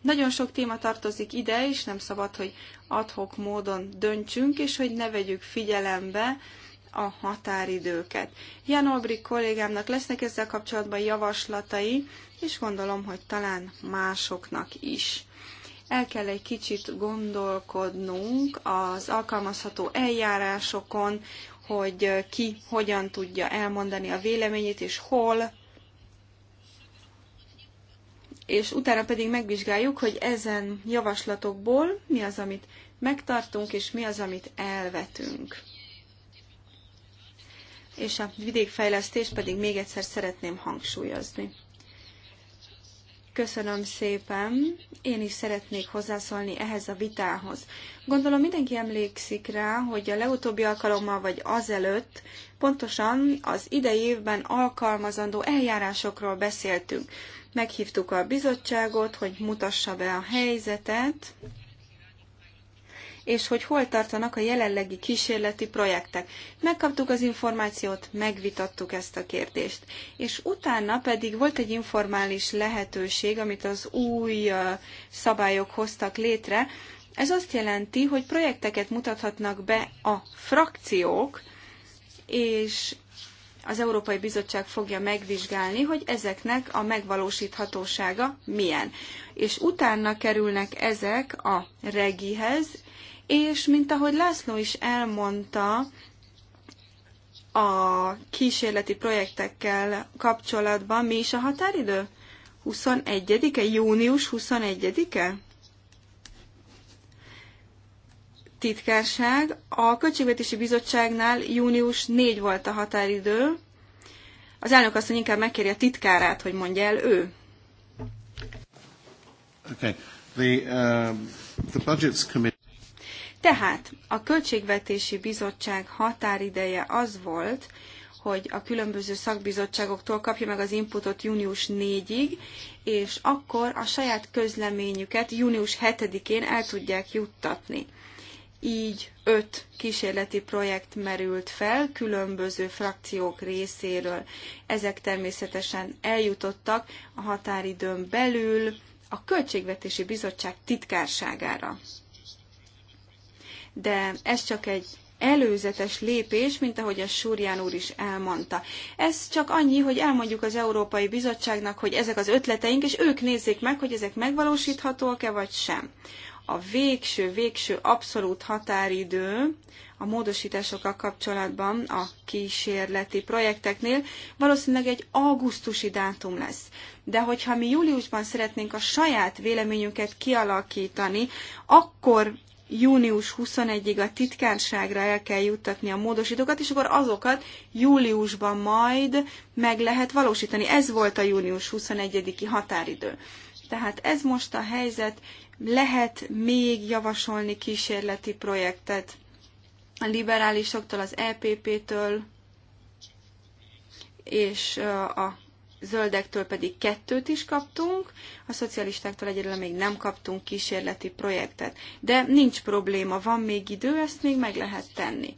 Nagyon sok téma tartozik ide, és nem szabad, hogy adhok módon döntsünk, és hogy ne vegyük figyelembe a határidőket. Jan Obri kollégámnak lesznek ezzel kapcsolatban javaslatai, és gondolom, hogy talán másoknak is. El kell egy kicsit gondolkodnunk az alkalmazható eljárásokon, hogy ki hogyan tudja elmondani a véleményét, és hol, és utána pedig megvizsgáljuk, hogy ezen javaslatokból mi az, amit megtartunk, és mi az, amit elvetünk és a vidékfejlesztést pedig még egyszer szeretném hangsúlyozni. Köszönöm szépen. Én is szeretnék hozzászólni ehhez a vitához. Gondolom mindenki emlékszik rá, hogy a legutóbbi alkalommal vagy azelőtt pontosan az idei évben alkalmazandó eljárásokról beszéltünk. Meghívtuk a bizottságot, hogy mutassa be a helyzetet, és hogy hol tartanak a jelenlegi kísérleti projektek. Megkaptuk az információt, megvitattuk ezt a kérdést. És utána pedig volt egy informális lehetőség, amit az új szabályok hoztak létre. Ez azt jelenti, hogy projekteket mutathatnak be a frakciók, és az Európai Bizottság fogja megvizsgálni, hogy ezeknek a megvalósíthatósága milyen. És utána kerülnek ezek a regihez, és mint ahogy László is elmondta, a kísérleti projektekkel kapcsolatban mi is a határidő? 21-e? Június 21-e? Titkárság. A Költségvetési Bizottságnál június 4 volt a határidő. Az elnök azt mondja, inkább megkérje a titkárát, hogy mondja el ő. Okay. The, uh, the budgets committee... Tehát a Költségvetési Bizottság határideje az volt, hogy a különböző szakbizottságoktól kapja meg az inputot június 4-ig, és akkor a saját közleményüket június 7-én el tudják juttatni. Így öt kísérleti projekt merült fel különböző frakciók részéről. Ezek természetesen eljutottak a határidőn belül a Költségvetési Bizottság titkárságára de ez csak egy előzetes lépés, mint ahogy a Súrján úr is elmondta. Ez csak annyi, hogy elmondjuk az Európai Bizottságnak, hogy ezek az ötleteink, és ők nézzék meg, hogy ezek megvalósíthatóak-e vagy sem. A végső, végső abszolút határidő a módosításokkal kapcsolatban a kísérleti projekteknél valószínűleg egy augusztusi dátum lesz. De hogyha mi júliusban szeretnénk a saját véleményünket kialakítani, akkor június 21-ig a titkárságra el kell juttatni a módosítókat, és akkor azokat júliusban majd meg lehet valósítani. Ez volt a június 21-i határidő. Tehát ez most a helyzet, lehet még javasolni kísérleti projektet a liberálisoktól, az EPP-től és a zöldektől pedig kettőt is kaptunk, a szocialistáktól egyelőre még nem kaptunk kísérleti projektet. De nincs probléma, van még idő, ezt még meg lehet tenni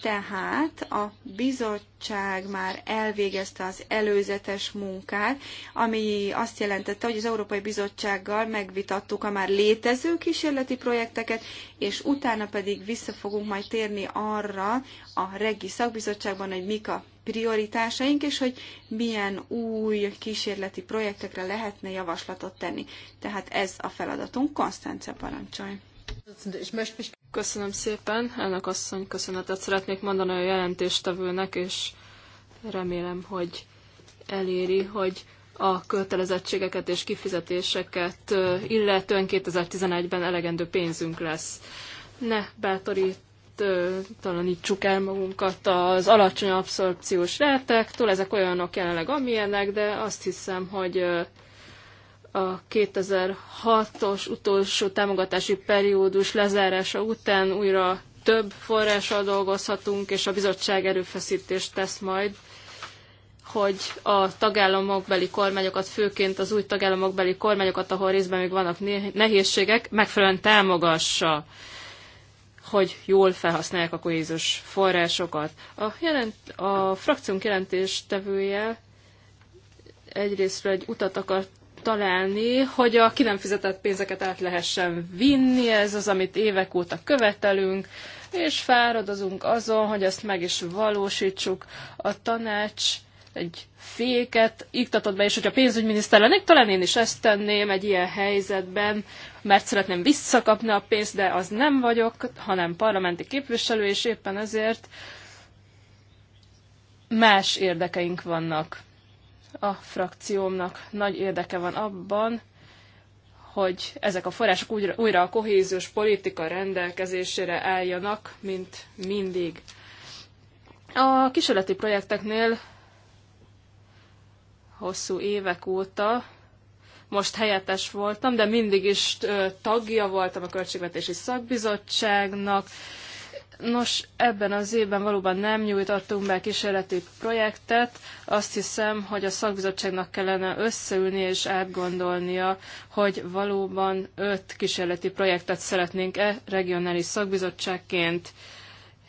tehát a bizottság már elvégezte az előzetes munkát, ami azt jelentette, hogy az Európai Bizottsággal megvitattuk a már létező kísérleti projekteket, és utána pedig vissza fogunk majd térni arra a regi szakbizottságban, hogy mik a prioritásaink, és hogy milyen új kísérleti projektekre lehetne javaslatot tenni. Tehát ez a feladatunk. Konstance parancsolj! Köszönöm szépen, elnök asszony, köszönetet szeretnék mondani a jelentéstevőnek, és remélem, hogy eléri, hogy a kötelezettségeket és kifizetéseket illetően 2011-ben elegendő pénzünk lesz. Ne bátorít el magunkat az alacsony abszorpciós rátektől. Ezek olyanok jelenleg amilyenek, de azt hiszem, hogy a 2006-os utolsó támogatási periódus lezárása után újra több forrással dolgozhatunk, és a bizottság erőfeszítést tesz majd, hogy a tagállamokbeli kormányokat, főként az új tagállamokbeli kormányokat, ahol részben még vannak nehézségek, megfelelően támogassa, hogy jól felhasználják a kohézus forrásokat. A, jelent, a frakciónk jelentéstevője egyrésztről egy utat akart találni, hogy a ki nem fizetett pénzeket át lehessen vinni, ez az, amit évek óta követelünk, és fáradozunk azon, hogy ezt meg is valósítsuk. A tanács egy féket iktatott be, és hogyha pénzügyminiszter lennék, talán én is ezt tenném egy ilyen helyzetben, mert szeretném visszakapni a pénzt, de az nem vagyok, hanem parlamenti képviselő, és éppen ezért más érdekeink vannak. A frakciómnak nagy érdeke van abban, hogy ezek a források újra, újra a kohéziós politika rendelkezésére álljanak, mint mindig. A kísérleti projekteknél hosszú évek óta most helyettes voltam, de mindig is tagja voltam a Költségvetési Szakbizottságnak, Nos, ebben az évben valóban nem nyújtottunk be kísérleti projektet. Azt hiszem, hogy a szakbizottságnak kellene összeülni és átgondolnia, hogy valóban öt kísérleti projektet szeretnénk-e regionális szakbizottságként,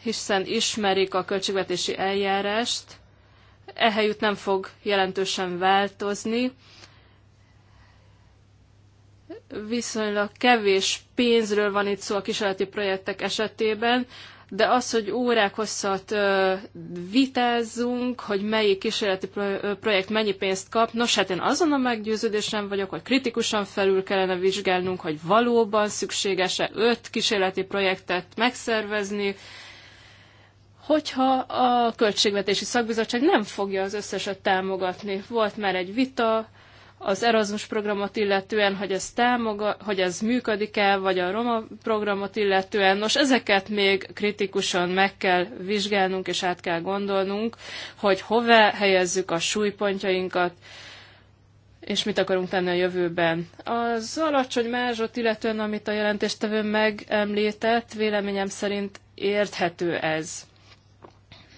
hiszen ismerik a költségvetési eljárást, ehelyütt nem fog jelentősen változni, viszonylag kevés pénzről van itt szó a kísérleti projektek esetében, de az, hogy órák hosszat vitázzunk, hogy melyik kísérleti projekt mennyi pénzt kap, nos hát én azon a meggyőződésem vagyok, hogy kritikusan felül kellene vizsgálnunk, hogy valóban szükséges-e öt kísérleti projektet megszervezni, hogyha a Költségvetési Szakbizottság nem fogja az összeset támogatni. Volt már egy vita, az Erasmus programot illetően, hogy ez, támoga, hogy ez működik-e, vagy a Roma programot illetően. Nos, ezeket még kritikusan meg kell vizsgálnunk és át kell gondolnunk, hogy hová helyezzük a súlypontjainkat, és mit akarunk tenni a jövőben. Az alacsony mázsot illetően, amit a jelentéstevő megemlített, véleményem szerint érthető ez.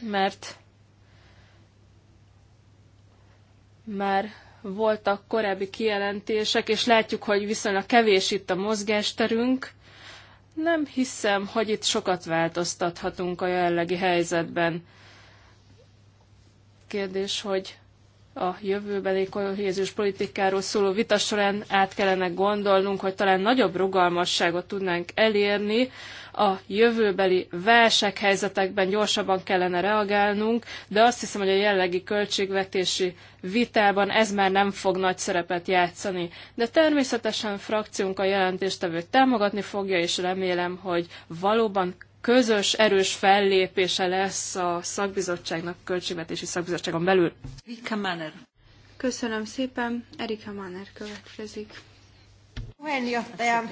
Mert már voltak korábbi kijelentések, és látjuk, hogy viszonylag kevés itt a mozgásterünk. Nem hiszem, hogy itt sokat változtathatunk a jelenlegi helyzetben. Kérdés, hogy a jövőbeli kohéziós politikáról szóló vita során át kellene gondolnunk, hogy talán nagyobb rugalmasságot tudnánk elérni, a jövőbeli válsághelyzetekben gyorsabban kellene reagálnunk, de azt hiszem, hogy a jellegi költségvetési vitában ez már nem fog nagy szerepet játszani. De természetesen frakciónk a jelentéstevőt támogatni fogja, és remélem, hogy valóban közös, erős fellépése lesz a szakbizottságnak, költségvetési szakbizottságon belül. Erika Manner. Köszönöm szépen. Erika Manner következik. Puheenjohtaja,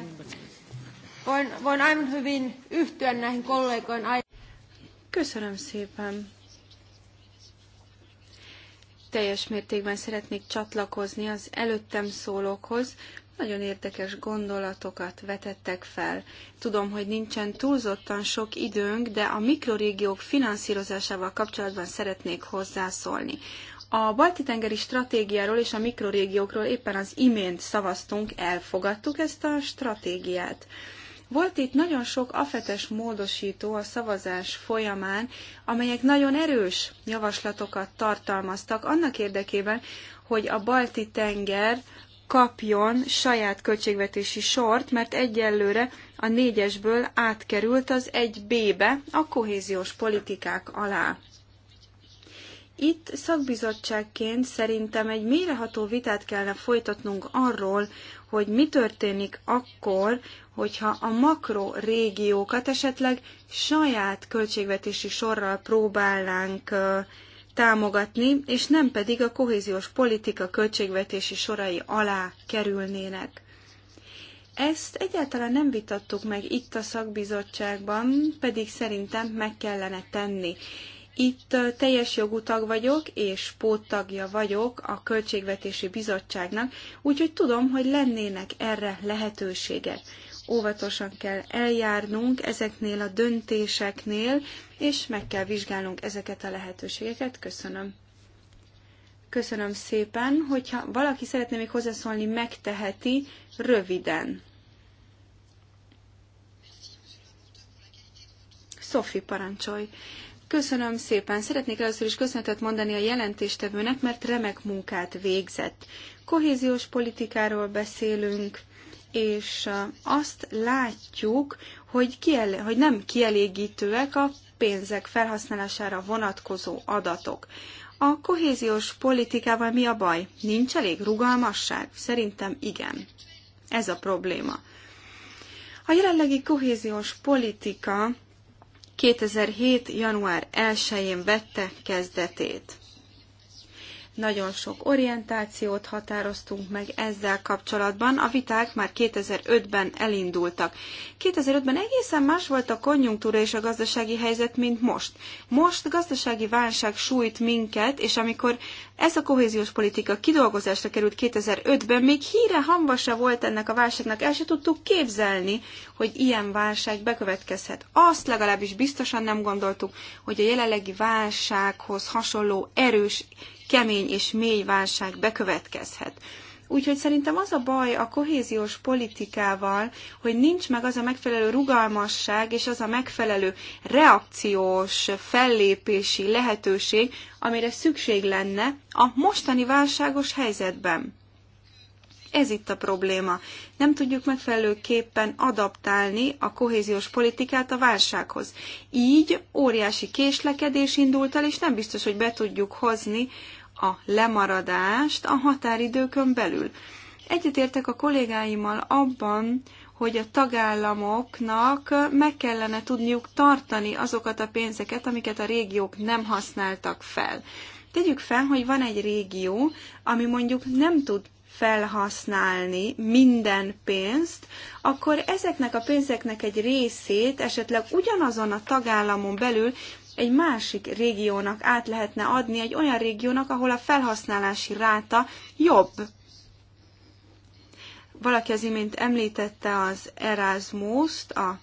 voin, voin aivan hyvin yhtyä näihin kollegoin. Köszönöm szépen. Teljes mértékben szeretnék csatlakozni az előttem szólókhoz, nagyon érdekes gondolatokat vetettek fel. Tudom, hogy nincsen túlzottan sok időnk, de a mikrorégiók finanszírozásával kapcsolatban szeretnék hozzászólni. A balti-tengeri stratégiáról és a mikrorégiókról éppen az imént szavaztunk, elfogadtuk ezt a stratégiát. Volt itt nagyon sok afetes módosító a szavazás folyamán, amelyek nagyon erős javaslatokat tartalmaztak annak érdekében, hogy a balti tenger kapjon saját költségvetési sort, mert egyelőre a négyesből átkerült az 1B-be a kohéziós politikák alá. Itt szakbizottságként szerintem egy méreható vitát kellene folytatnunk arról, hogy mi történik akkor, hogyha a makro régiókat esetleg saját költségvetési sorral próbálnánk támogatni, és nem pedig a kohéziós politika költségvetési sorai alá kerülnének. Ezt egyáltalán nem vitattuk meg itt a szakbizottságban, pedig szerintem meg kellene tenni. Itt teljes jogú tag vagyok, és póttagja vagyok a Költségvetési Bizottságnak, úgyhogy tudom, hogy lennének erre lehetőségek óvatosan kell eljárnunk ezeknél a döntéseknél, és meg kell vizsgálnunk ezeket a lehetőségeket. Köszönöm. Köszönöm szépen, hogyha valaki szeretne még hozzászólni, megteheti röviden. Szofi, parancsolj! Köszönöm szépen. Szeretnék először is köszönetet mondani a jelentéstevőnek, mert remek munkát végzett. Kohéziós politikáról beszélünk, és azt látjuk, hogy, kiel, hogy nem kielégítőek a pénzek felhasználására vonatkozó adatok. A kohéziós politikával mi a baj? Nincs elég rugalmasság? Szerintem igen. Ez a probléma. A jelenlegi kohéziós politika 2007. január 1-én vette kezdetét. Nagyon sok orientációt határoztunk meg ezzel kapcsolatban. A viták már 2005-ben elindultak. 2005-ben egészen más volt a konjunktúra és a gazdasági helyzet, mint most. Most gazdasági válság sújt minket, és amikor ez a kohéziós politika kidolgozásra került 2005-ben, még híre hamva se volt ennek a válságnak. El se tudtuk képzelni, hogy ilyen válság bekövetkezhet. Azt legalábbis biztosan nem gondoltuk, hogy a jelenlegi válsághoz hasonló erős kemény és mély válság bekövetkezhet. Úgyhogy szerintem az a baj a kohéziós politikával, hogy nincs meg az a megfelelő rugalmasság és az a megfelelő reakciós fellépési lehetőség, amire szükség lenne a mostani válságos helyzetben. Ez itt a probléma. Nem tudjuk megfelelőképpen adaptálni a kohéziós politikát a válsághoz. Így óriási késlekedés indult el, és nem biztos, hogy be tudjuk hozni a lemaradást a határidőkön belül. Egyetértek a kollégáimmal abban, hogy a tagállamoknak meg kellene tudniuk tartani azokat a pénzeket, amiket a régiók nem használtak fel. Tegyük fel, hogy van egy régió, ami mondjuk nem tud felhasználni minden pénzt, akkor ezeknek a pénzeknek egy részét esetleg ugyanazon a tagállamon belül egy másik régiónak át lehetne adni, egy olyan régiónak, ahol a felhasználási ráta jobb. Valaki az imént említette az Erasmus-t, a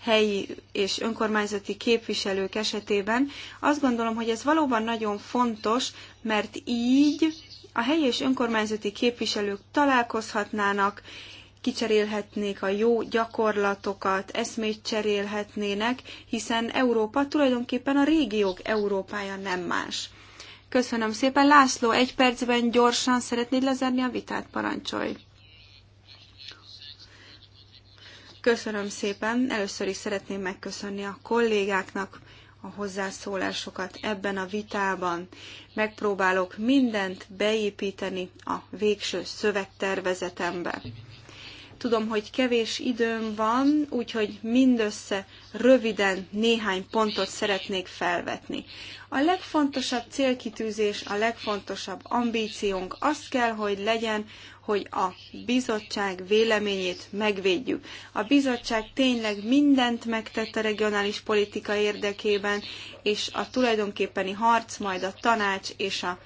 helyi és önkormányzati képviselők esetében. Azt gondolom, hogy ez valóban nagyon fontos, mert így a helyi és önkormányzati képviselők találkozhatnának, kicserélhetnék a jó gyakorlatokat, eszmét cserélhetnének, hiszen Európa tulajdonképpen a régiók Európája nem más. Köszönöm szépen. László, egy percben gyorsan szeretnéd lezerni a vitát, parancsolj. Köszönöm szépen. Először is szeretném megköszönni a kollégáknak a hozzászólásokat ebben a vitában. Megpróbálok mindent beépíteni a végső szövegtervezetembe. Tudom, hogy kevés időm van, úgyhogy mindössze röviden néhány pontot szeretnék felvetni. A legfontosabb célkitűzés, a legfontosabb ambíciónk az kell, hogy legyen, hogy a bizottság véleményét megvédjük. A bizottság tényleg mindent megtett a regionális politika érdekében, és a tulajdonképpeni harc majd a tanács és a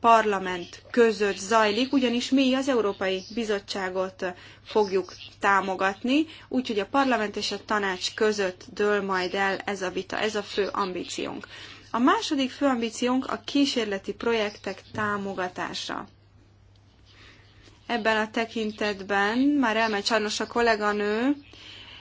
parlament között zajlik, ugyanis mi az Európai Bizottságot fogjuk támogatni, úgyhogy a parlament és a tanács között dől majd el ez a vita, ez a fő ambíciónk. A második fő ambíciónk a kísérleti projektek támogatása. Ebben a tekintetben már elmegy sajnos a kolléganő,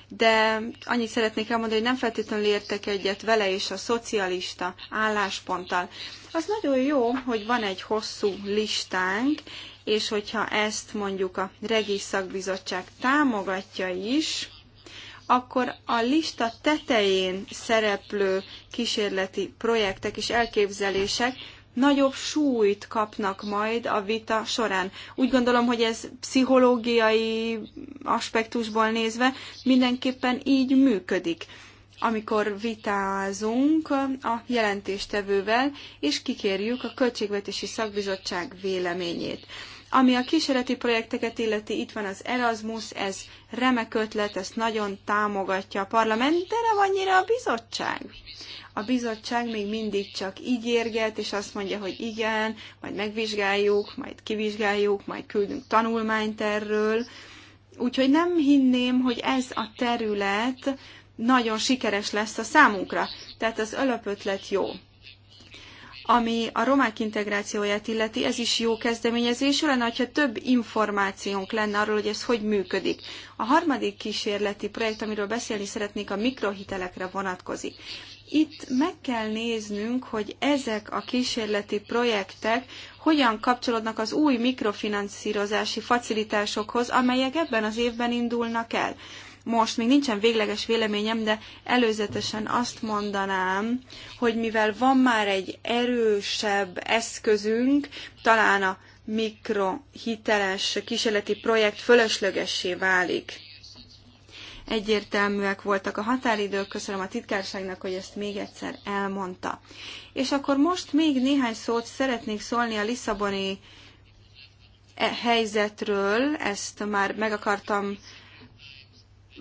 de annyit szeretnék elmondani, hogy nem feltétlenül értek egyet vele és a szocialista állásponttal. Az nagyon jó, hogy van egy hosszú listánk, és hogyha ezt mondjuk a Regi Szakbizottság támogatja is, akkor a lista tetején szereplő kísérleti projektek és elképzelések nagyobb súlyt kapnak majd a vita során. Úgy gondolom, hogy ez pszichológiai aspektusból nézve mindenképpen így működik amikor vitázunk a jelentéstevővel, és kikérjük a Költségvetési Szakbizottság véleményét. Ami a kísérleti projekteket illeti, itt van az Erasmus, ez remek ötlet, ezt nagyon támogatja a parlament, de nem annyira a bizottság. A bizottság még mindig csak ígérget, és azt mondja, hogy igen, majd megvizsgáljuk, majd kivizsgáljuk, majd küldünk tanulmányt erről. Úgyhogy nem hinném, hogy ez a terület nagyon sikeres lesz a számunkra. Tehát az alapötlet jó. Ami a romák integrációját illeti, ez is jó kezdeményezés lenne, hogyha több információnk lenne arról, hogy ez hogy működik. A harmadik kísérleti projekt, amiről beszélni szeretnék, a mikrohitelekre vonatkozik. Itt meg kell néznünk, hogy ezek a kísérleti projektek hogyan kapcsolódnak az új mikrofinanszírozási facilitásokhoz, amelyek ebben az évben indulnak el most még nincsen végleges véleményem, de előzetesen azt mondanám, hogy mivel van már egy erősebb eszközünk, talán a mikrohiteles kísérleti projekt fölöslögessé válik. Egyértelműek voltak a határidők, köszönöm a titkárságnak, hogy ezt még egyszer elmondta. És akkor most még néhány szót szeretnék szólni a Lisszaboni eh, helyzetről, ezt már meg akartam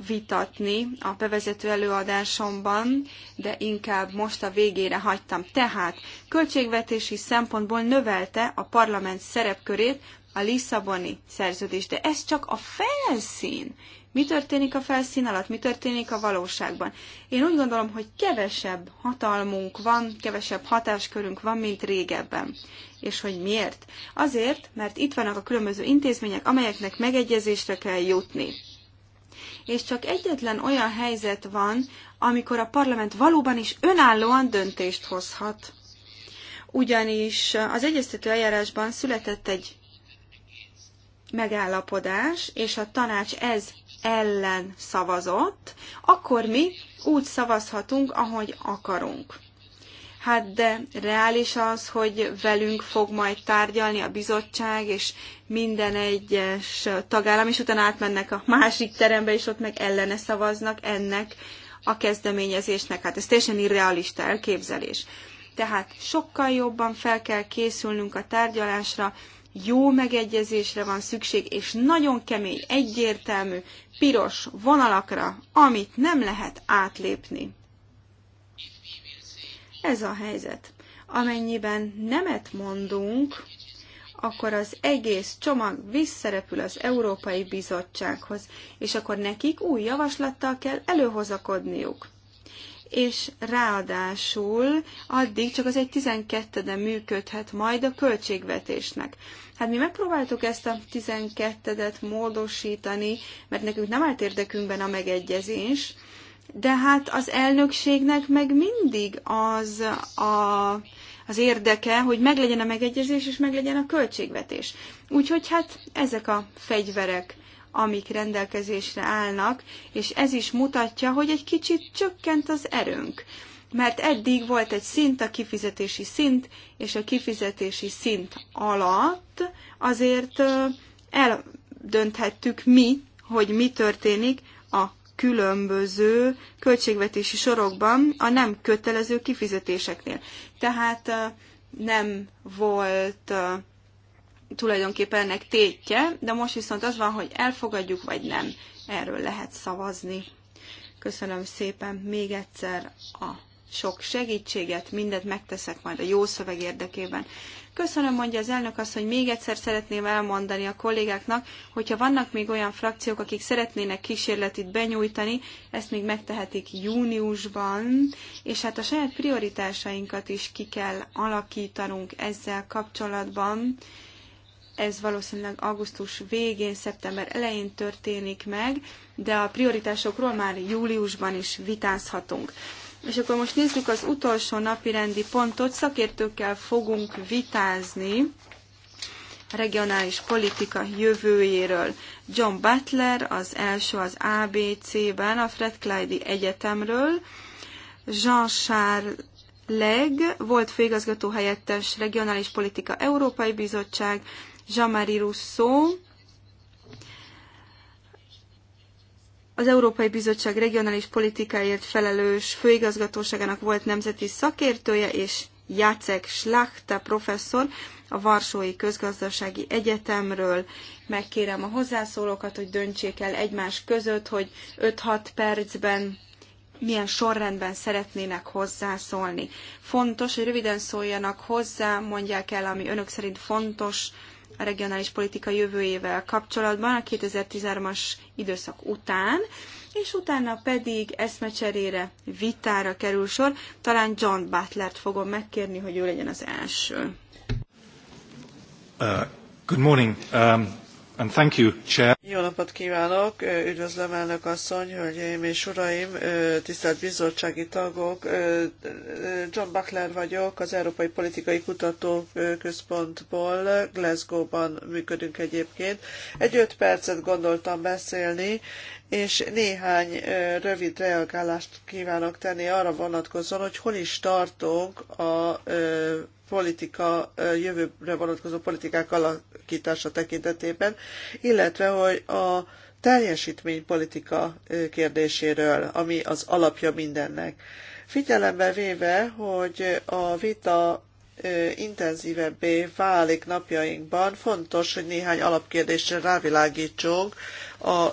vitatni a bevezető előadásomban, de inkább most a végére hagytam. Tehát költségvetési szempontból növelte a parlament szerepkörét a Lisszaboni szerződés, de ez csak a felszín. Mi történik a felszín alatt, mi történik a valóságban? Én úgy gondolom, hogy kevesebb hatalmunk van, kevesebb hatáskörünk van, mint régebben. És hogy miért? Azért, mert itt vannak a különböző intézmények, amelyeknek megegyezésre kell jutni és csak egyetlen olyan helyzet van, amikor a parlament valóban is önállóan döntést hozhat. Ugyanis az egyeztető eljárásban született egy megállapodás, és a tanács ez ellen szavazott, akkor mi úgy szavazhatunk, ahogy akarunk. Hát de reális az, hogy velünk fog majd tárgyalni a bizottság, és minden egyes tagállam, és utána átmennek a másik terembe, és ott meg ellene szavaznak ennek a kezdeményezésnek. Hát ez teljesen irrealista elképzelés. Tehát sokkal jobban fel kell készülnünk a tárgyalásra, jó megegyezésre van szükség, és nagyon kemény, egyértelmű, piros vonalakra, amit nem lehet átlépni ez a helyzet. Amennyiben nemet mondunk, akkor az egész csomag visszarepül az Európai Bizottsághoz, és akkor nekik új javaslattal kell előhozakodniuk. És ráadásul addig csak az egy 12 de működhet majd a költségvetésnek. Hát mi megpróbáltuk ezt a 12-et módosítani, mert nekünk nem állt érdekünkben a megegyezés, de hát az elnökségnek meg mindig az a, az érdeke, hogy meglegyen a megegyezés és meglegyen a költségvetés. Úgyhogy hát ezek a fegyverek amik rendelkezésre állnak, és ez is mutatja, hogy egy kicsit csökkent az erőnk. Mert eddig volt egy szint, a kifizetési szint, és a kifizetési szint alatt azért eldönthettük mi, hogy mi történik a különböző költségvetési sorokban a nem kötelező kifizetéseknél. Tehát nem volt tulajdonképpen ennek tétje, de most viszont az van, hogy elfogadjuk vagy nem. Erről lehet szavazni. Köszönöm szépen még egyszer a sok segítséget, mindent megteszek majd a jó szöveg érdekében. Köszönöm, mondja az elnök azt, hogy még egyszer szeretném elmondani a kollégáknak, hogyha vannak még olyan frakciók, akik szeretnének kísérletit benyújtani, ezt még megtehetik júniusban, és hát a saját prioritásainkat is ki kell alakítanunk ezzel kapcsolatban. Ez valószínűleg augusztus végén, szeptember elején történik meg, de a prioritásokról már júliusban is vitázhatunk. És akkor most nézzük az utolsó napi rendi pontot. Szakértőkkel fogunk vitázni a regionális politika jövőjéről. John Butler az első az ABC-ben, a Fred Clyde Egyetemről. Jean-Charles Leg volt főigazgató helyettes regionális politika Európai Bizottság, Jean-Marie Rousseau az Európai Bizottság regionális politikáért felelős főigazgatóságának volt nemzeti szakértője, és Jacek Schlachta professzor a Varsói Közgazdasági Egyetemről. Megkérem a hozzászólókat, hogy döntsék el egymás között, hogy 5-6 percben milyen sorrendben szeretnének hozzászólni. Fontos, hogy röviden szóljanak hozzá, mondják el, ami önök szerint fontos a regionális politika jövőjével kapcsolatban a 2013-as időszak után, és utána pedig eszmecserére, vitára kerül sor. Talán John Butlert fogom megkérni, hogy ő legyen az első. Uh, good morning. Um... And thank you, Chair. Jó napot kívánok! Üdvözlöm, elnök asszony, hölgyeim és uraim, tisztelt bizottsági tagok! John Buckler vagyok, az Európai Politikai Kutatóközpontból, Glasgow-ban működünk egyébként. Egy öt percet gondoltam beszélni, és néhány rövid reagálást kívánok tenni arra vonatkozóan, hogy hol is tartunk a politika, jövőre vonatkozó politikák alakítása tekintetében, illetve hogy a teljesítménypolitika kérdéséről, ami az alapja mindennek. Figyelembe véve, hogy a vita intenzívebbé válik napjainkban. Fontos, hogy néhány alapkérdésre rávilágítsunk a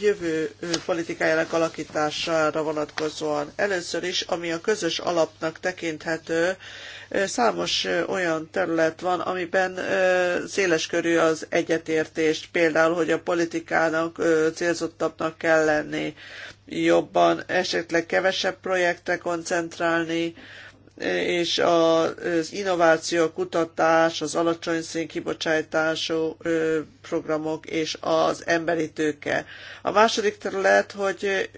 jövő politikájának alakítására vonatkozóan. Először is, ami a közös alapnak tekinthető, számos olyan terület van, amiben széleskörű az egyetértés, például, hogy a politikának célzottabbnak kell lenni, jobban, esetleg kevesebb projektre koncentrálni, és az innováció, a kutatás, az alacsony szénkibocsátású programok és az emberi tőke. A második terület, hogy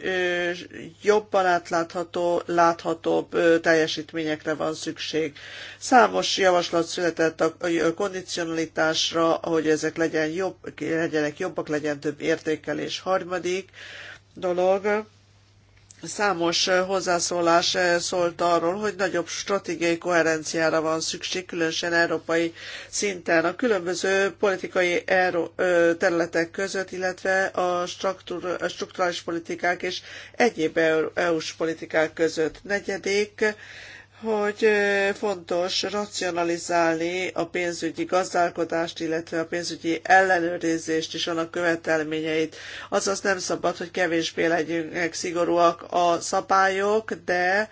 jobban átlátható, láthatóbb teljesítményekre van szükség. Számos javaslat született a kondicionalitásra, hogy ezek legyen jobb, legyenek jobbak, legyen több értékelés. Harmadik dolog, Számos eh, hozzászólás eh, szólt arról, hogy nagyobb stratégiai koherenciára van szükség, különösen európai szinten a különböző politikai területek között, illetve a strukturális politikák és egyéb EU-s politikák között. Negyedik, hogy fontos racionalizálni a pénzügyi gazdálkodást, illetve a pénzügyi ellenőrzést és annak követelményeit. Azaz nem szabad, hogy kevésbé legyünk szigorúak a szabályok, de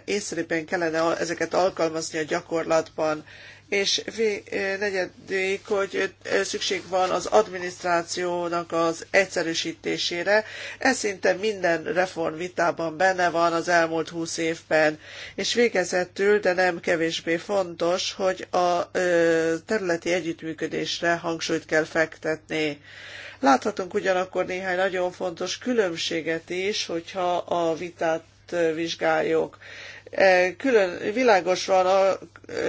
észrebben kellene ezeket alkalmazni a gyakorlatban és eh, negyedik, hogy eh, szükség van az adminisztrációnak az egyszerűsítésére. Ez szinte minden reformvitában benne van az elmúlt húsz évben. És végezetül, de nem kevésbé fontos, hogy a eh, területi együttműködésre hangsúlyt kell fektetni. Láthatunk ugyanakkor néhány nagyon fontos különbséget is, hogyha a vitát vizsgáljuk. E, külön világos, van a,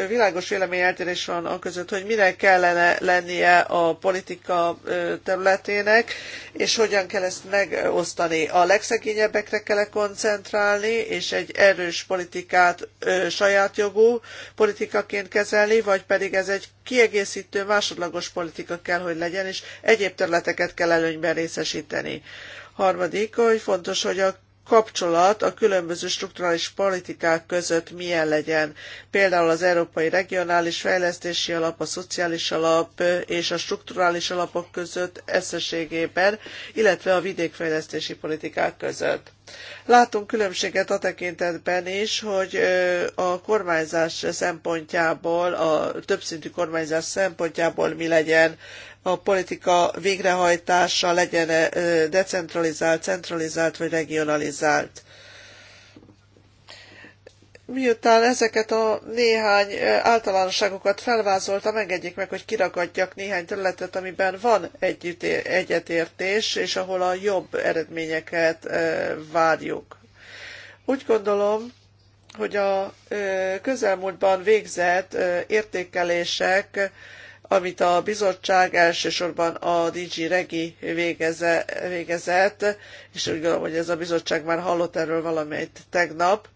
világos véleményeltérés van a között, hogy minek kellene lennie a politika e, területének, és hogyan kell ezt megosztani. A legszegényebbekre kell koncentrálni, és egy erős politikát e, saját jogú politikaként kezelni, vagy pedig ez egy kiegészítő, másodlagos politika kell, hogy legyen, és egyéb területeket kell előnyben részesíteni. Harmadik, hogy fontos, hogy a kapcsolat a különböző strukturális politikák között milyen legyen. Például az Európai Regionális Fejlesztési Alap, a Szociális Alap és a strukturális alapok között összességében, illetve a vidékfejlesztési politikák között. Látunk különbséget a tekintetben is, hogy a kormányzás szempontjából, a többszintű kormányzás szempontjából mi legyen a politika végrehajtása legyen -e decentralizált, centralizált vagy regionalizált. Miután ezeket a néhány általánosságokat felvázoltam, engedjék meg, hogy kiragadjak néhány területet, amiben van együtt, egyetértés, és ahol a jobb eredményeket várjuk. Úgy gondolom, hogy a közelmúltban végzett értékelések amit a bizottság elsősorban a DG Regi végeze, végezett, és úgy gondolom, hogy ez a bizottság már hallott erről valamit tegnap,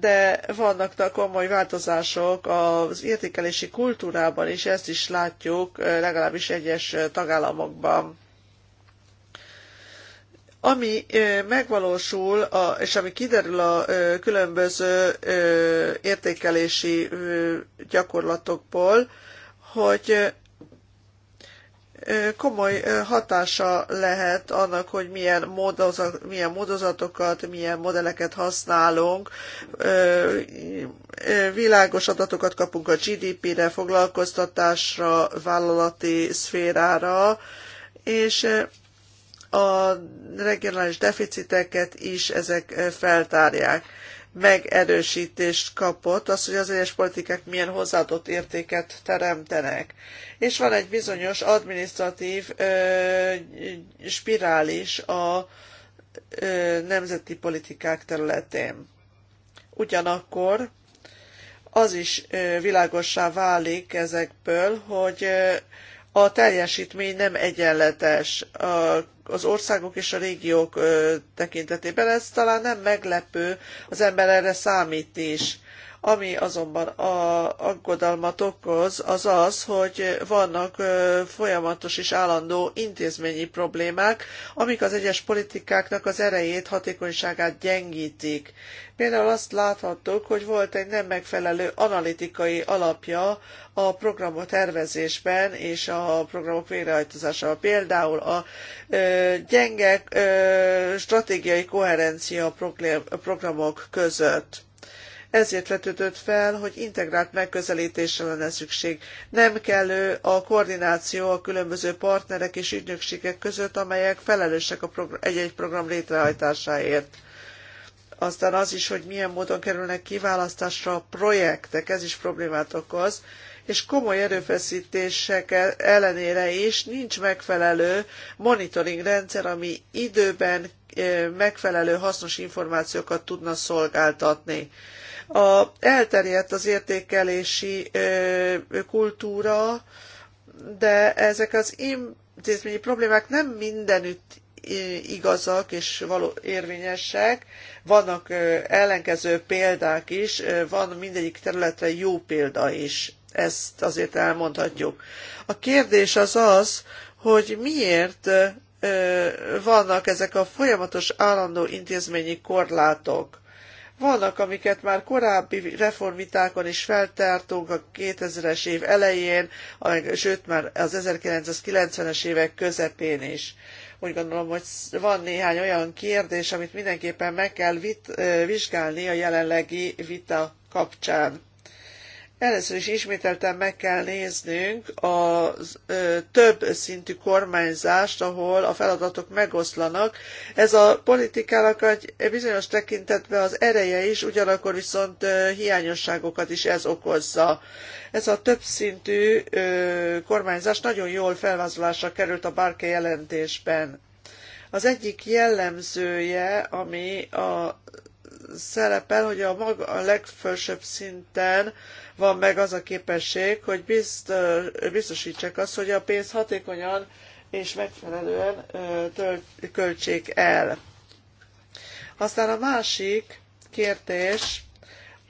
de vannak komoly változások az értékelési kultúrában is, ezt is látjuk eh, legalábbis egyes eh, tagállamokban ami eh, megvalósul, és ami kiderül a különböző értékelési gyakorlatokból, hogy komoly hatása lehet annak, hogy milyen, módozat, milyen módozatokat, milyen modelleket használunk. Világos adatokat kapunk a GDP-re, foglalkoztatásra, vállalati szférára, és a regionális deficiteket is ezek feltárják megerősítést kapott, az, hogy az egyes politikák milyen hozzáadott értéket teremtenek. És van egy bizonyos administratív ö, spirális a ö, nemzeti politikák területén. Ugyanakkor az is ö, világossá válik ezekből, hogy ö, a teljesítmény nem egyenletes. A az országok és a régiók tekintetében. Ez talán nem meglepő, az ember erre számít is. Ami azonban a aggodalmat okoz, az az, hogy vannak folyamatos és állandó intézményi problémák, amik az egyes politikáknak az erejét, hatékonyságát gyengítik. Például azt láthattuk, hogy volt egy nem megfelelő analitikai alapja a programok tervezésben és a programok végrehajtozásában. Például a ö, gyenge ö, stratégiai koherencia programok között ezért vetődött fel, hogy integrált megközelítésre lenne szükség. Nem kellő a koordináció a különböző partnerek és ügynökségek között, amelyek felelősek a egy-egy program létrehajtásáért aztán az is, hogy milyen módon kerülnek kiválasztásra a projektek, ez is problémát okoz, és komoly erőfeszítések ellenére is nincs megfelelő monitoring rendszer, ami időben megfelelő hasznos információkat tudna szolgáltatni. A, elterjedt az értékelési kultúra, de ezek az intézményi problémák nem mindenütt igazak és való érvényesek. Vannak ellenkező példák is, van mindegyik területre jó példa is. Ezt azért elmondhatjuk. A kérdés az az, hogy miért vannak ezek a folyamatos állandó intézményi korlátok. Vannak, amiket már korábbi reformvitákon is feltártunk a 2000-es év elején, sőt már az 1990-es évek közepén is. Úgy gondolom, hogy van néhány olyan kérdés, amit mindenképpen meg kell vit, vizsgálni a jelenlegi vita kapcsán Először is ismételten meg kell néznünk a több szintű kormányzást, ahol a feladatok megoszlanak. Ez a politikának egy bizonyos tekintetben az ereje is, ugyanakkor viszont hiányosságokat is ez okozza. Ez a több-szintű kormányzás nagyon jól felvázolásra került a Barke jelentésben. Az egyik jellemzője, ami a szerepel, hogy a, maga, a legfelsőbb szinten van meg az a képesség, hogy bizt, azt, hogy a pénzt hatékonyan és megfelelően tölt, költsék el. Aztán a másik kérdés,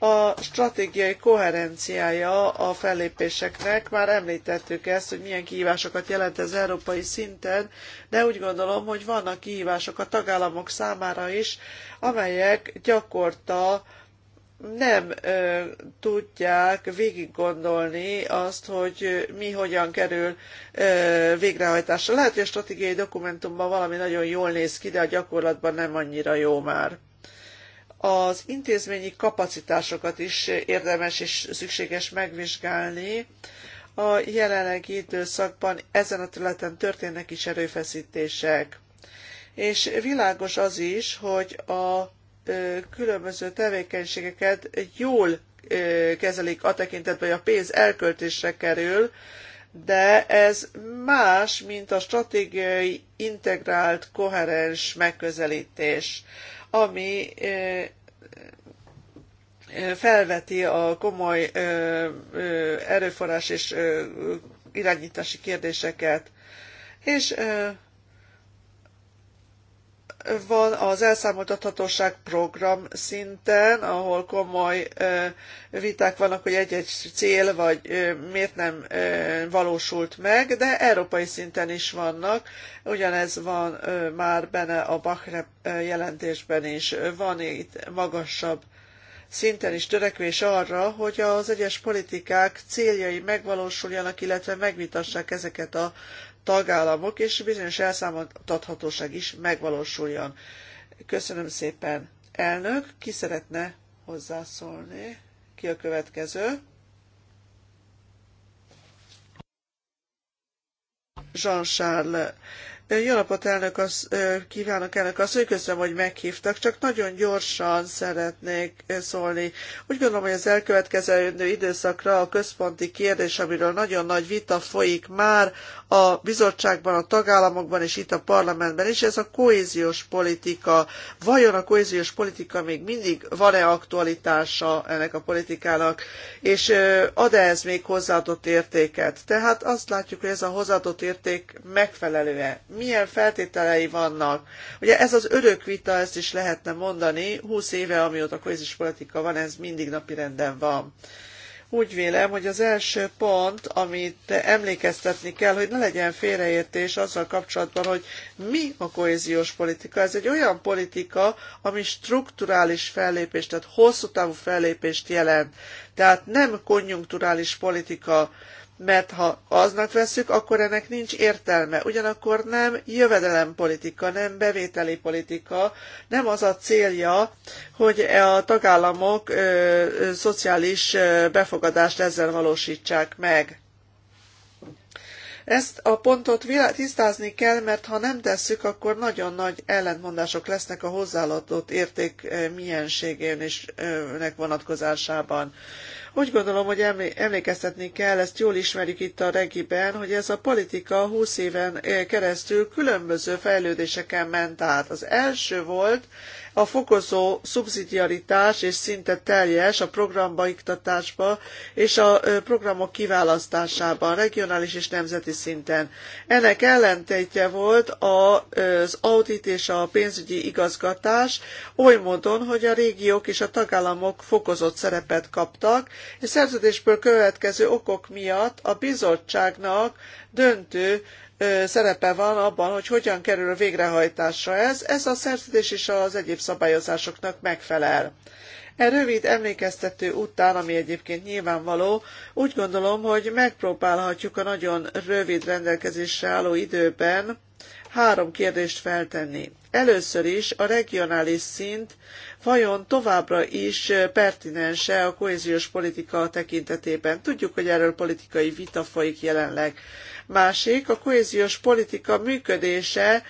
a stratégiai koherenciája a fellépéseknek, már említettük ezt, hogy milyen kihívásokat jelent ez európai szinten, de úgy gondolom, hogy vannak kihívások a tagállamok számára is, amelyek gyakorta nem ö, tudják végiggondolni azt, hogy mi hogyan kerül ö, végrehajtásra. Lehet, hogy a stratégiai dokumentumban valami nagyon jól néz ki, de a gyakorlatban nem annyira jó már az intézményi kapacitásokat is érdemes és szükséges megvizsgálni. A jelenlegi időszakban ezen a területen történnek is erőfeszítések. És világos az is, hogy a különböző tevékenységeket jól kezelik a tekintetben, hogy a pénz elköltésre kerül, de ez más, mint a stratégiai integrált, koherens megközelítés, ami felveti a komoly erőforrás és irányítási kérdéseket. És van az elszámoltathatóság program szinten, ahol komoly viták vannak, hogy egy-egy cél vagy miért nem valósult meg, de európai szinten is vannak. Ugyanez van már benne a Bachre jelentésben is. Van itt magasabb szinten is törekvés arra, hogy az egyes politikák céljai megvalósuljanak, illetve megvitassák ezeket a tagállamok, és bizonyos elszámoltathatóság is megvalósuljon. Köszönöm szépen. Elnök, ki szeretne hozzászólni? Ki a következő? Jean-Charles jó napot, elnök az, kívánok, elnök az, hogy köszönöm, hogy meghívtak, csak nagyon gyorsan szeretnék szólni. Úgy gondolom, hogy az elkövetkező időszakra a központi kérdés, amiről nagyon nagy vita folyik már a bizottságban, a tagállamokban és itt a parlamentben is, ez a kohéziós politika. Vajon a kohéziós politika még mindig van-e aktualitása ennek a politikának, és ad-e ez még hozzáadott értéket? Tehát azt látjuk, hogy ez a hozzáadott érték megfelelő-e? milyen feltételei vannak. Ugye ez az örök vita, ezt is lehetne mondani, 20 éve, amióta kohézis politika van, ez mindig napirenden van úgy vélem, hogy az első pont, amit emlékeztetni kell, hogy ne legyen félreértés azzal kapcsolatban, hogy mi a kohéziós politika. Ez egy olyan politika, ami strukturális fellépést, tehát hosszú távú fellépést jelent. Tehát nem konjunkturális politika mert ha aznak vesszük, akkor ennek nincs értelme. Ugyanakkor nem jövedelempolitika, nem bevételi politika, nem az a célja, hogy e a tagállamok ö, szociális befogadást ezzel valósítsák meg. Ezt a pontot tisztázni kell, mert ha nem tesszük, akkor nagyon nagy ellentmondások lesznek a hozzáadott érték mienségének vonatkozásában. Úgy gondolom, hogy emlékeztetni kell, ezt jól ismerjük itt a regiben, hogy ez a politika 20 éven eh, keresztül különböző fejlődéseken ment át. Az első volt a fokozó szubszidiaritás és szinte teljes a programba iktatásba és a programok kiválasztásában, regionális és nemzeti szinten. Ennek ellentétje volt az audit és a pénzügyi igazgatás oly módon, hogy a régiók és a tagállamok fokozott szerepet kaptak, és szerződésből következő okok miatt a bizottságnak döntő szerepe van abban, hogy hogyan kerül a végrehajtásra ez, ez a szerződés és az egyéb szabályozásoknak megfelel. E rövid emlékeztető után, ami egyébként nyilvánvaló, úgy gondolom, hogy megpróbálhatjuk a nagyon rövid rendelkezésre álló időben három kérdést feltenni. Először is a regionális szint vajon továbbra is pertinense a kohéziós politika tekintetében. Tudjuk, hogy erről politikai vita folyik jelenleg. Másik, a kohéziós politika működése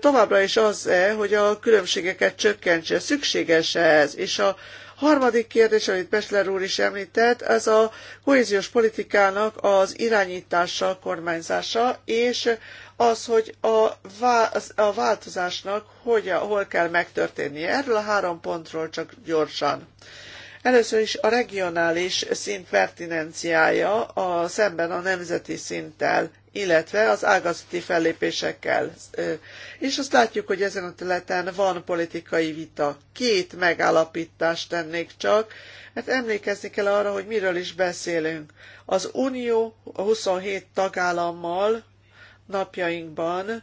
továbbra is az-e, hogy a különbségeket csökkentse, szükséges -e ez, és a harmadik kérdés, amit Pesler úr is említett, ez a kohéziós politikának az irányítása, kormányzása, és az, hogy a, változásnak hogy, hol kell megtörténnie. Erről a három pontról csak gyorsan. Először is a regionális szint pertinenciája a, szemben a nemzeti szinttel, illetve az ágazati fellépésekkel. És azt látjuk, hogy ezen a területen van politikai vita. Két megállapítást tennék csak, mert hát emlékezni kell arra, hogy miről is beszélünk. Az Unió 27 tagállammal napjainkban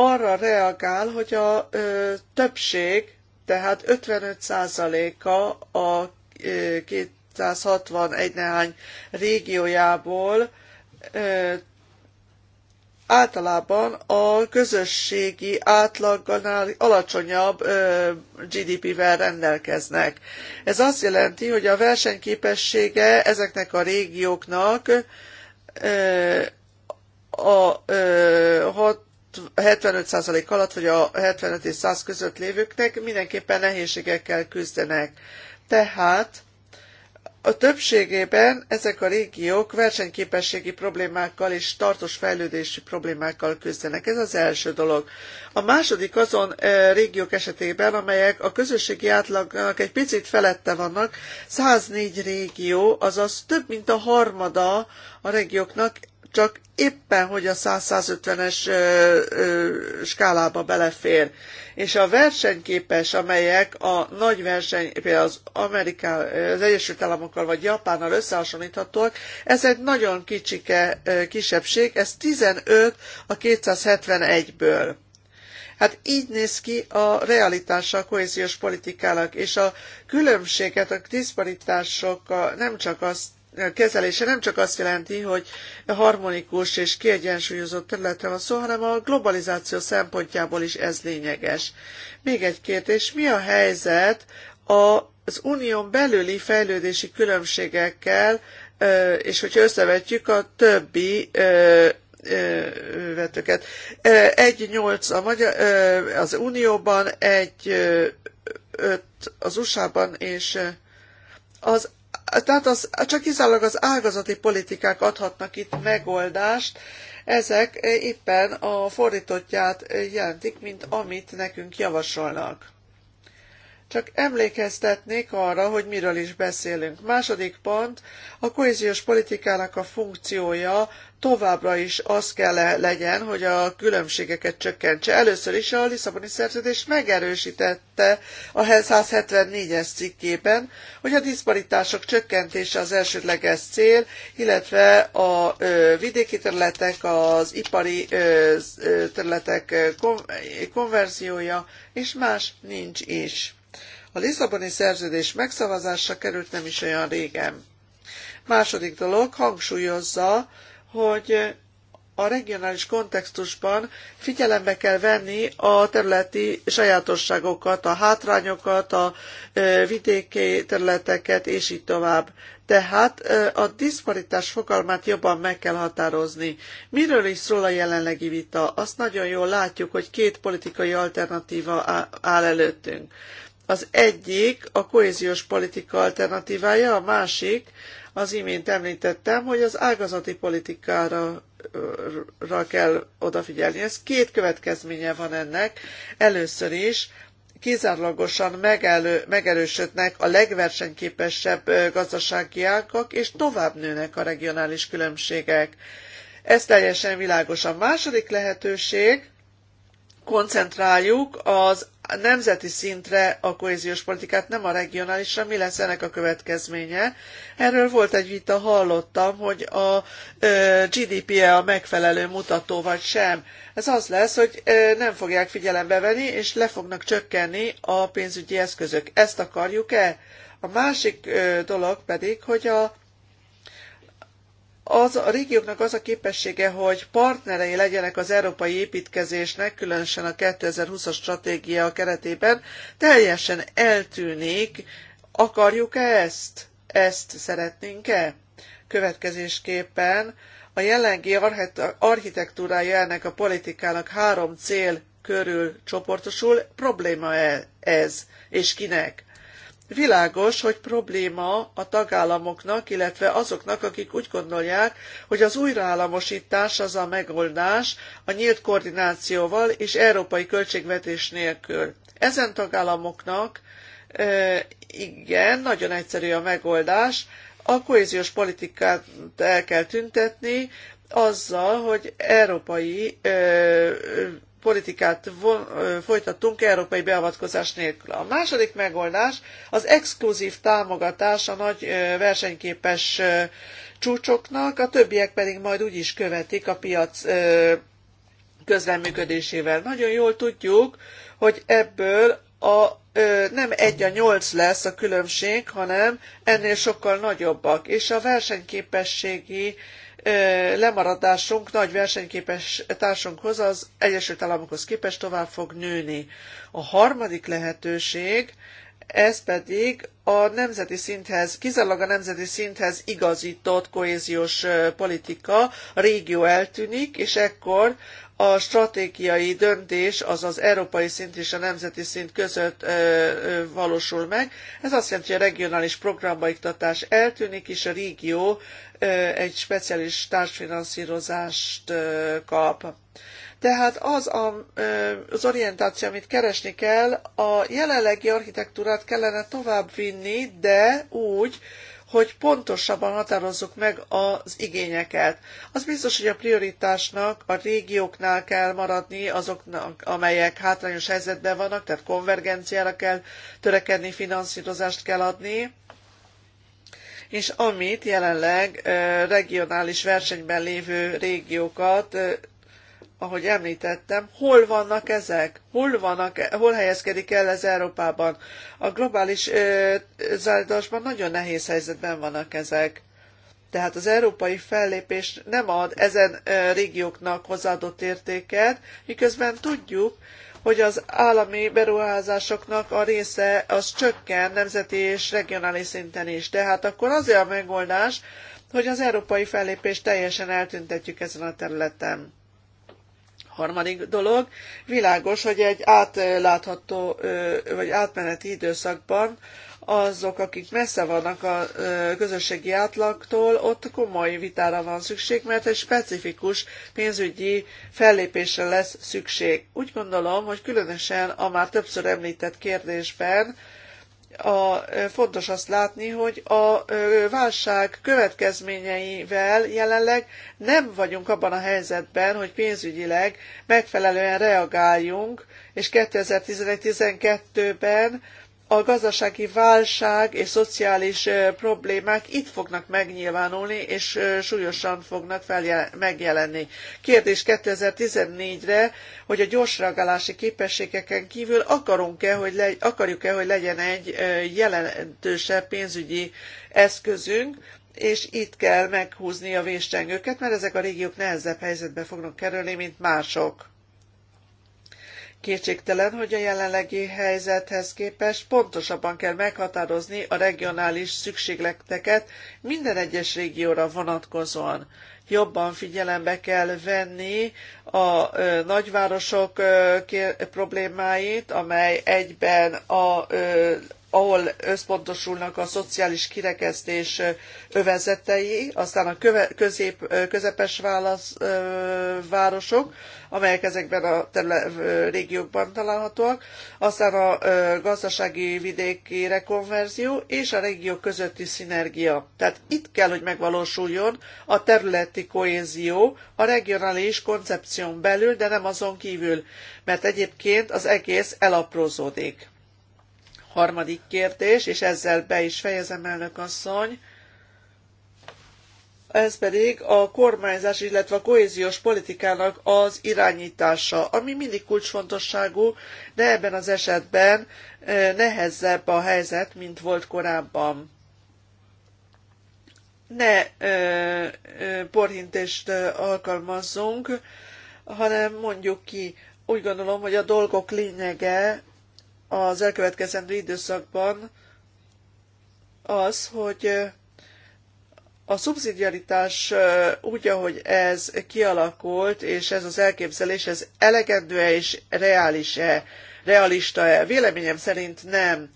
arra reagál, hogy a ö, többség, tehát 55%-a a 261 nehány régiójából ö, általában a közösségi átlaggal alacsonyabb GDP-vel rendelkeznek. Ez azt jelenti, hogy a versenyképessége ezeknek a régióknak a hat 75% alatt, vagy a 75 és 100 között lévőknek mindenképpen nehézségekkel küzdenek. Tehát a többségében ezek a régiók versenyképességi problémákkal és tartós fejlődési problémákkal küzdenek. Ez az első dolog. A második azon eh, régiók esetében, amelyek a közösségi átlagnak egy picit felette vannak, 104 régió, azaz több mint a harmada a régióknak csak éppen, hogy a 100-150-es skálába belefér. És a versenyképes, amelyek a nagy verseny, például az, Ameriká, az Egyesült Államokkal vagy Japánnal összehasonlíthatóak, ez egy nagyon kicsike kisebbség, ez 15 a 271-ből. Hát így néz ki a realitása a kohéziós politikának, és a különbséget, a diszparitásokkal nem csak azt kezelése nem csak azt jelenti, hogy harmonikus és kiegyensúlyozott területre van szó, hanem a globalizáció szempontjából is ez lényeges. Még egy kérdés, mi a helyzet az unión belüli fejlődési különbségekkel, és hogyha összevetjük a többi vetőket. 1-8 a magyar, az Unióban, 1-5 az USA-ban, és az tehát az, csak kizárólag az ágazati politikák adhatnak itt megoldást, ezek éppen a fordítottját jelentik, mint amit nekünk javasolnak. Csak emlékeztetnék arra, hogy miről is beszélünk. Második pont, a kohéziós politikának a funkciója továbbra is az kell legyen, hogy a különbségeket csökkentse. Először is a Lisszaboni szerződés megerősítette a 174-es e cikkében, hogy a diszparitások csökkentése az elsődleges cél, illetve a ö, vidéki területek, az ipari ö, területek konverziója, és más nincs is. A Lisszaboni szerződés megszavazásra került nem is olyan régen. Második dolog hangsúlyozza, hogy a regionális kontextusban figyelembe kell venni a területi sajátosságokat, a hátrányokat, a vidéki területeket, és így tovább. Tehát a diszparitás fogalmát jobban meg kell határozni. Miről is szól a jelenlegi vita? Azt nagyon jól látjuk, hogy két politikai alternatíva áll előttünk. Az egyik a kohéziós politika alternatívája, a másik az imént említettem, hogy az ágazati politikára ra kell odafigyelni. Ez két következménye van ennek. Először is kizárólagosan megelő, megerősödnek a legversenyképesebb gazdasági ágak, és tovább nőnek a regionális különbségek. Ez teljesen világos. A második lehetőség, koncentráljuk az a nemzeti szintre a kohéziós politikát, nem a regionálisra, mi lesz ennek a következménye. Erről volt egy vita, hallottam, hogy a GDP-e a megfelelő mutató vagy sem. Ez az lesz, hogy nem fogják figyelembe venni, és le fognak csökkenni a pénzügyi eszközök. Ezt akarjuk-e? A másik dolog pedig, hogy a az a régióknak az a képessége, hogy partnerei legyenek az európai építkezésnek, különösen a 2020-as stratégia keretében, teljesen eltűnik. Akarjuk-e ezt? Ezt szeretnénk-e? Következésképpen a jelenlegi architektúrája ennek a politikának három cél körül csoportosul. Probléma -e ez? És kinek? Világos, hogy probléma a tagállamoknak, illetve azoknak, akik úgy gondolják, hogy az újraállamosítás az a megoldás a nyílt koordinációval és európai költségvetés nélkül. Ezen tagállamoknak igen, nagyon egyszerű a megoldás, a kohéziós politikát el kell tüntetni, azzal, hogy európai politikát folytattunk európai beavatkozás nélkül. A második megoldás az exkluzív támogatás a nagy versenyképes csúcsoknak, a többiek pedig majd úgy is követik a piac közleműködésével. Nagyon jól tudjuk, hogy ebből a nem egy a nyolc lesz a különbség, hanem ennél sokkal nagyobbak, és a versenyképességi lemaradásunk nagy versenyképes társunkhoz, az Egyesült Államokhoz képest tovább fog nőni. A harmadik lehetőség, ez pedig a nemzeti szinthez, kizárólag a nemzeti szinthez igazított kohéziós politika, a régió eltűnik, és ekkor a stratégiai döntés az az európai szint és a nemzeti szint között ö, ö, valósul meg. Ez azt jelenti, hogy a regionális programbaiktatás eltűnik, és a régió ö, egy speciális társfinanszírozást ö, kap. Tehát az a, az orientáció, amit keresni kell, a jelenlegi architektúrát kellene továbbvinni, de úgy, hogy pontosabban határozzuk meg az igényeket. Az biztos, hogy a prioritásnak a régióknál kell maradni azoknak, amelyek hátrányos helyzetben vannak, tehát konvergenciára kell törekedni, finanszírozást kell adni, és amit jelenleg regionális versenyben lévő régiókat ahogy említettem, hol vannak ezek? Hol, vannak, e- hol helyezkedik el ez Európában? A globális zárdásban nagyon nehéz helyzetben vannak ezek. Tehát az európai fellépés nem ad ezen régióknak hozzáadott értéket, miközben tudjuk, hogy az állami beruházásoknak a része az csökken nemzeti és regionális szinten is. Tehát akkor azért a megoldás, hogy az európai fellépést teljesen eltüntetjük ezen a területen. Harmadik dolog, világos, hogy egy átlátható vagy átmeneti időszakban azok, akik messze vannak a közösségi átlagtól, ott komoly vitára van szükség, mert egy specifikus pénzügyi fellépésre lesz szükség. Úgy gondolom, hogy különösen a már többször említett kérdésben a, fontos azt látni, hogy a válság következményeivel jelenleg nem vagyunk abban a helyzetben, hogy pénzügyileg megfelelően reagáljunk, és 2011-12-ben a gazdasági válság és szociális problémák itt fognak megnyilvánulni, és súlyosan fognak megjelenni. Kérdés 2014-re, hogy a gyors reagálási képességeken kívül akarunk-e, hogy le, akarjuk-e, hogy legyen egy jelentősebb pénzügyi eszközünk, és itt kell meghúzni a véscsengőket, mert ezek a régiók nehezebb helyzetbe fognak kerülni, mint mások. Kétségtelen, hogy a jelenlegi helyzethez képest pontosabban kell meghatározni a regionális szükségleteket minden egyes régióra vonatkozóan. Jobban figyelembe kell venni a nagyvárosok problémáit, amely egyben a ahol összpontosulnak a szociális kirekesztés övezetei, aztán a köve, közép, közepes válasz, városok, amelyek ezekben a terület, régiókban találhatóak, aztán a gazdasági vidéki rekonverzió és a régiók közötti szinergia. Tehát itt kell, hogy megvalósuljon a területi kohézió a regionális koncepción belül, de nem azon kívül, mert egyébként az egész elaprózódik harmadik kérdés, és ezzel be is fejezem, elnök asszony, ez pedig a kormányzás, illetve a kohéziós politikának az irányítása, ami mindig kulcsfontosságú, de ebben az esetben eh, nehezebb a helyzet, mint volt korábban. Ne ö, eh, ö, eh, porhintést alkalmazzunk, hanem mondjuk ki, úgy gondolom, hogy a dolgok lényege az elkövetkezendő időszakban az, hogy a szubszidiaritás úgy, ahogy ez kialakult, és ez az elképzelés, ez elegendő-e és reális-e, realista-e? Véleményem szerint nem.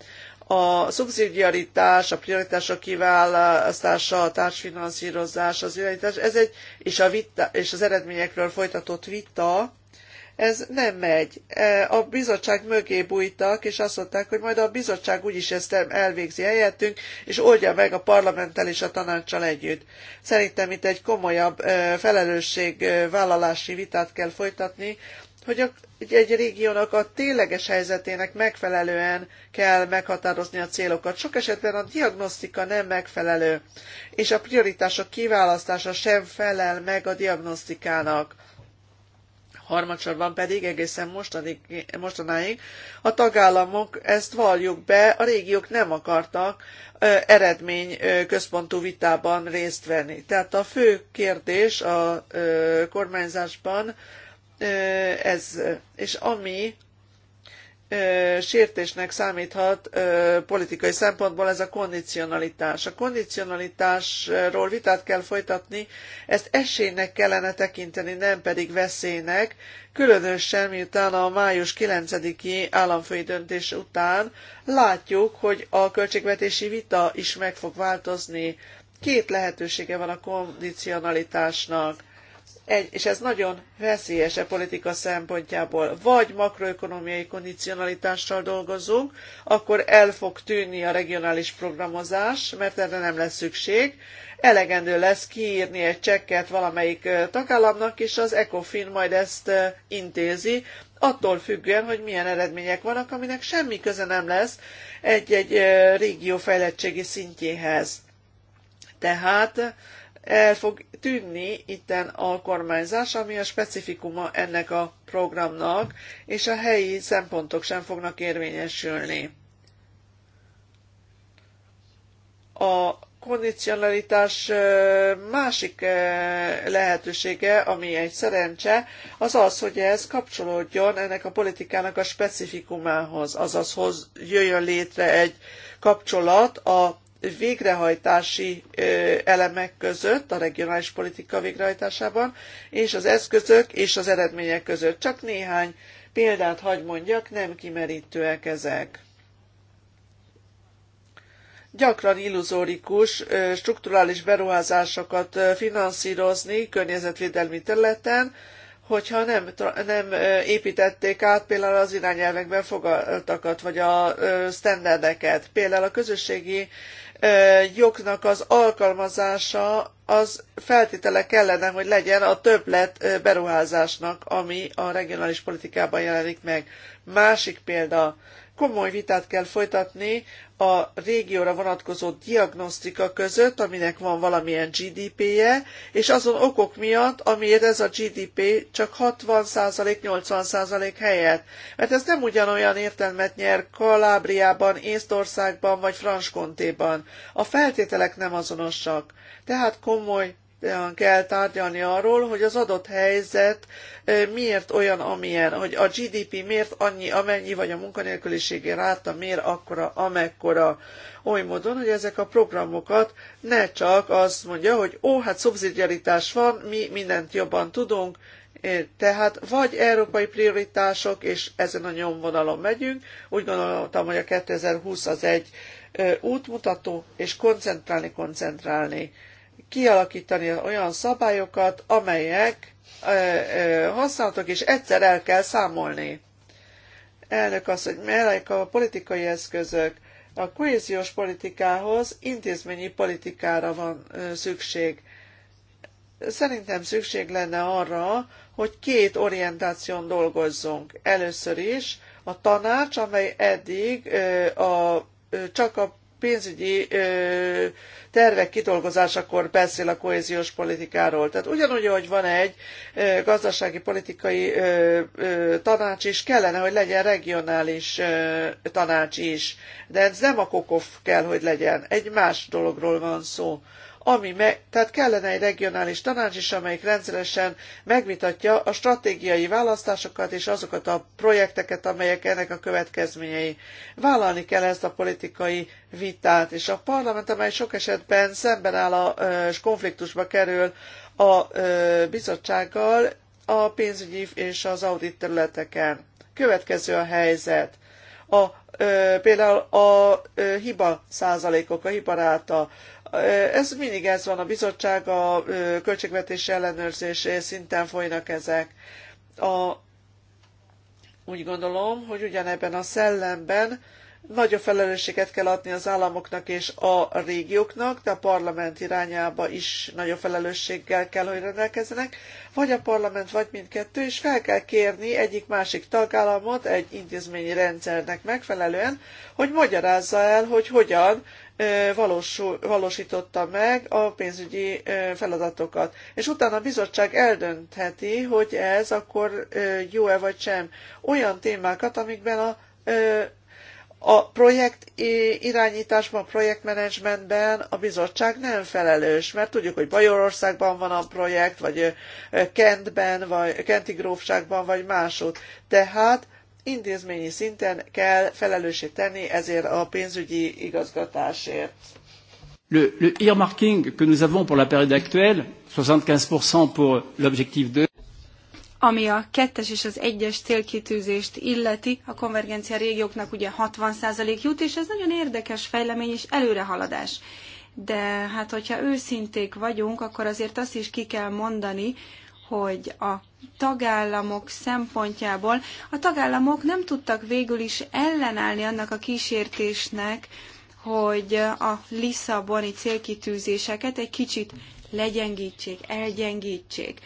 A szubszidiaritás, a prioritások kiválasztása, a társfinanszírozás, az irányítás, ez egy, és, a vita, és az eredményekről folytatott vita, ez nem megy. E, a bizottság mögé bújtak, és azt mondták, hogy majd a bizottság úgyis ezt elvégzi helyettünk, és oldja meg a parlamenttel és a tanácssal együtt. Szerintem itt egy komolyabb e, felelősségvállalási e, vitát kell folytatni, hogy a, egy régiónak a tényleges helyzetének megfelelően kell meghatározni a célokat. Sok esetben a diagnosztika nem megfelelő, és a prioritások kiválasztása sem felel meg a diagnosztikának. Harmadsorban pedig egészen mostanig, mostanáig a tagállamok ezt valljuk be, a régiók nem akartak eredmény központú vitában részt venni. Tehát a fő kérdés a kormányzásban ez, és ami sértésnek számíthat politikai szempontból ez a kondicionalitás. A kondicionalitásról vitát kell folytatni, ezt esélynek kellene tekinteni, nem pedig veszélynek, különösen miután a május 9-i államfői döntés után látjuk, hogy a költségvetési vita is meg fog változni. Két lehetősége van a kondicionalitásnak egy, és ez nagyon veszélyes a e politika szempontjából. Vagy makroökonomiai kondicionalitással dolgozunk, akkor el fog tűnni a regionális programozás, mert erre nem lesz szükség. Elegendő lesz kiírni egy csekket valamelyik tagállamnak, és az ECOFIN majd ezt intézi, attól függően, hogy milyen eredmények vannak, aminek semmi köze nem lesz egy-egy régió fejlettségi szintjéhez. Tehát el fog tűnni itten a kormányzás, ami a specifikuma ennek a programnak, és a helyi szempontok sem fognak érvényesülni. A kondicionalitás másik lehetősége, ami egy szerencse, az az, hogy ez kapcsolódjon ennek a politikának a specifikumához, azaz hoz, jöjjön létre egy kapcsolat a végrehajtási elemek között, a regionális politika végrehajtásában, és az eszközök és az eredmények között. Csak néhány példát hagy mondjak, nem kimerítőek ezek gyakran illuzórikus strukturális beruházásokat finanszírozni környezetvédelmi területen, hogyha nem, nem építették át például az irányelvekben fogaltakat, vagy a standardeket. Például a közösségi jognak az alkalmazása az feltétele kellene, hogy legyen a többlet beruházásnak, ami a regionális politikában jelenik meg. Másik példa, komoly vitát kell folytatni a régióra vonatkozó diagnosztika között, aminek van valamilyen GDP-je, és azon okok miatt, amiért ez a GDP csak 60-80% helyett. Mert ez nem ugyanolyan értelmet nyer Kalábriában, Észtországban vagy Franskontéban. A feltételek nem azonosak. Tehát komoly kell tárgyalni arról, hogy az adott helyzet miért olyan, amilyen, hogy a GDP miért annyi, amennyi, vagy a munkanélküliségi ráta miért akkora, amekkora. Oly módon, hogy ezek a programokat ne csak azt mondja, hogy ó, hát szubszidiaritás van, mi mindent jobban tudunk, tehát vagy európai prioritások, és ezen a nyomvonalon megyünk. Úgy gondoltam, hogy a 2020 az egy útmutató, és koncentrálni, koncentrálni kialakítani olyan szabályokat, amelyek használatok, és egyszer el kell számolni. Elnök azt, hogy melyek a politikai eszközök. A kohéziós politikához intézményi politikára van szükség. Szerintem szükség lenne arra, hogy két orientáción dolgozzunk. Először is a tanács, amely eddig a, csak a pénzügyi ö, tervek kidolgozásakor beszél a kohéziós politikáról. Tehát ugyanúgy, hogy van egy ö, gazdasági politikai ö, ö, tanács is, kellene, hogy legyen regionális ö, tanács is. De ez nem a kokof kell, hogy legyen. Egy más dologról van szó ami tehát kellene egy regionális tanács is, amelyik rendszeresen megvitatja a stratégiai választásokat és azokat a projekteket, amelyek ennek a következményei. Vállalni kell ezt a politikai vitát, és a parlament, amely sok esetben szemben áll a, és konfliktusba kerül a bizottsággal a pénzügyi és az audit területeken. Következő a helyzet. A, ö, például a ö, hiba százalékok, a hibaráta, ez mindig ez van, a bizottság, a költségvetési ellenőrzés szinten folynak ezek. A, úgy gondolom, hogy ugyanebben a szellemben nagyobb felelősséget kell adni az államoknak és a régióknak, de a parlament irányába is nagyobb felelősséggel kell, hogy rendelkezzenek, vagy a parlament, vagy mindkettő, és fel kell kérni egyik másik tagállamot egy intézményi rendszernek megfelelően, hogy magyarázza el, hogy hogyan valósul, valósította meg a pénzügyi feladatokat. És utána a bizottság eldöntheti, hogy ez akkor jó-e vagy sem. Olyan témákat, amikben a a projekt irányításban, a projektmenedzsmentben a bizottság nem felelős, mert tudjuk, hogy Bajorországban van a projekt, vagy Kentben, vagy Kenti grófságban, vagy másod. Tehát intézményi szinten kell felelőssé tenni ezért a pénzügyi igazgatásért. Le, le earmarking que nous avons pour la période actuelle, 75% pour l'objectif 2, ami a kettes és az egyes célkitűzést illeti, a konvergencia régióknak ugye 60% jut, és ez nagyon érdekes fejlemény és előrehaladás. De hát, hogyha őszinték vagyunk, akkor azért azt is ki kell mondani, hogy a tagállamok szempontjából a tagállamok nem tudtak végül is ellenállni annak a kísértésnek, hogy a Lisszaboni célkitűzéseket egy kicsit legyengítsék, elgyengítsék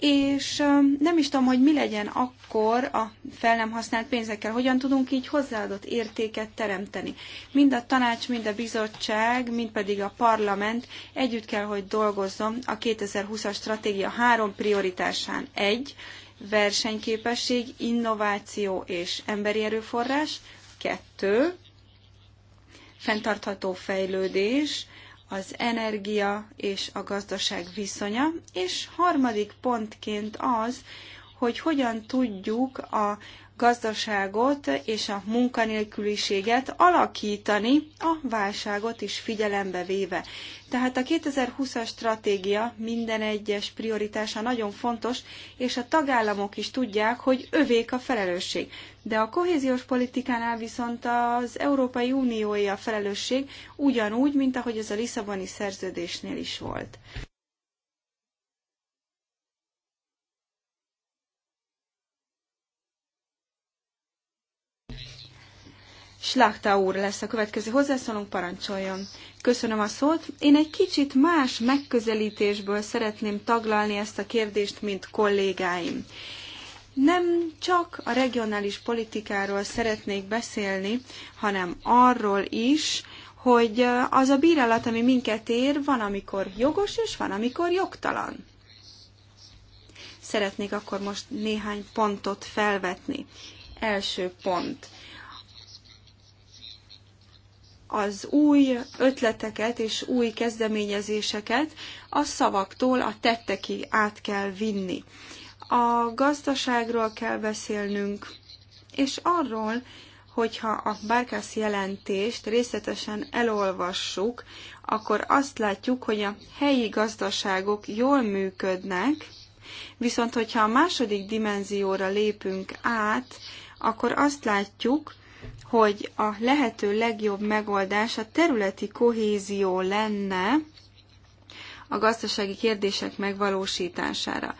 és nem is tudom, hogy mi legyen akkor a fel nem használt pénzekkel, hogyan tudunk így hozzáadott értéket teremteni. Mind a tanács, mind a bizottság, mind pedig a parlament együtt kell, hogy dolgozzon a 2020-as stratégia három prioritásán. Egy, versenyképesség, innováció és emberi erőforrás. Kettő, fenntartható fejlődés, az energia és a gazdaság viszonya, és harmadik pontként az, hogy hogyan tudjuk a gazdaságot és a munkanélküliséget alakítani, a válságot is figyelembe véve. Tehát a 2020-as stratégia minden egyes prioritása nagyon fontos, és a tagállamok is tudják, hogy övék a felelősség. De a kohéziós politikánál viszont az Európai Unióé a felelősség, ugyanúgy, mint ahogy ez a Lisszaboni szerződésnél is volt. Slachta úr lesz a következő hozzászólónk, parancsoljon. Köszönöm a szót. Én egy kicsit más megközelítésből szeretném taglalni ezt a kérdést, mint kollégáim. Nem csak a regionális politikáról szeretnék beszélni, hanem arról is, hogy az a bírálat, ami minket ér, van, amikor jogos, és van, amikor jogtalan. Szeretnék akkor most néhány pontot felvetni. Első pont az új ötleteket és új kezdeményezéseket a szavaktól a tettekig át kell vinni. A gazdaságról kell beszélnünk, és arról, hogyha a Bárkász jelentést részletesen elolvassuk, akkor azt látjuk, hogy a helyi gazdaságok jól működnek, viszont hogyha a második dimenzióra lépünk át, akkor azt látjuk, hogy a lehető legjobb megoldás a területi kohézió lenne a gazdasági kérdések megvalósítására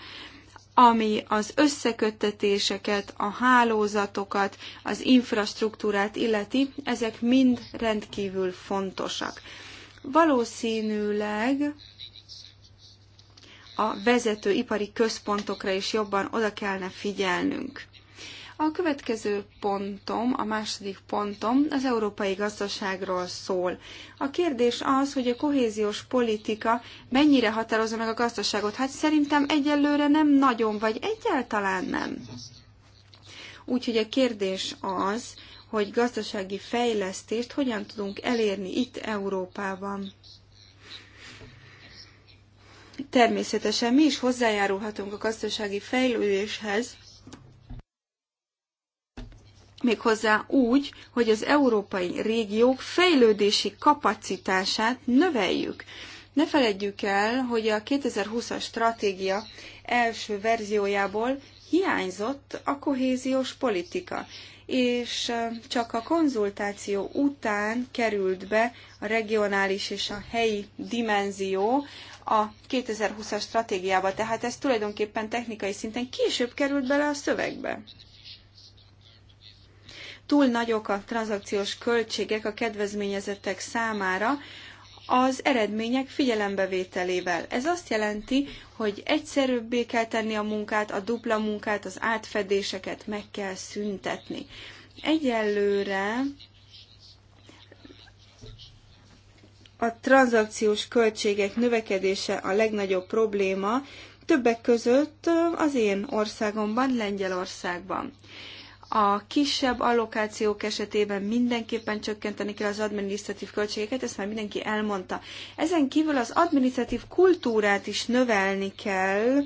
ami az összeköttetéseket, a hálózatokat, az infrastruktúrát illeti, ezek mind rendkívül fontosak. Valószínűleg a vezető ipari központokra is jobban oda kellene figyelnünk. A következő pontom, a második pontom az európai gazdaságról szól. A kérdés az, hogy a kohéziós politika mennyire határozza meg a gazdaságot. Hát szerintem egyelőre nem nagyon, vagy egyáltalán nem. Úgyhogy a kérdés az, hogy gazdasági fejlesztést hogyan tudunk elérni itt Európában. Természetesen mi is hozzájárulhatunk a gazdasági fejlődéshez, méghozzá úgy, hogy az európai régiók fejlődési kapacitását növeljük. Ne feledjük el, hogy a 2020-as stratégia első verziójából hiányzott a kohéziós politika, és csak a konzultáció után került be a regionális és a helyi dimenzió a 2020-as stratégiába, tehát ez tulajdonképpen technikai szinten később került bele a szövegbe túl nagyok a tranzakciós költségek a kedvezményezettek számára, az eredmények figyelembevételével. Ez azt jelenti, hogy egyszerűbbé kell tenni a munkát, a dupla munkát, az átfedéseket meg kell szüntetni. Egyelőre a tranzakciós költségek növekedése a legnagyobb probléma, többek között az én országomban, Lengyelországban. A kisebb allokációk esetében mindenképpen csökkenteni kell az adminisztratív költségeket, ezt már mindenki elmondta. Ezen kívül az adminisztratív kultúrát is növelni kell,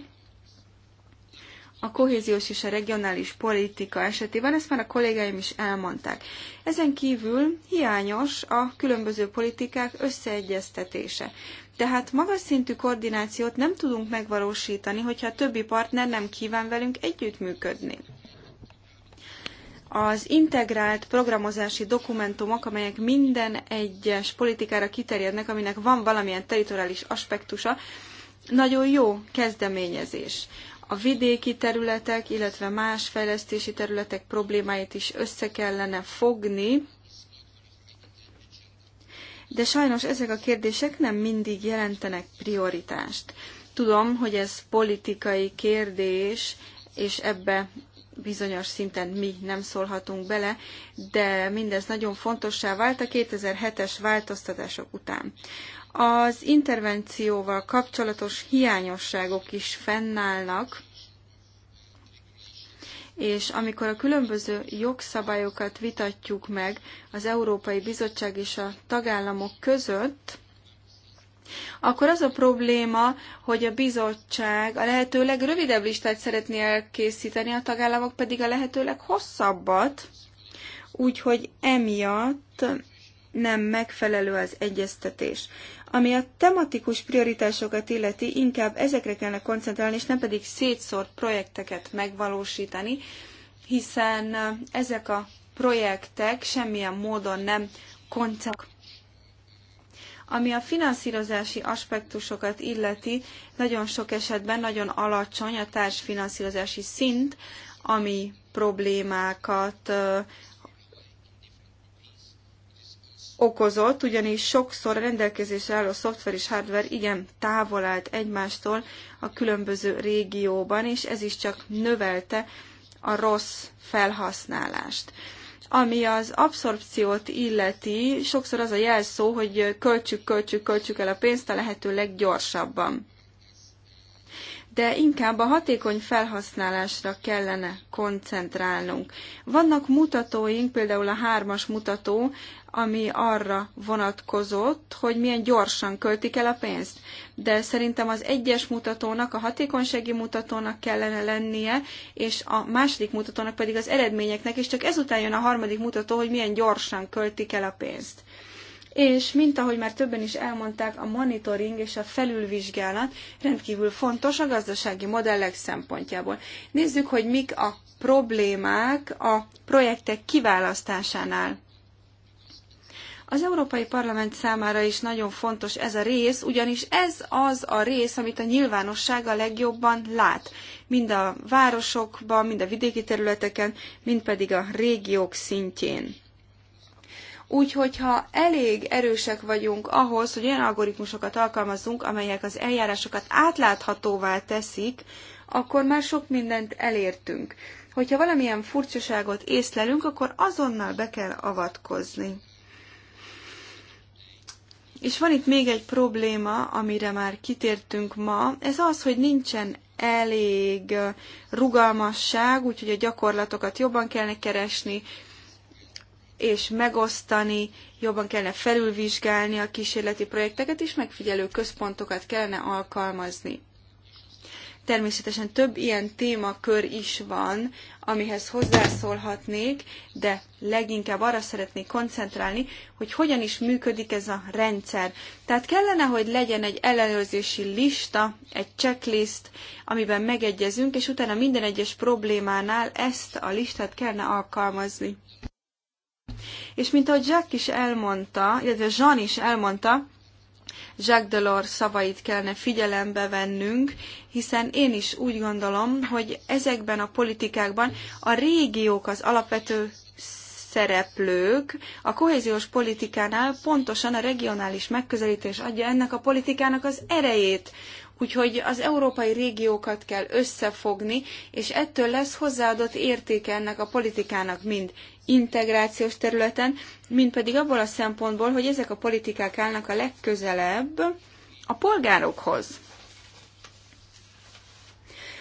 a kohéziós és a regionális politika esetében, ezt már a kollégáim is elmondták. Ezen kívül hiányos a különböző politikák összeegyeztetése. Tehát magas szintű koordinációt nem tudunk megvalósítani, hogyha a többi partner nem kíván velünk együttműködni az integrált programozási dokumentumok, amelyek minden egyes politikára kiterjednek, aminek van valamilyen teritoriális aspektusa, nagyon jó kezdeményezés. A vidéki területek, illetve más fejlesztési területek problémáit is össze kellene fogni, de sajnos ezek a kérdések nem mindig jelentenek prioritást. Tudom, hogy ez politikai kérdés, és ebbe bizonyos szinten mi nem szólhatunk bele, de mindez nagyon fontossá vált a 2007-es változtatások után. Az intervencióval kapcsolatos hiányosságok is fennállnak, és amikor a különböző jogszabályokat vitatjuk meg az Európai Bizottság és a tagállamok között, akkor az a probléma, hogy a bizottság a lehető legrövidebb listát szeretné elkészíteni, a tagállamok pedig a lehető leghosszabbat, úgyhogy emiatt nem megfelelő az egyeztetés. Ami a tematikus prioritásokat illeti, inkább ezekre kellene koncentrálni, és nem pedig szétszórt projekteket megvalósítani, hiszen ezek a projektek semmilyen módon nem koncentrálnak ami a finanszírozási aspektusokat illeti, nagyon sok esetben nagyon alacsony a társfinanszírozási szint, ami problémákat okozott, ugyanis sokszor a rendelkezésre álló szoftver és hardware igen távol állt egymástól a különböző régióban, és ez is csak növelte a rossz felhasználást. Ami az abszorpciót illeti, sokszor az a jelszó, hogy költsük, költsük, költsük el a pénzt a lehető leggyorsabban de inkább a hatékony felhasználásra kellene koncentrálnunk. Vannak mutatóink, például a hármas mutató, ami arra vonatkozott, hogy milyen gyorsan költik el a pénzt. De szerintem az egyes mutatónak, a hatékonysági mutatónak kellene lennie, és a második mutatónak pedig az eredményeknek, és csak ezután jön a harmadik mutató, hogy milyen gyorsan költik el a pénzt és mint ahogy már többen is elmondták, a monitoring és a felülvizsgálat rendkívül fontos a gazdasági modellek szempontjából. Nézzük, hogy mik a problémák a projektek kiválasztásánál. Az Európai Parlament számára is nagyon fontos ez a rész, ugyanis ez az a rész, amit a nyilvánosság a legjobban lát, mind a városokban, mind a vidéki területeken, mind pedig a régiók szintjén. Úgyhogy ha elég erősek vagyunk ahhoz, hogy olyan algoritmusokat alkalmazzunk, amelyek az eljárásokat átláthatóvá teszik, akkor már sok mindent elértünk. Hogyha valamilyen furcsaságot észlelünk, akkor azonnal be kell avatkozni. És van itt még egy probléma, amire már kitértünk ma, ez az, hogy nincsen elég rugalmasság, úgyhogy a gyakorlatokat jobban kellene keresni, és megosztani, jobban kellene felülvizsgálni a kísérleti projekteket, és megfigyelő központokat kellene alkalmazni. Természetesen több ilyen témakör is van, amihez hozzászólhatnék, de leginkább arra szeretnék koncentrálni, hogy hogyan is működik ez a rendszer. Tehát kellene, hogy legyen egy ellenőrzési lista, egy checklist, amiben megegyezünk, és utána minden egyes problémánál ezt a listát kellene alkalmazni. És mint ahogy Jack is elmondta, illetve Jean is elmondta, Jacques Delors szavait kellene figyelembe vennünk, hiszen én is úgy gondolom, hogy ezekben a politikákban a régiók az alapvető szereplők, a kohéziós politikánál pontosan a regionális megközelítés adja ennek a politikának az erejét. Úgyhogy az európai régiókat kell összefogni, és ettől lesz hozzáadott értéke ennek a politikának mind integrációs területen, mind pedig abból a szempontból, hogy ezek a politikák állnak a legközelebb a polgárokhoz.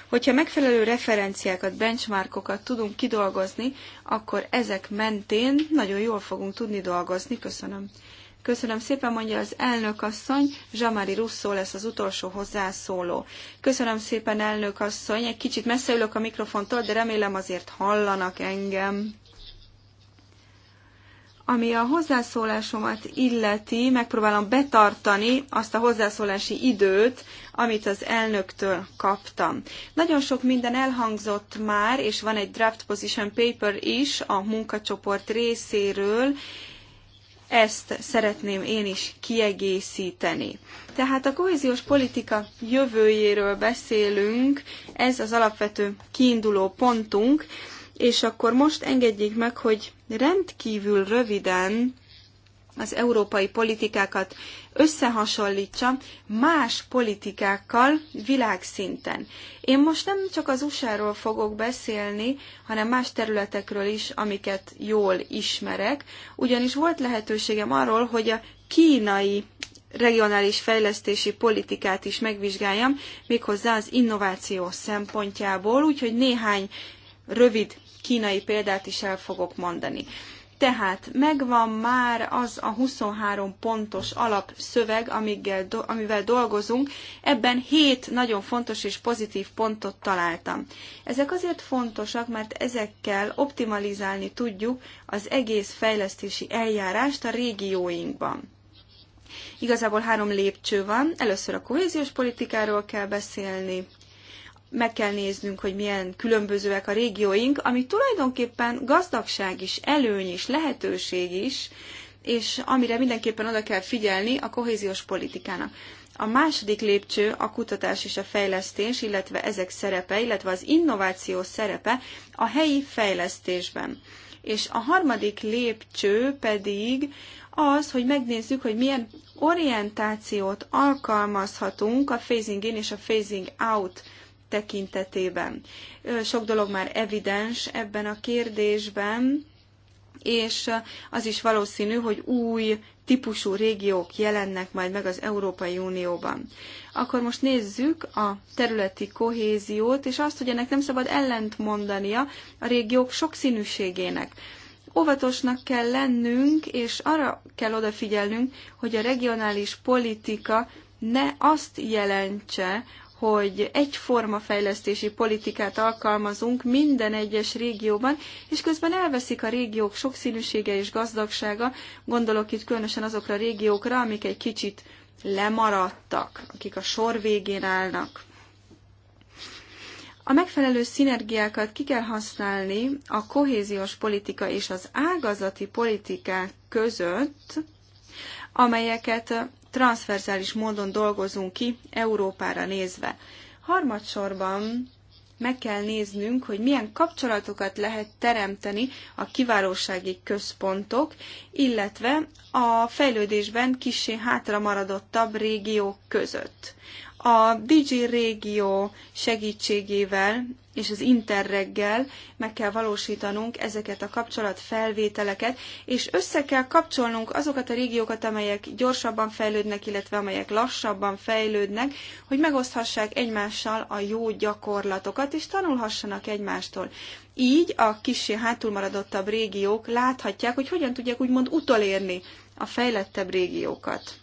Hogyha megfelelő referenciákat, benchmarkokat tudunk kidolgozni, akkor ezek mentén nagyon jól fogunk tudni dolgozni. Köszönöm. Köszönöm szépen, mondja az elnök asszony. Zsamári Russzó lesz az utolsó hozzászóló. Köszönöm szépen, elnök asszony. Egy kicsit messze ülök a mikrofontól, de remélem azért hallanak engem. Ami a hozzászólásomat illeti, megpróbálom betartani azt a hozzászólási időt, amit az elnöktől kaptam. Nagyon sok minden elhangzott már, és van egy draft position paper is a munkacsoport részéről, ezt szeretném én is kiegészíteni. Tehát a kohéziós politika jövőjéről beszélünk, ez az alapvető kiinduló pontunk, és akkor most engedjék meg, hogy rendkívül röviden az európai politikákat összehasonlítsa más politikákkal világszinten. Én most nem csak az USA-ról fogok beszélni, hanem más területekről is, amiket jól ismerek, ugyanis volt lehetőségem arról, hogy a kínai regionális fejlesztési politikát is megvizsgáljam, méghozzá az innováció szempontjából, úgyhogy néhány rövid kínai példát is el fogok mondani. Tehát megvan már az a 23 pontos alapszöveg, amivel dolgozunk. Ebben 7 nagyon fontos és pozitív pontot találtam. Ezek azért fontosak, mert ezekkel optimalizálni tudjuk az egész fejlesztési eljárást a régióinkban. Igazából három lépcső van. Először a kohéziós politikáról kell beszélni, meg kell néznünk, hogy milyen különbözőek a régióink, ami tulajdonképpen gazdagság is, előny is, lehetőség is, és amire mindenképpen oda kell figyelni a kohéziós politikának. A második lépcső a kutatás és a fejlesztés, illetve ezek szerepe, illetve az innováció szerepe a helyi fejlesztésben. És a harmadik lépcső pedig az, hogy megnézzük, hogy milyen orientációt alkalmazhatunk a phasing in és a phasing out tekintetében. Sok dolog már evidens ebben a kérdésben, és az is valószínű, hogy új típusú régiók jelennek majd meg az Európai Unióban. Akkor most nézzük a területi kohéziót, és azt, hogy ennek nem szabad ellent mondania a régiók sokszínűségének. Óvatosnak kell lennünk, és arra kell odafigyelnünk, hogy a regionális politika ne azt jelentse, hogy egyforma fejlesztési politikát alkalmazunk minden egyes régióban, és közben elveszik a régiók sokszínűsége és gazdagsága, gondolok itt különösen azokra a régiókra, amik egy kicsit lemaradtak, akik a sor végén állnak. A megfelelő szinergiákat ki kell használni a kohéziós politika és az ágazati politikák között, amelyeket transzverzális módon dolgozunk ki Európára nézve. Harmadsorban meg kell néznünk, hogy milyen kapcsolatokat lehet teremteni a kiválósági központok, illetve a fejlődésben kissé hátra maradottabb régiók között. A DJ régió segítségével és az interreggel meg kell valósítanunk ezeket a kapcsolatfelvételeket, és össze kell kapcsolnunk azokat a régiókat, amelyek gyorsabban fejlődnek, illetve amelyek lassabban fejlődnek, hogy megoszthassák egymással a jó gyakorlatokat, és tanulhassanak egymástól. Így a kisé hátulmaradottabb régiók láthatják, hogy hogyan tudják úgymond utolérni a fejlettebb régiókat.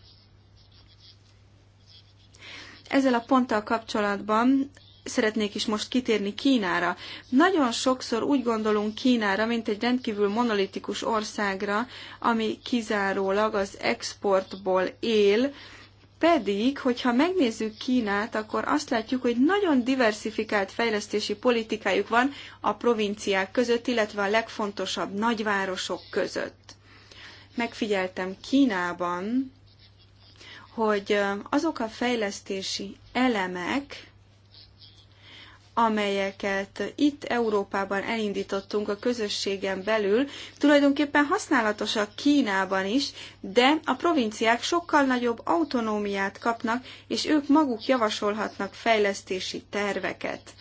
Ezzel a ponttal kapcsolatban szeretnék is most kitérni Kínára. Nagyon sokszor úgy gondolunk Kínára, mint egy rendkívül monolitikus országra, ami kizárólag az exportból él, pedig, hogyha megnézzük Kínát, akkor azt látjuk, hogy nagyon diversifikált fejlesztési politikájuk van a provinciák között, illetve a legfontosabb nagyvárosok között. Megfigyeltem Kínában, hogy azok a fejlesztési elemek, amelyeket itt Európában elindítottunk a közösségen belül, tulajdonképpen használatosak Kínában is, de a provinciák sokkal nagyobb autonómiát kapnak, és ők maguk javasolhatnak fejlesztési terveket.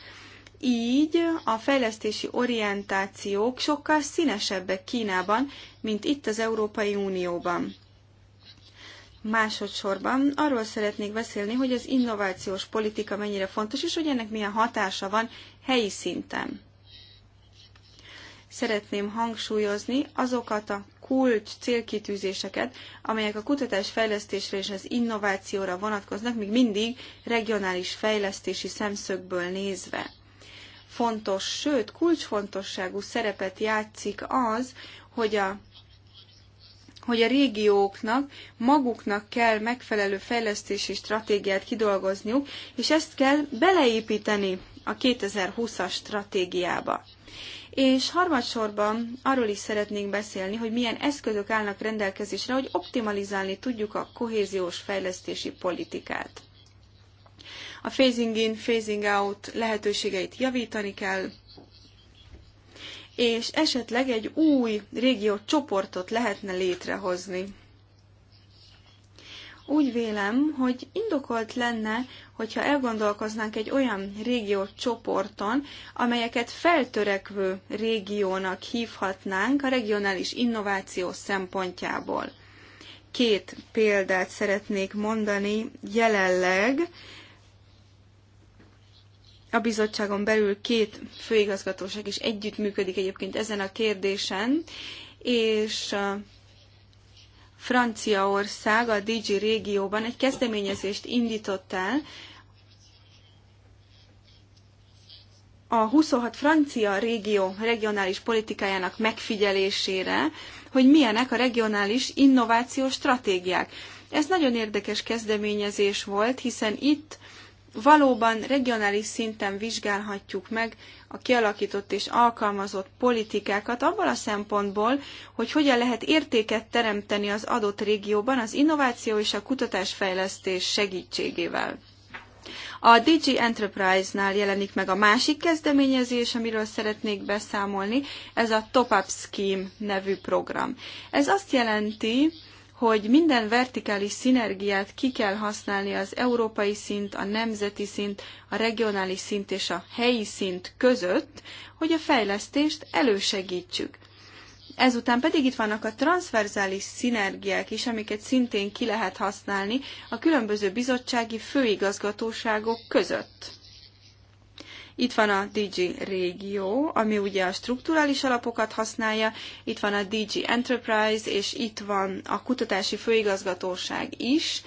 Így a fejlesztési orientációk sokkal színesebbek Kínában, mint itt az Európai Unióban. Másodszorban arról szeretnék beszélni, hogy az innovációs politika mennyire fontos, és hogy ennek milyen hatása van helyi szinten. Szeretném hangsúlyozni azokat a kulcs célkitűzéseket, amelyek a kutatás fejlesztésre és az innovációra vonatkoznak, még mindig regionális fejlesztési szemszögből nézve. Fontos, sőt, kulcsfontosságú szerepet játszik az, hogy a hogy a régióknak maguknak kell megfelelő fejlesztési stratégiát kidolgozniuk, és ezt kell beleépíteni a 2020-as stratégiába. És harmadsorban arról is szeretnénk beszélni, hogy milyen eszközök állnak rendelkezésre, hogy optimalizálni tudjuk a kohéziós fejlesztési politikát. A phasing in, phasing out lehetőségeit javítani kell, és esetleg egy új csoportot lehetne létrehozni. Úgy vélem, hogy indokolt lenne, hogyha elgondolkoznánk egy olyan csoporton, amelyeket feltörekvő régiónak hívhatnánk a regionális innováció szempontjából. Két példát szeretnék mondani jelenleg a bizottságon belül két főigazgatóság is együttműködik egyébként ezen a kérdésen, és Franciaország a DG régióban egy kezdeményezést indított el, a 26 francia régió regionális politikájának megfigyelésére, hogy milyenek a regionális innovációs stratégiák. Ez nagyon érdekes kezdeményezés volt, hiszen itt valóban regionális szinten vizsgálhatjuk meg a kialakított és alkalmazott politikákat abban a szempontból, hogy hogyan lehet értéket teremteni az adott régióban az innováció és a kutatásfejlesztés segítségével. A DG Enterprise-nál jelenik meg a másik kezdeményezés, amiről szeretnék beszámolni, ez a Top Up Scheme nevű program. Ez azt jelenti, hogy minden vertikális szinergiát ki kell használni az európai szint, a nemzeti szint, a regionális szint és a helyi szint között, hogy a fejlesztést elősegítsük. Ezután pedig itt vannak a transverzális szinergiák is, amiket szintén ki lehet használni a különböző bizottsági főigazgatóságok között. Itt van a DG régió, ami ugye a strukturális alapokat használja, itt van a DG Enterprise, és itt van a kutatási főigazgatóság is,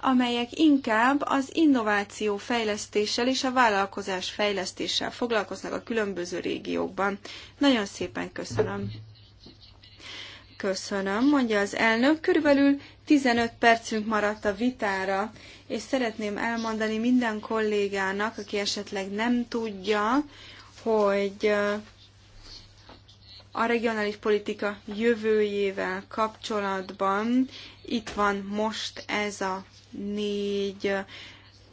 amelyek inkább az innováció fejlesztéssel és a vállalkozás fejlesztéssel foglalkoznak a különböző régiókban. Nagyon szépen köszönöm. Köszönöm, mondja az elnök. Körülbelül 15 percünk maradt a vitára, és szeretném elmondani minden kollégának, aki esetleg nem tudja, hogy a regionális politika jövőjével kapcsolatban itt van most ez a négy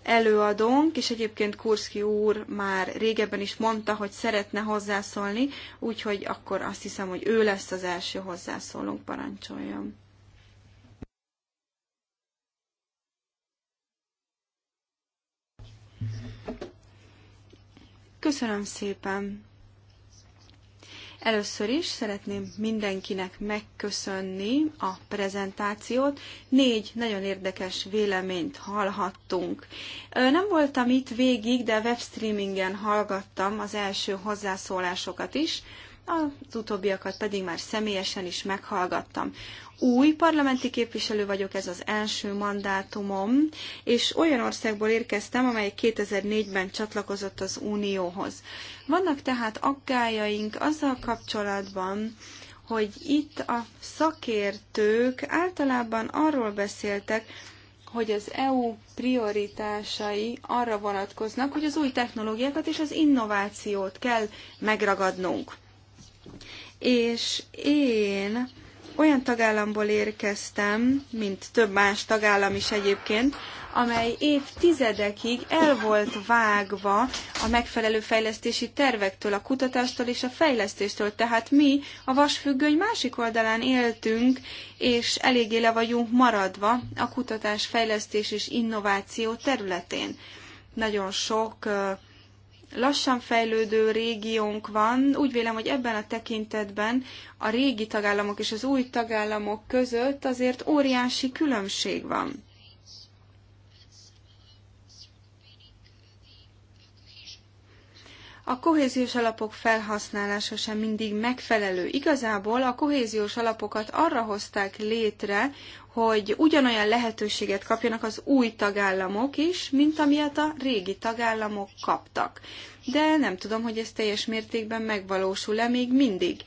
előadónk, és egyébként Kurszki úr már régebben is mondta, hogy szeretne hozzászólni, úgyhogy akkor azt hiszem, hogy ő lesz az első hozzászólónk, parancsoljon. Köszönöm szépen! Először is szeretném mindenkinek megköszönni a prezentációt. Négy nagyon érdekes véleményt hallhattunk. Nem voltam itt végig, de webstreamingen hallgattam az első hozzászólásokat is, az utóbbiakat pedig már személyesen is meghallgattam új parlamenti képviselő vagyok, ez az első mandátumom, és olyan országból érkeztem, amely 2004-ben csatlakozott az Unióhoz. Vannak tehát aggájaink azzal kapcsolatban, hogy itt a szakértők általában arról beszéltek, hogy az EU prioritásai arra vonatkoznak, hogy az új technológiákat és az innovációt kell megragadnunk. És én olyan tagállamból érkeztem, mint több más tagállam is egyébként, amely évtizedekig el volt vágva a megfelelő fejlesztési tervektől, a kutatástól és a fejlesztéstől. Tehát mi a vasfüggöny másik oldalán éltünk, és eléggé le vagyunk maradva a kutatás, fejlesztés és innováció területén. Nagyon sok uh, lassan fejlődő régiónk van. Úgy vélem, hogy ebben a tekintetben a régi tagállamok és az új tagállamok között azért óriási különbség van. a kohéziós alapok felhasználása sem mindig megfelelő. Igazából a kohéziós alapokat arra hozták létre, hogy ugyanolyan lehetőséget kapjanak az új tagállamok is, mint amilyet a régi tagállamok kaptak. De nem tudom, hogy ez teljes mértékben megvalósul-e még mindig.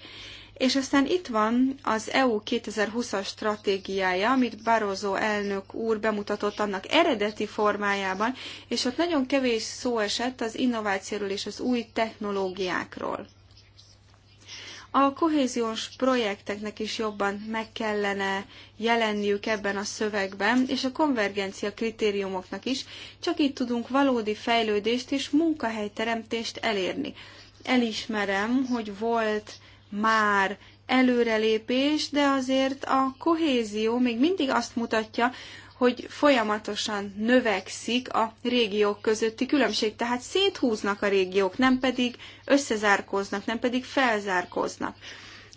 És aztán itt van az EU 2020-as stratégiája, amit Barroso elnök úr bemutatott annak eredeti formájában, és ott nagyon kevés szó esett az innovációról és az új technológiákról. A kohéziós projekteknek is jobban meg kellene jelenniük ebben a szövegben, és a konvergencia kritériumoknak is, csak így tudunk valódi fejlődést és munkahelyteremtést elérni. Elismerem, hogy volt már előrelépés, de azért a kohézió még mindig azt mutatja, hogy folyamatosan növekszik a régiók közötti különbség. Tehát széthúznak a régiók, nem pedig összezárkóznak, nem pedig felzárkóznak.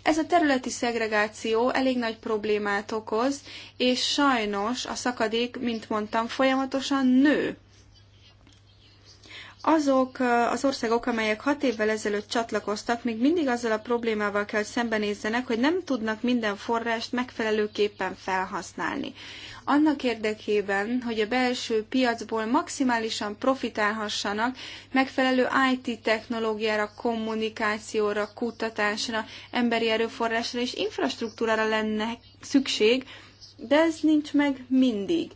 Ez a területi szegregáció elég nagy problémát okoz, és sajnos a szakadék, mint mondtam, folyamatosan nő azok az országok, amelyek hat évvel ezelőtt csatlakoztak, még mindig azzal a problémával kell, hogy szembenézzenek, hogy nem tudnak minden forrást megfelelőképpen felhasználni. Annak érdekében, hogy a belső piacból maximálisan profitálhassanak, megfelelő IT technológiára, kommunikációra, kutatásra, emberi erőforrásra és infrastruktúrára lenne szükség, de ez nincs meg mindig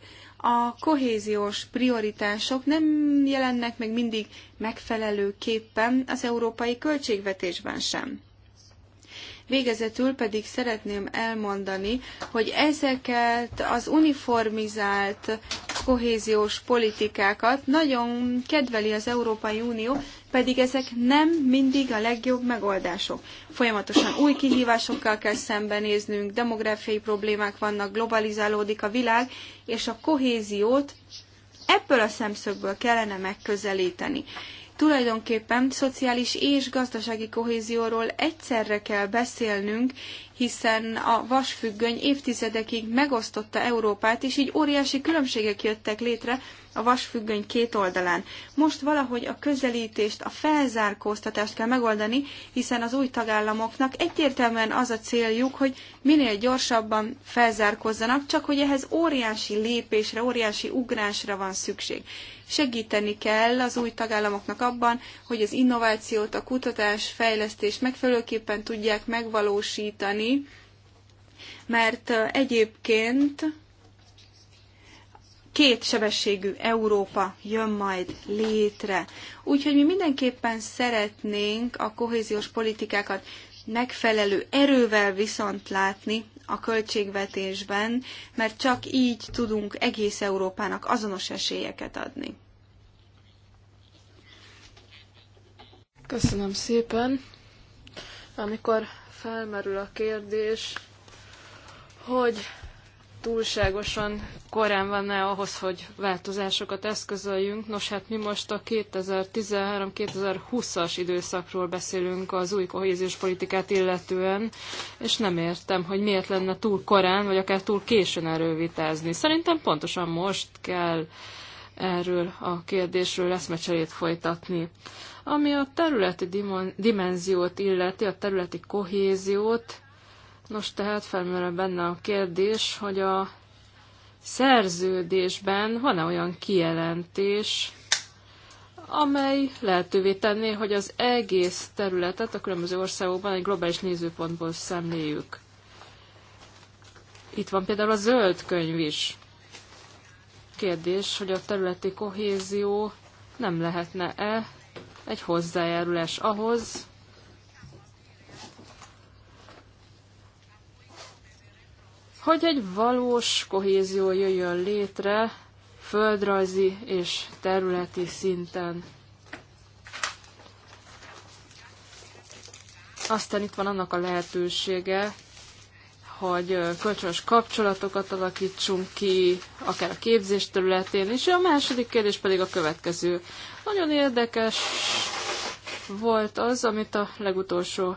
a kohéziós prioritások nem jelennek meg mindig megfelelőképpen az európai költségvetésben sem. Végezetül pedig szeretném elmondani, hogy ezeket az uniformizált kohéziós politikákat nagyon kedveli az Európai Unió, pedig ezek nem mindig a legjobb megoldások. Folyamatosan új kihívásokkal kell szembenéznünk, demográfiai problémák vannak, globalizálódik a világ, és a kohéziót ebből a szemszögből kellene megközelíteni. Tulajdonképpen szociális és gazdasági kohézióról egyszerre kell beszélnünk, hiszen a vasfüggöny évtizedekig megosztotta Európát, és így óriási különbségek jöttek létre a vasfüggöny két oldalán. Most valahogy a közelítést, a felzárkóztatást kell megoldani, hiszen az új tagállamoknak egyértelműen az a céljuk, hogy minél gyorsabban felzárkozzanak, csak hogy ehhez óriási lépésre, óriási ugrásra van szükség. Segíteni kell az új tagállamoknak abban, hogy az innovációt, a kutatás, fejlesztés megfelelőképpen tudják megvalósítani, mert egyébként két sebességű Európa jön majd létre. Úgyhogy mi mindenképpen szeretnénk a kohéziós politikákat megfelelő erővel viszont látni a költségvetésben, mert csak így tudunk egész Európának azonos esélyeket adni. Köszönöm szépen. Amikor felmerül a kérdés, hogy túlságosan korán van-e ahhoz, hogy változásokat eszközöljünk. Nos, hát mi most a 2013-2020-as időszakról beszélünk az új kohéziós politikát illetően, és nem értem, hogy miért lenne túl korán, vagy akár túl későn erről vitázni. Szerintem pontosan most kell erről a kérdésről eszmecserét folytatni. Ami a területi dimenziót illeti, a területi kohéziót, nos tehát felmerül benne a kérdés, hogy a szerződésben van-e olyan kijelentés, amely lehetővé tenné, hogy az egész területet a különböző országokban egy globális nézőpontból szemléljük. Itt van például a zöld könyv is. Kérdés, hogy a területi kohézió nem lehetne-e egy hozzájárulás ahhoz, hogy egy valós kohézió jöjjön létre földrajzi és területi szinten. Aztán itt van annak a lehetősége, hogy kölcsönös kapcsolatokat alakítsunk ki, akár a képzés területén, és a második kérdés pedig a következő. Nagyon érdekes volt az, amit a legutolsó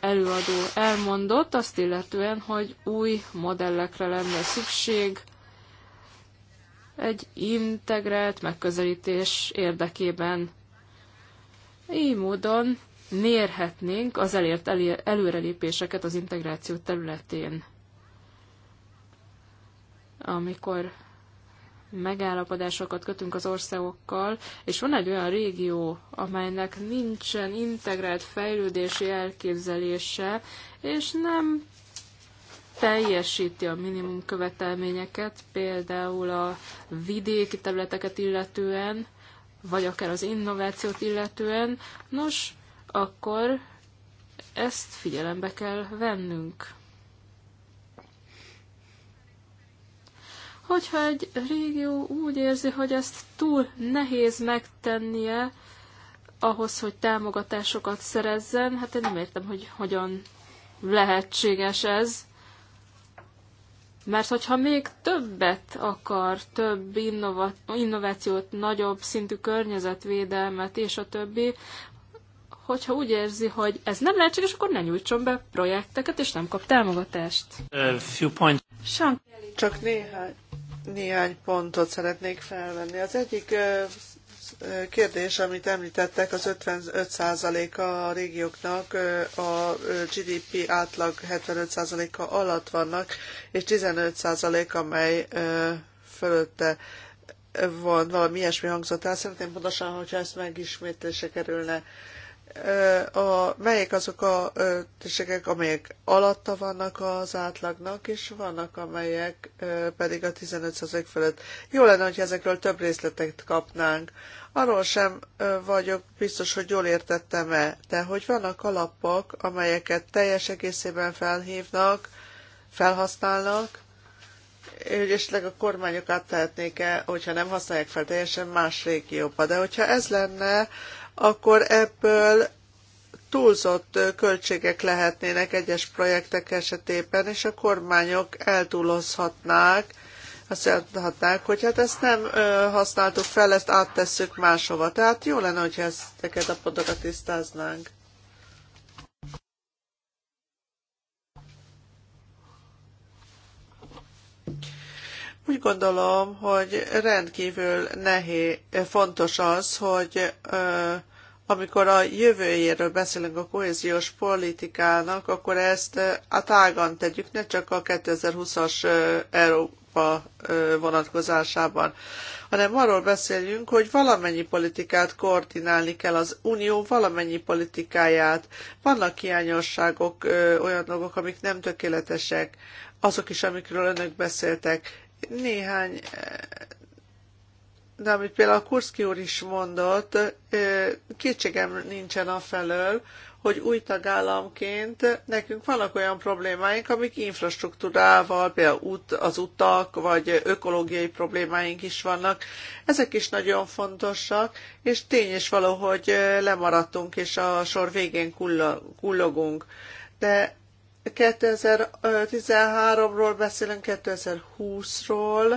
előadó elmondott, azt illetően, hogy új modellekre lenne szükség egy integrált megközelítés érdekében. Így módon mérhetnénk az elért előrelépéseket az integráció területén. Amikor megállapodásokat kötünk az országokkal, és van egy olyan régió, amelynek nincsen integrált fejlődési elképzelése, és nem teljesíti a minimum követelményeket, például a vidéki területeket illetően, vagy akár az innovációt illetően, nos, akkor ezt figyelembe kell vennünk. Hogyha egy régió úgy érzi, hogy ezt túl nehéz megtennie ahhoz, hogy támogatásokat szerezzen, hát én nem értem, hogy hogyan lehetséges ez. Mert hogyha még többet akar, több innovat, innovációt, nagyobb szintű környezetvédelmet és a többi, hogyha úgy érzi, hogy ez nem lehetséges, akkor ne nyújtson be projekteket, és nem kap támogatást. Uh, few points. Csak néhány néhány pontot szeretnék felvenni. Az egyik kérdés, amit említettek, az 55%-a a régióknak a GDP átlag 75%-a alatt vannak, és 15% amely fölötte van, valami ilyesmi hangzott el. Szeretném pontosan, hogyha ezt megismétlése kerülne a, melyek azok a térségek, amelyek alatta vannak az átlagnak, és vannak, amelyek pedig a 15% fölött. Jó lenne, hogy ezekről több részletet kapnánk. Arról sem vagyok biztos, hogy jól értettem-e, de hogy vannak alapok, amelyeket teljes egészében felhívnak, felhasználnak, hogy esetleg a kormányok áttehetnék-e, hogyha nem használják fel teljesen más régióba. De hogyha ez lenne akkor ebből túlzott költségek lehetnének egyes projektek esetében, és a kormányok eltúlozhatnák, azt jelenthatnák, hogy hát ezt nem használtuk fel, ezt áttesszük máshova. Tehát jó lenne, hogyha ezeket a pontokat tisztáznánk. Úgy gondolom, hogy rendkívül nehéz, fontos az, hogy ö, amikor a jövőjéről beszélünk a kohéziós politikának, akkor ezt eh, a tágan tegyük, ne csak a 2020-as eh, Európa eh, vonatkozásában, hanem arról beszéljünk, hogy valamennyi politikát koordinálni kell, az unió valamennyi politikáját. Vannak hiányosságok, olyan dolgok, amik nem tökéletesek, azok is, amikről önök beszéltek. Néhány de amit például a Kurszki úr is mondott, kétségem nincsen afelől, hogy új tagállamként nekünk vannak olyan problémáink, amik infrastruktúrával, például út, az utak, vagy ökológiai problémáink is vannak. Ezek is nagyon fontosak, és tény is való, hogy lemaradtunk, és a sor végén kullogunk. De 2013-ról beszélünk, 2020-ról,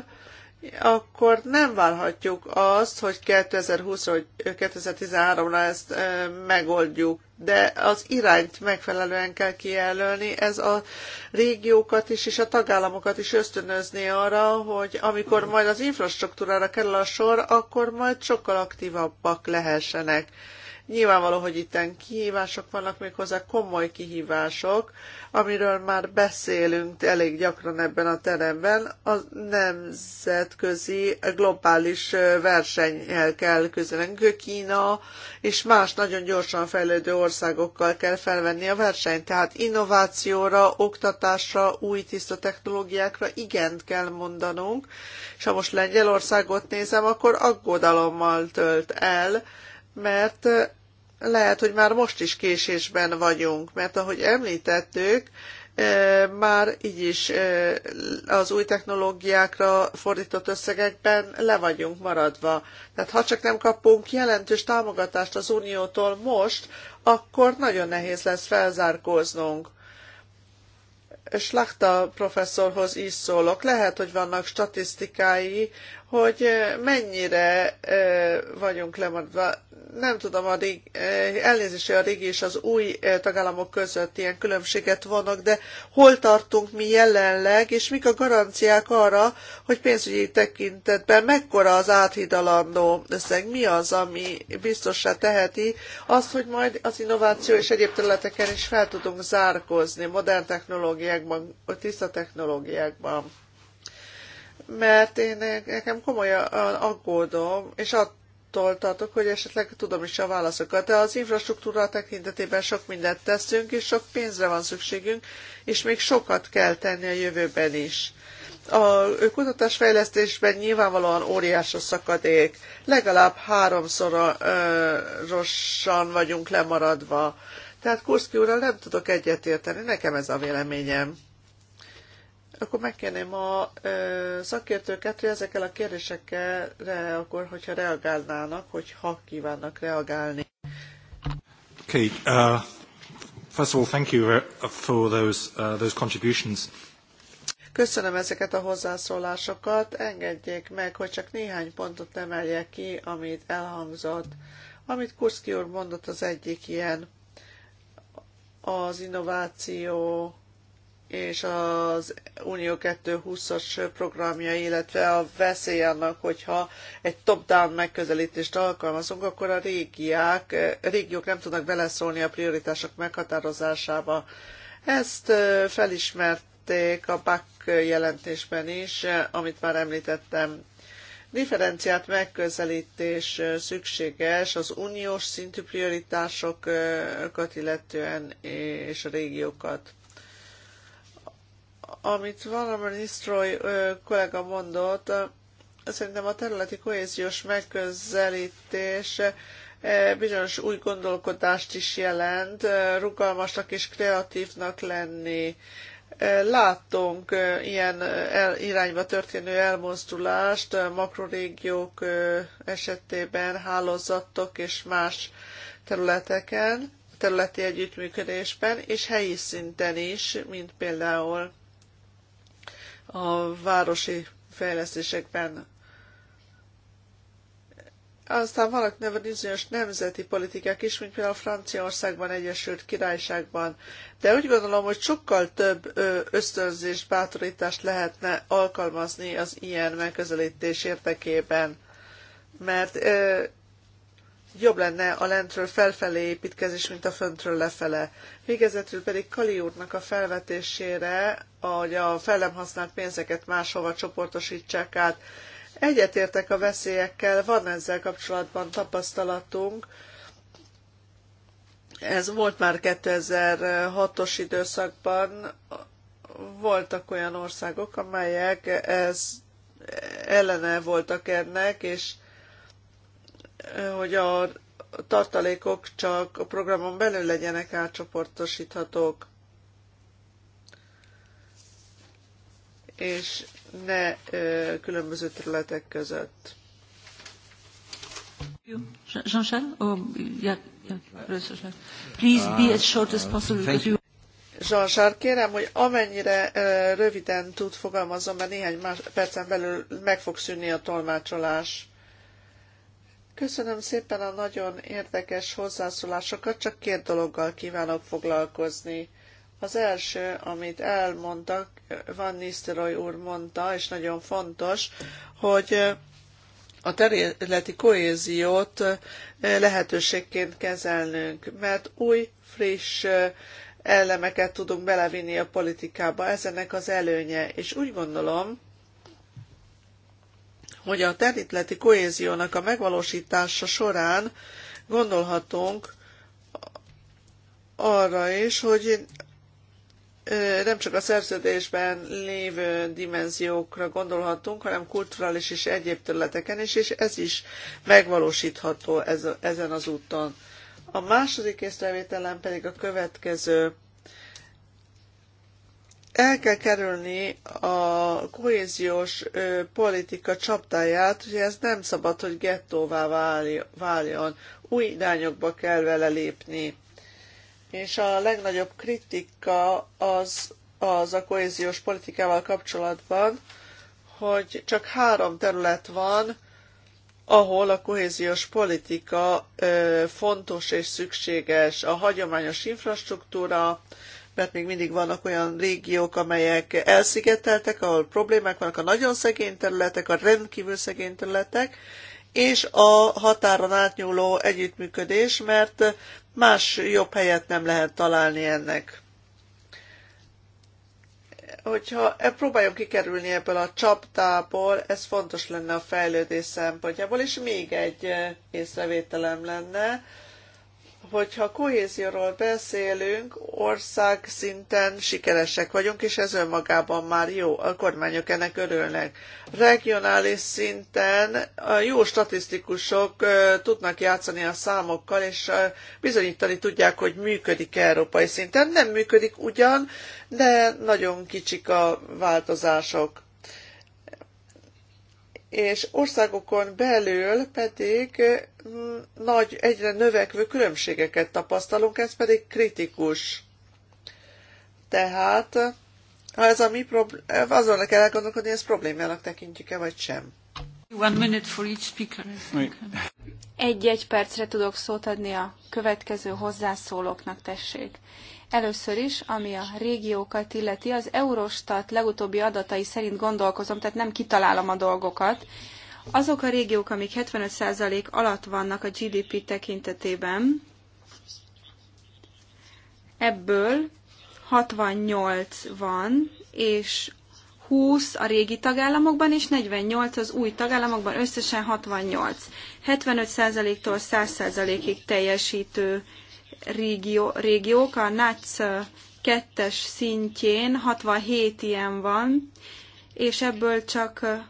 akkor nem várhatjuk azt, hogy 2020-ra, 2013-ra ezt megoldjuk, de az irányt megfelelően kell kijelölni. Ez a régiókat is és a tagállamokat is ösztönözni arra, hogy amikor majd az infrastruktúrára kerül a sor, akkor majd sokkal aktívabbak lehessenek Nyilvánvaló, hogy itt kihívások vannak, méghozzá komoly kihívások, amiről már beszélünk elég gyakran ebben a teremben. A nemzetközi globális versenyel kell küzdenünk. Kína és más nagyon gyorsan fejlődő országokkal kell felvenni a versenyt. Tehát innovációra, oktatásra, új tiszta technológiákra igent kell mondanunk. És ha most Lengyelországot nézem, akkor aggodalommal tölt el, mert lehet, hogy már most is késésben vagyunk, mert ahogy említettük, e, már így is e, az új technológiákra fordított összegekben le vagyunk maradva. Tehát ha csak nem kapunk jelentős támogatást az Uniótól most, akkor nagyon nehéz lesz felzárkóznunk. Slachta professzorhoz is szólok. Lehet, hogy vannak statisztikái hogy mennyire vagyunk lemaradva. Nem tudom, a régi, elnézést, a régi és az új tagállamok között ilyen különbséget vannak, de hol tartunk mi jelenleg, és mik a garanciák arra, hogy pénzügyi tekintetben mekkora az áthidalandó összeg, mi az, ami biztosra teheti azt, hogy majd az innováció és egyéb területeken is fel tudunk zárkozni modern technológiákban, tiszta technológiákban mert én nekem komolyan aggódom, és attól tartok, hogy esetleg tudom is a válaszokat. De az infrastruktúra tekintetében sok mindent teszünk, és sok pénzre van szükségünk, és még sokat kell tenni a jövőben is. A kutatásfejlesztésben nyilvánvalóan óriás a szakadék. Legalább háromszorosan vagyunk lemaradva. Tehát Kurszki úrral nem tudok egyetérteni, nekem ez a véleményem akkor megkérném a szakértőket, hogy ezekkel a kérdésekre akkor, hogyha reagálnának, hogyha kívánnak reagálni. Okay, uh, first of all, thank you uh, for those, uh, those contributions. Köszönöm ezeket a hozzászólásokat. Engedjék meg, hogy csak néhány pontot emeljek ki, amit elhangzott. Amit Kurszki úr mondott, az egyik ilyen az innováció és az Unió 220-as programja, illetve a veszély annak, hogyha egy top-down megközelítést alkalmazunk, akkor a régiák, a régiók nem tudnak beleszólni a prioritások meghatározásába. Ezt felismerték a BAC jelentésben is, amit már említettem. Differenciált megközelítés szükséges az uniós szintű prioritásokat illetően és a régiókat amit Van Nistroy kollega mondott, szerintem a területi kohéziós megközelítés bizonyos új gondolkodást is jelent, rugalmasnak és kreatívnak lenni. Láttunk ilyen el, irányba történő elmozdulást makrorégiók esetében, hálózatok és más területeken, területi együttműködésben, és helyi szinten is, mint például a városi fejlesztésekben. Aztán vannak neve bizonyos nemzeti politikák is, mint például Franciaországban, Egyesült Királyságban. De úgy gondolom, hogy sokkal több ösztönzést, bátorítást lehetne alkalmazni az ilyen megközelítés érdekében. Mert jobb lenne a lentről felfelé építkezés, mint a föntről lefele. Végezetül pedig Kali úrnak a felvetésére, hogy a nem használt pénzeket máshova csoportosítsák át. Egyetértek a veszélyekkel, van ezzel kapcsolatban tapasztalatunk. Ez volt már 2006-os időszakban, voltak olyan országok, amelyek ez ellene voltak ennek, és hogy a tartalékok csak a programon belül legyenek átcsoportosíthatók, és ne különböző területek között. Jean-Charles? kérem, hogy amennyire röviden tud fogalmazom, mert néhány percen belül meg fog szűnni a tolmácsolás. Köszönöm szépen a nagyon érdekes hozzászólásokat, csak két dologgal kívánok foglalkozni. Az első, amit elmondtak, Van Nisztelrooy úr mondta, és nagyon fontos, hogy a területi kohéziót lehetőségként kezelnünk, mert új, friss elemeket tudunk belevinni a politikába, ez ennek az előnye. És úgy gondolom, hogy a területi kohéziónak a megvalósítása során gondolhatunk arra is, hogy nem csak a szerződésben lévő dimenziókra gondolhatunk, hanem kulturális és egyéb területeken is, és ez is megvalósítható ezen az úton. A második észrevételem pedig a következő el kell kerülni a kohéziós ö, politika csapdáját, hogy ez nem szabad, hogy gettóvá váljon. Új irányokba kell vele lépni. És a legnagyobb kritika az, az a kohéziós politikával kapcsolatban, hogy csak három terület van, ahol a kohéziós politika ö, fontos és szükséges. A hagyományos infrastruktúra, mert még mindig vannak olyan régiók, amelyek elszigeteltek, ahol problémák vannak, a nagyon szegény területek, a rendkívül szegény területek, és a határon átnyúló együttműködés, mert más jobb helyet nem lehet találni ennek. Hogyha e- próbáljunk kikerülni ebből a csaptából, ez fontos lenne a fejlődés szempontjából, és még egy eh, észrevételem lenne, hogyha kohézióról beszélünk, ország szinten sikeresek vagyunk, és ez önmagában már jó, a kormányok ennek örülnek. Regionális szinten a jó statisztikusok tudnak játszani a számokkal, és bizonyítani tudják, hogy működik európai szinten. Nem működik ugyan, de nagyon kicsik a változások és országokon belül pedig mm, nagy, egyre növekvő különbségeket tapasztalunk, ez pedig kritikus. Tehát, ha ez a mi problém, azon le kell elgondolkodni, ez problémának tekintjük-e, vagy sem. One minute for each speaker. Egy-egy percre tudok szót adni a következő hozzászólóknak, tessék. Először is, ami a régiókat illeti, az Eurostat legutóbbi adatai szerint gondolkozom, tehát nem kitalálom a dolgokat. Azok a régiók, amik 75% alatt vannak a GDP tekintetében, ebből 68 van, és 20 a régi tagállamokban, és 48 az új tagállamokban, összesen 68. 75%-tól 100%-ig teljesítő régió, régiók. A NATS 2 szintjén 67 ilyen van, és ebből csak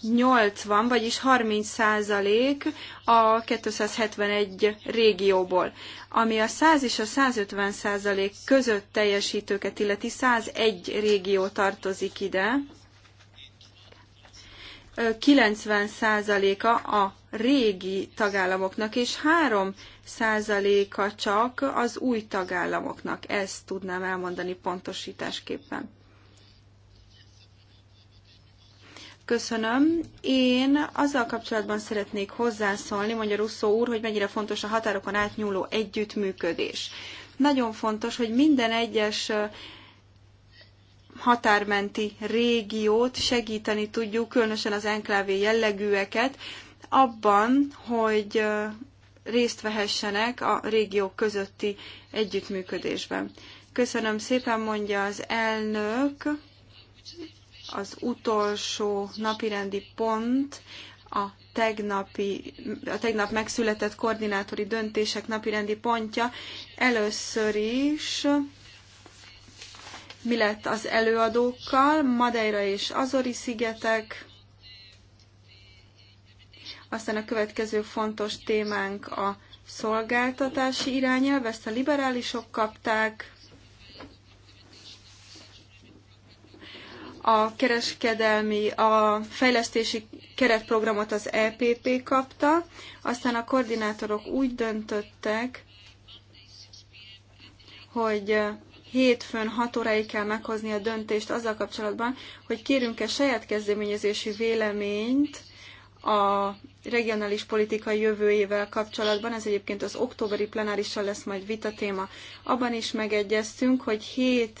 80, vagyis 30 százalék a 271 régióból. Ami a 100 és a 150 százalék között teljesítőket illeti, 101 régió tartozik ide. 90%-a a régi tagállamoknak, és 3%-a csak az új tagállamoknak. Ezt tudnám elmondani pontosításképpen. Köszönöm. Én azzal kapcsolatban szeretnék hozzászólni, mondja Russzó úr, hogy mennyire fontos a határokon átnyúló együttműködés. Nagyon fontos, hogy minden egyes határmenti régiót segíteni tudjuk, különösen az enklávé jellegűeket, abban, hogy részt vehessenek a régiók közötti együttműködésben. Köszönöm szépen, mondja az elnök. Az utolsó napirendi pont a tegnapi, a tegnap megszületett koordinátori döntések napirendi pontja. Először is mi lett az előadókkal, Madeira és Azori szigetek, aztán a következő fontos témánk a szolgáltatási irányelv, ezt a liberálisok kapták, a kereskedelmi, a fejlesztési keretprogramot az EPP kapta, aztán a koordinátorok úgy döntöttek, hogy hétfőn 6 óráig kell meghozni a döntést azzal kapcsolatban, hogy kérünk-e saját kezdeményezési véleményt a regionális politika jövőjével kapcsolatban, ez egyébként az októberi plenárissal lesz majd vita téma. Abban is megegyeztünk, hogy hét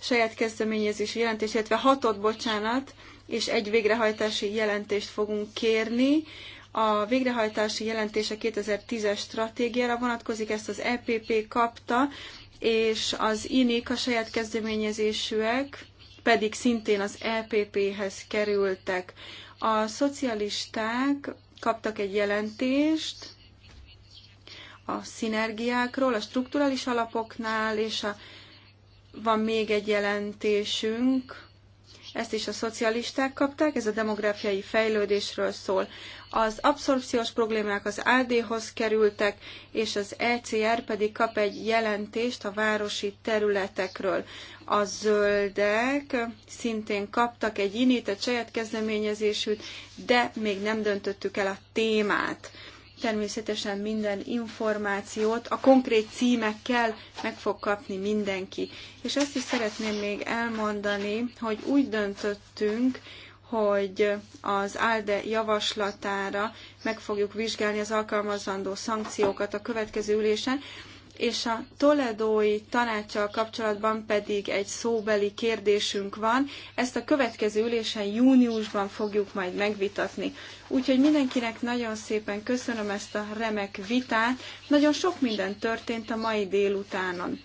saját kezdeményezési jelentést, illetve hatot, bocsánat, és egy végrehajtási jelentést fogunk kérni. A végrehajtási jelentése 2010-es stratégiára vonatkozik, ezt az EPP kapta, és az INIK a saját kezdeményezésűek pedig szintén az EPP-hez kerültek. A szocialisták kaptak egy jelentést a szinergiákról, a strukturális alapoknál, és a, van még egy jelentésünk, ezt is a szocialisták kapták, ez a demográfiai fejlődésről szól az abszorpciós problémák az AD-hoz kerültek, és az ECR pedig kap egy jelentést a városi területekről. A zöldek szintén kaptak egy init, egy saját kezdeményezésűt, de még nem döntöttük el a témát. Természetesen minden információt a konkrét címekkel meg fog kapni mindenki. És azt is szeretném még elmondani, hogy úgy döntöttünk, hogy az ALDE javaslatára meg fogjuk vizsgálni az alkalmazandó szankciókat a következő ülésen, és a Toledói tanácssal kapcsolatban pedig egy szóbeli kérdésünk van. Ezt a következő ülésen júniusban fogjuk majd megvitatni. Úgyhogy mindenkinek nagyon szépen köszönöm ezt a remek vitát. Nagyon sok minden történt a mai délutánon.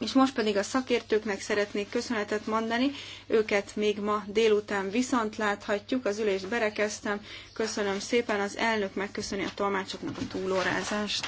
És most pedig a szakértőknek szeretnék köszönetet mondani, őket még ma délután viszont láthatjuk, az ülést berekeztem. Köszönöm szépen, az elnök megköszöni a tolmácsoknak a túlórázást.